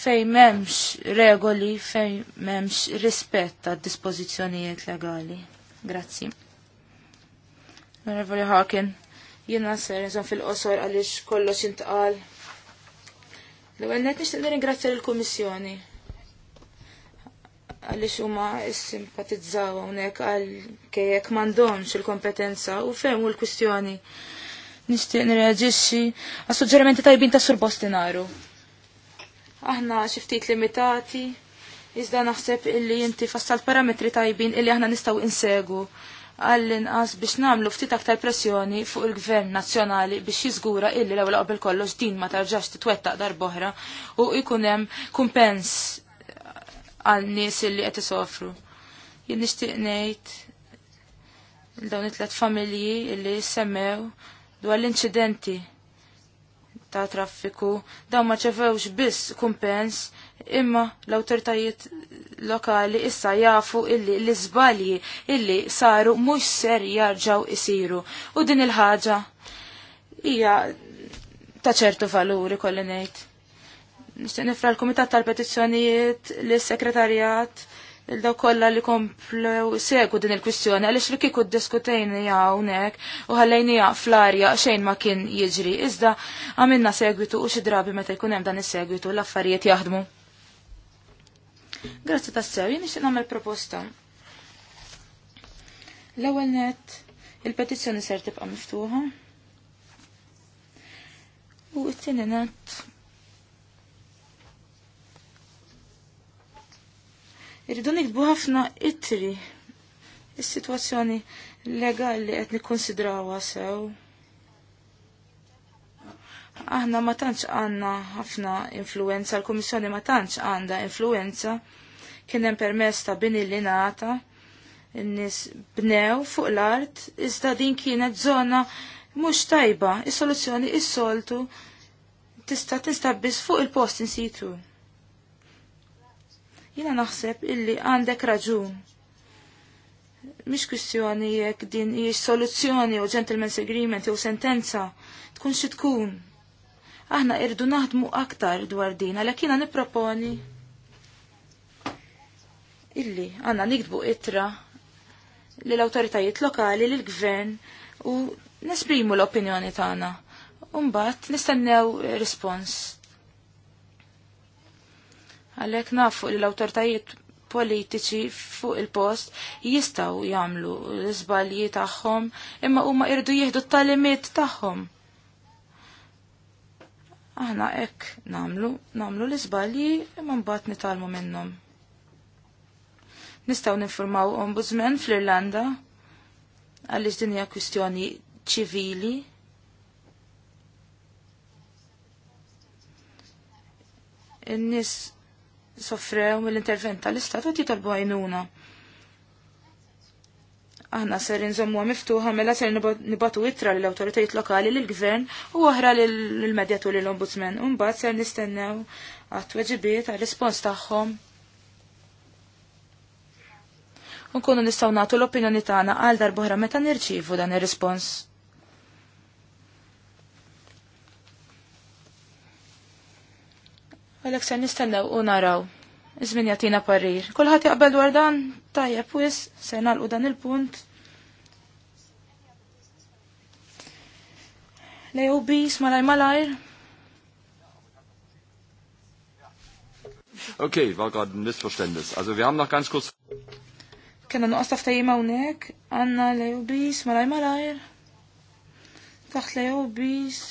fej memx regoli, fej memx rispett dispozizjonijiet legali. Grazzi. Onorevoli Hawken, jiena ser nżom fil-qosor għaliex kollox intqal. L-ewwel net nixtieq nirringrazzja lill-Kummissjoni għaliex huma simpatizzaw hawnhekk għal kejjek m'għandhomx il-kompetenza u fehmu l-kwistjoni. Nixtieq nirreaġixxi għas suġġerimenti tajbin ta' Sur Bostinaru. Aħna xi ftit limitati, iżda naħseb illi inti fassal parametri tajbin illi aħna nistgħu insegu għall-inqas biex namlu ftit aktar pressjoni fuq il-gvern nazzjonali biex jiżgura illi l-ewwel qabel kollox din ma tarġax titwettaq darb'oħra u jkun hemm kumpens għal nies illi qed isofru. Jien nixtieq ngħid dawn it-tlet familji illi semmew dwar l-inċidenti ta' traffiku dawn ma ċevewx biss kumpens imma l-autoritajiet lokali issa jafu illi l-izbalji illi saru mux ser jarġaw isiru. U din il-ħaġa hija ta' ċertu valuri kolli ngħid. Nixtieq nifra l-Kumitat tal-Petizzjonijiet, l-Sekretarjat, il-daw kollha li komplew segu din il-kwistjoni għaliex li kieku ddiskutejni hawnhekk u ħallejni fl-arja xejn ma kien jiġri. Iżda għamilna segwitu u xi drabi meta jkun hemm dan is-segwitu l-affarijiet jaħdmu. Grazzi tassew, jini nixtieq nagħmel proposta. L-ewwel net il-petizzjoni ser tibqa' miftuħa. U it tini net Irridu nikbu ħafna itri is-sitwazzjoni legali qed nikkonsidrawha sew aħna ma tantx għandna ħafna influenza, l-Kummissjoni ma tantx għandha influenza kien hemm permess ta' bini li nata, n-nies bnew fuq l-art, iżda din kienet żona mhux tajba, is-soluzzjoni is-soltu tista' tinstabbis fuq il-post in situ. Jiena naħseb illi għandek raġun. Mhix kwistjoni jekk din hijiex soluzzjoni u gentleman's agreement jew sentenza tkun xi tkun Aħna irdu naħdmu aktar dwar din, għalhekk jiena nipproponi illi għanna nikdbu itra lill awtoritajiet lokali, lill gvern u nesprimu l-opinjoni tagħna. Umbat nistennew rispons. Għalhekk nafu li l-awtoritajiet politiċi fuq il-post jistaw jamlu l-izbalji tagħhom imma huma irdu jieħdu t-talimiet tagħhom. Aħna hekk namlu, namlu l-iżbalji imma mbagħad nitalmu minnhom. Nistgħu ninformaw ombudsman fl-Irlanda għaliex din hija kwistjoni ċivili in-nies soffrew mill-intervent tal-istat u jitolbu għajnuna. Aħna ser inżommuha miftuħa mela ser nibatu ittra lill awtoritajiet lokali lill gvern u oħra lill medjatur lill ombudsman u mbagħad ser nistennew għat-tweġibiet għal-rispons tagħhom. Unkunu nistgħu nagħtu l-opinjoni tagħna għal darb'oħra meta nirċievu dan ir-rispons. Għalhekk ser nistennew u naraw. Iżmin jatina parir. Kolħat jaqbel dwar dan, tajjeb wis, se l dan il-punt. Lejo bis malaj malaj. Okay, war gerade ein Missverständnis. Also wir haben noch ganz kurz... Kena nuqqas taf tajima unnek. għanna lejo bis malaj malaj. Taħt lejo bis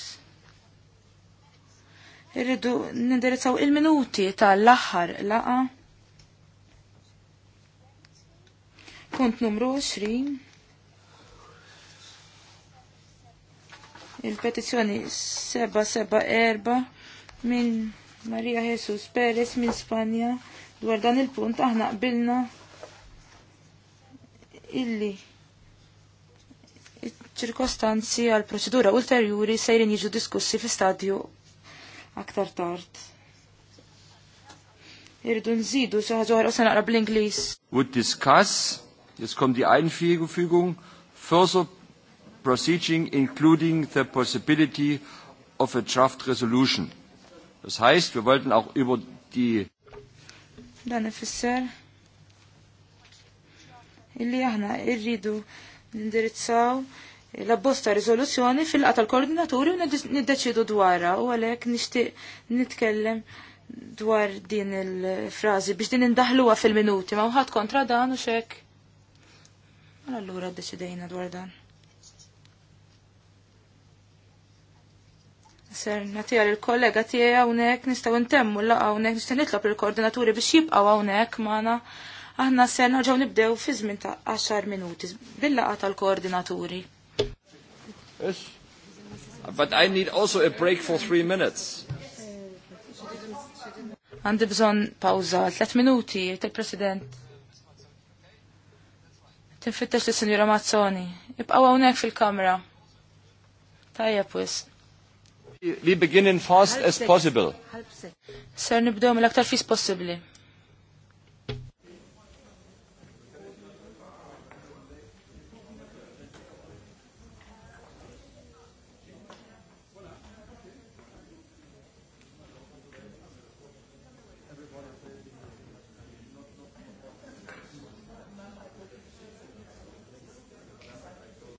Irridu nindirizzaw il-minuti tal-aħħar laqa. Punt numru 20. Il-petizzjoni 774 minn Maria Jesus Perez minn Spanja dwar dan il-punt aħna qbilna illi ċirkostanzi għal proċedura ulterjuri sejrin jiġu diskussi fi stadju aktar tard. Irridu nżidu xi ħaġa oħra se naqra bl-Ingliż. Would discuss, jis kom di Einfügung, further proceeding including the possibility of a draft resolution. Das heißt, wir wollten auch über die Dan ifisser illi aħna irridu nindirizzaw l-abbosta rizoluzzjoni fil-qata l-koordinaturi u niddeċidu dwarha u għalhekk nixtieq nitkellem dwar din il-frażi biex din indaħluha fil-minuti ma wħadd kontra dan u xek. Mela allura ddeċidejna dwar dan. Ser natija l-kollega tiegħi hawnhekk nistgħu ntemmu la hawnhekk nista' nitlop il-koordinaturi biex jibqgħu hawnhekk magħna aħna ser naġaw nibdew fi żmien ta' 10 minuti bil-laqa tal-koordinaturi. Yes. But I need also a break for three minutes. Għandi bżon pawza, tlet minuti, il-President. Tinfittex li Sinjura Mazzoni. Ibqaw hawnhekk fil kamera Tajja pwis. We begin in fast as possible. Ser nibdew mill-aktar fis possibli.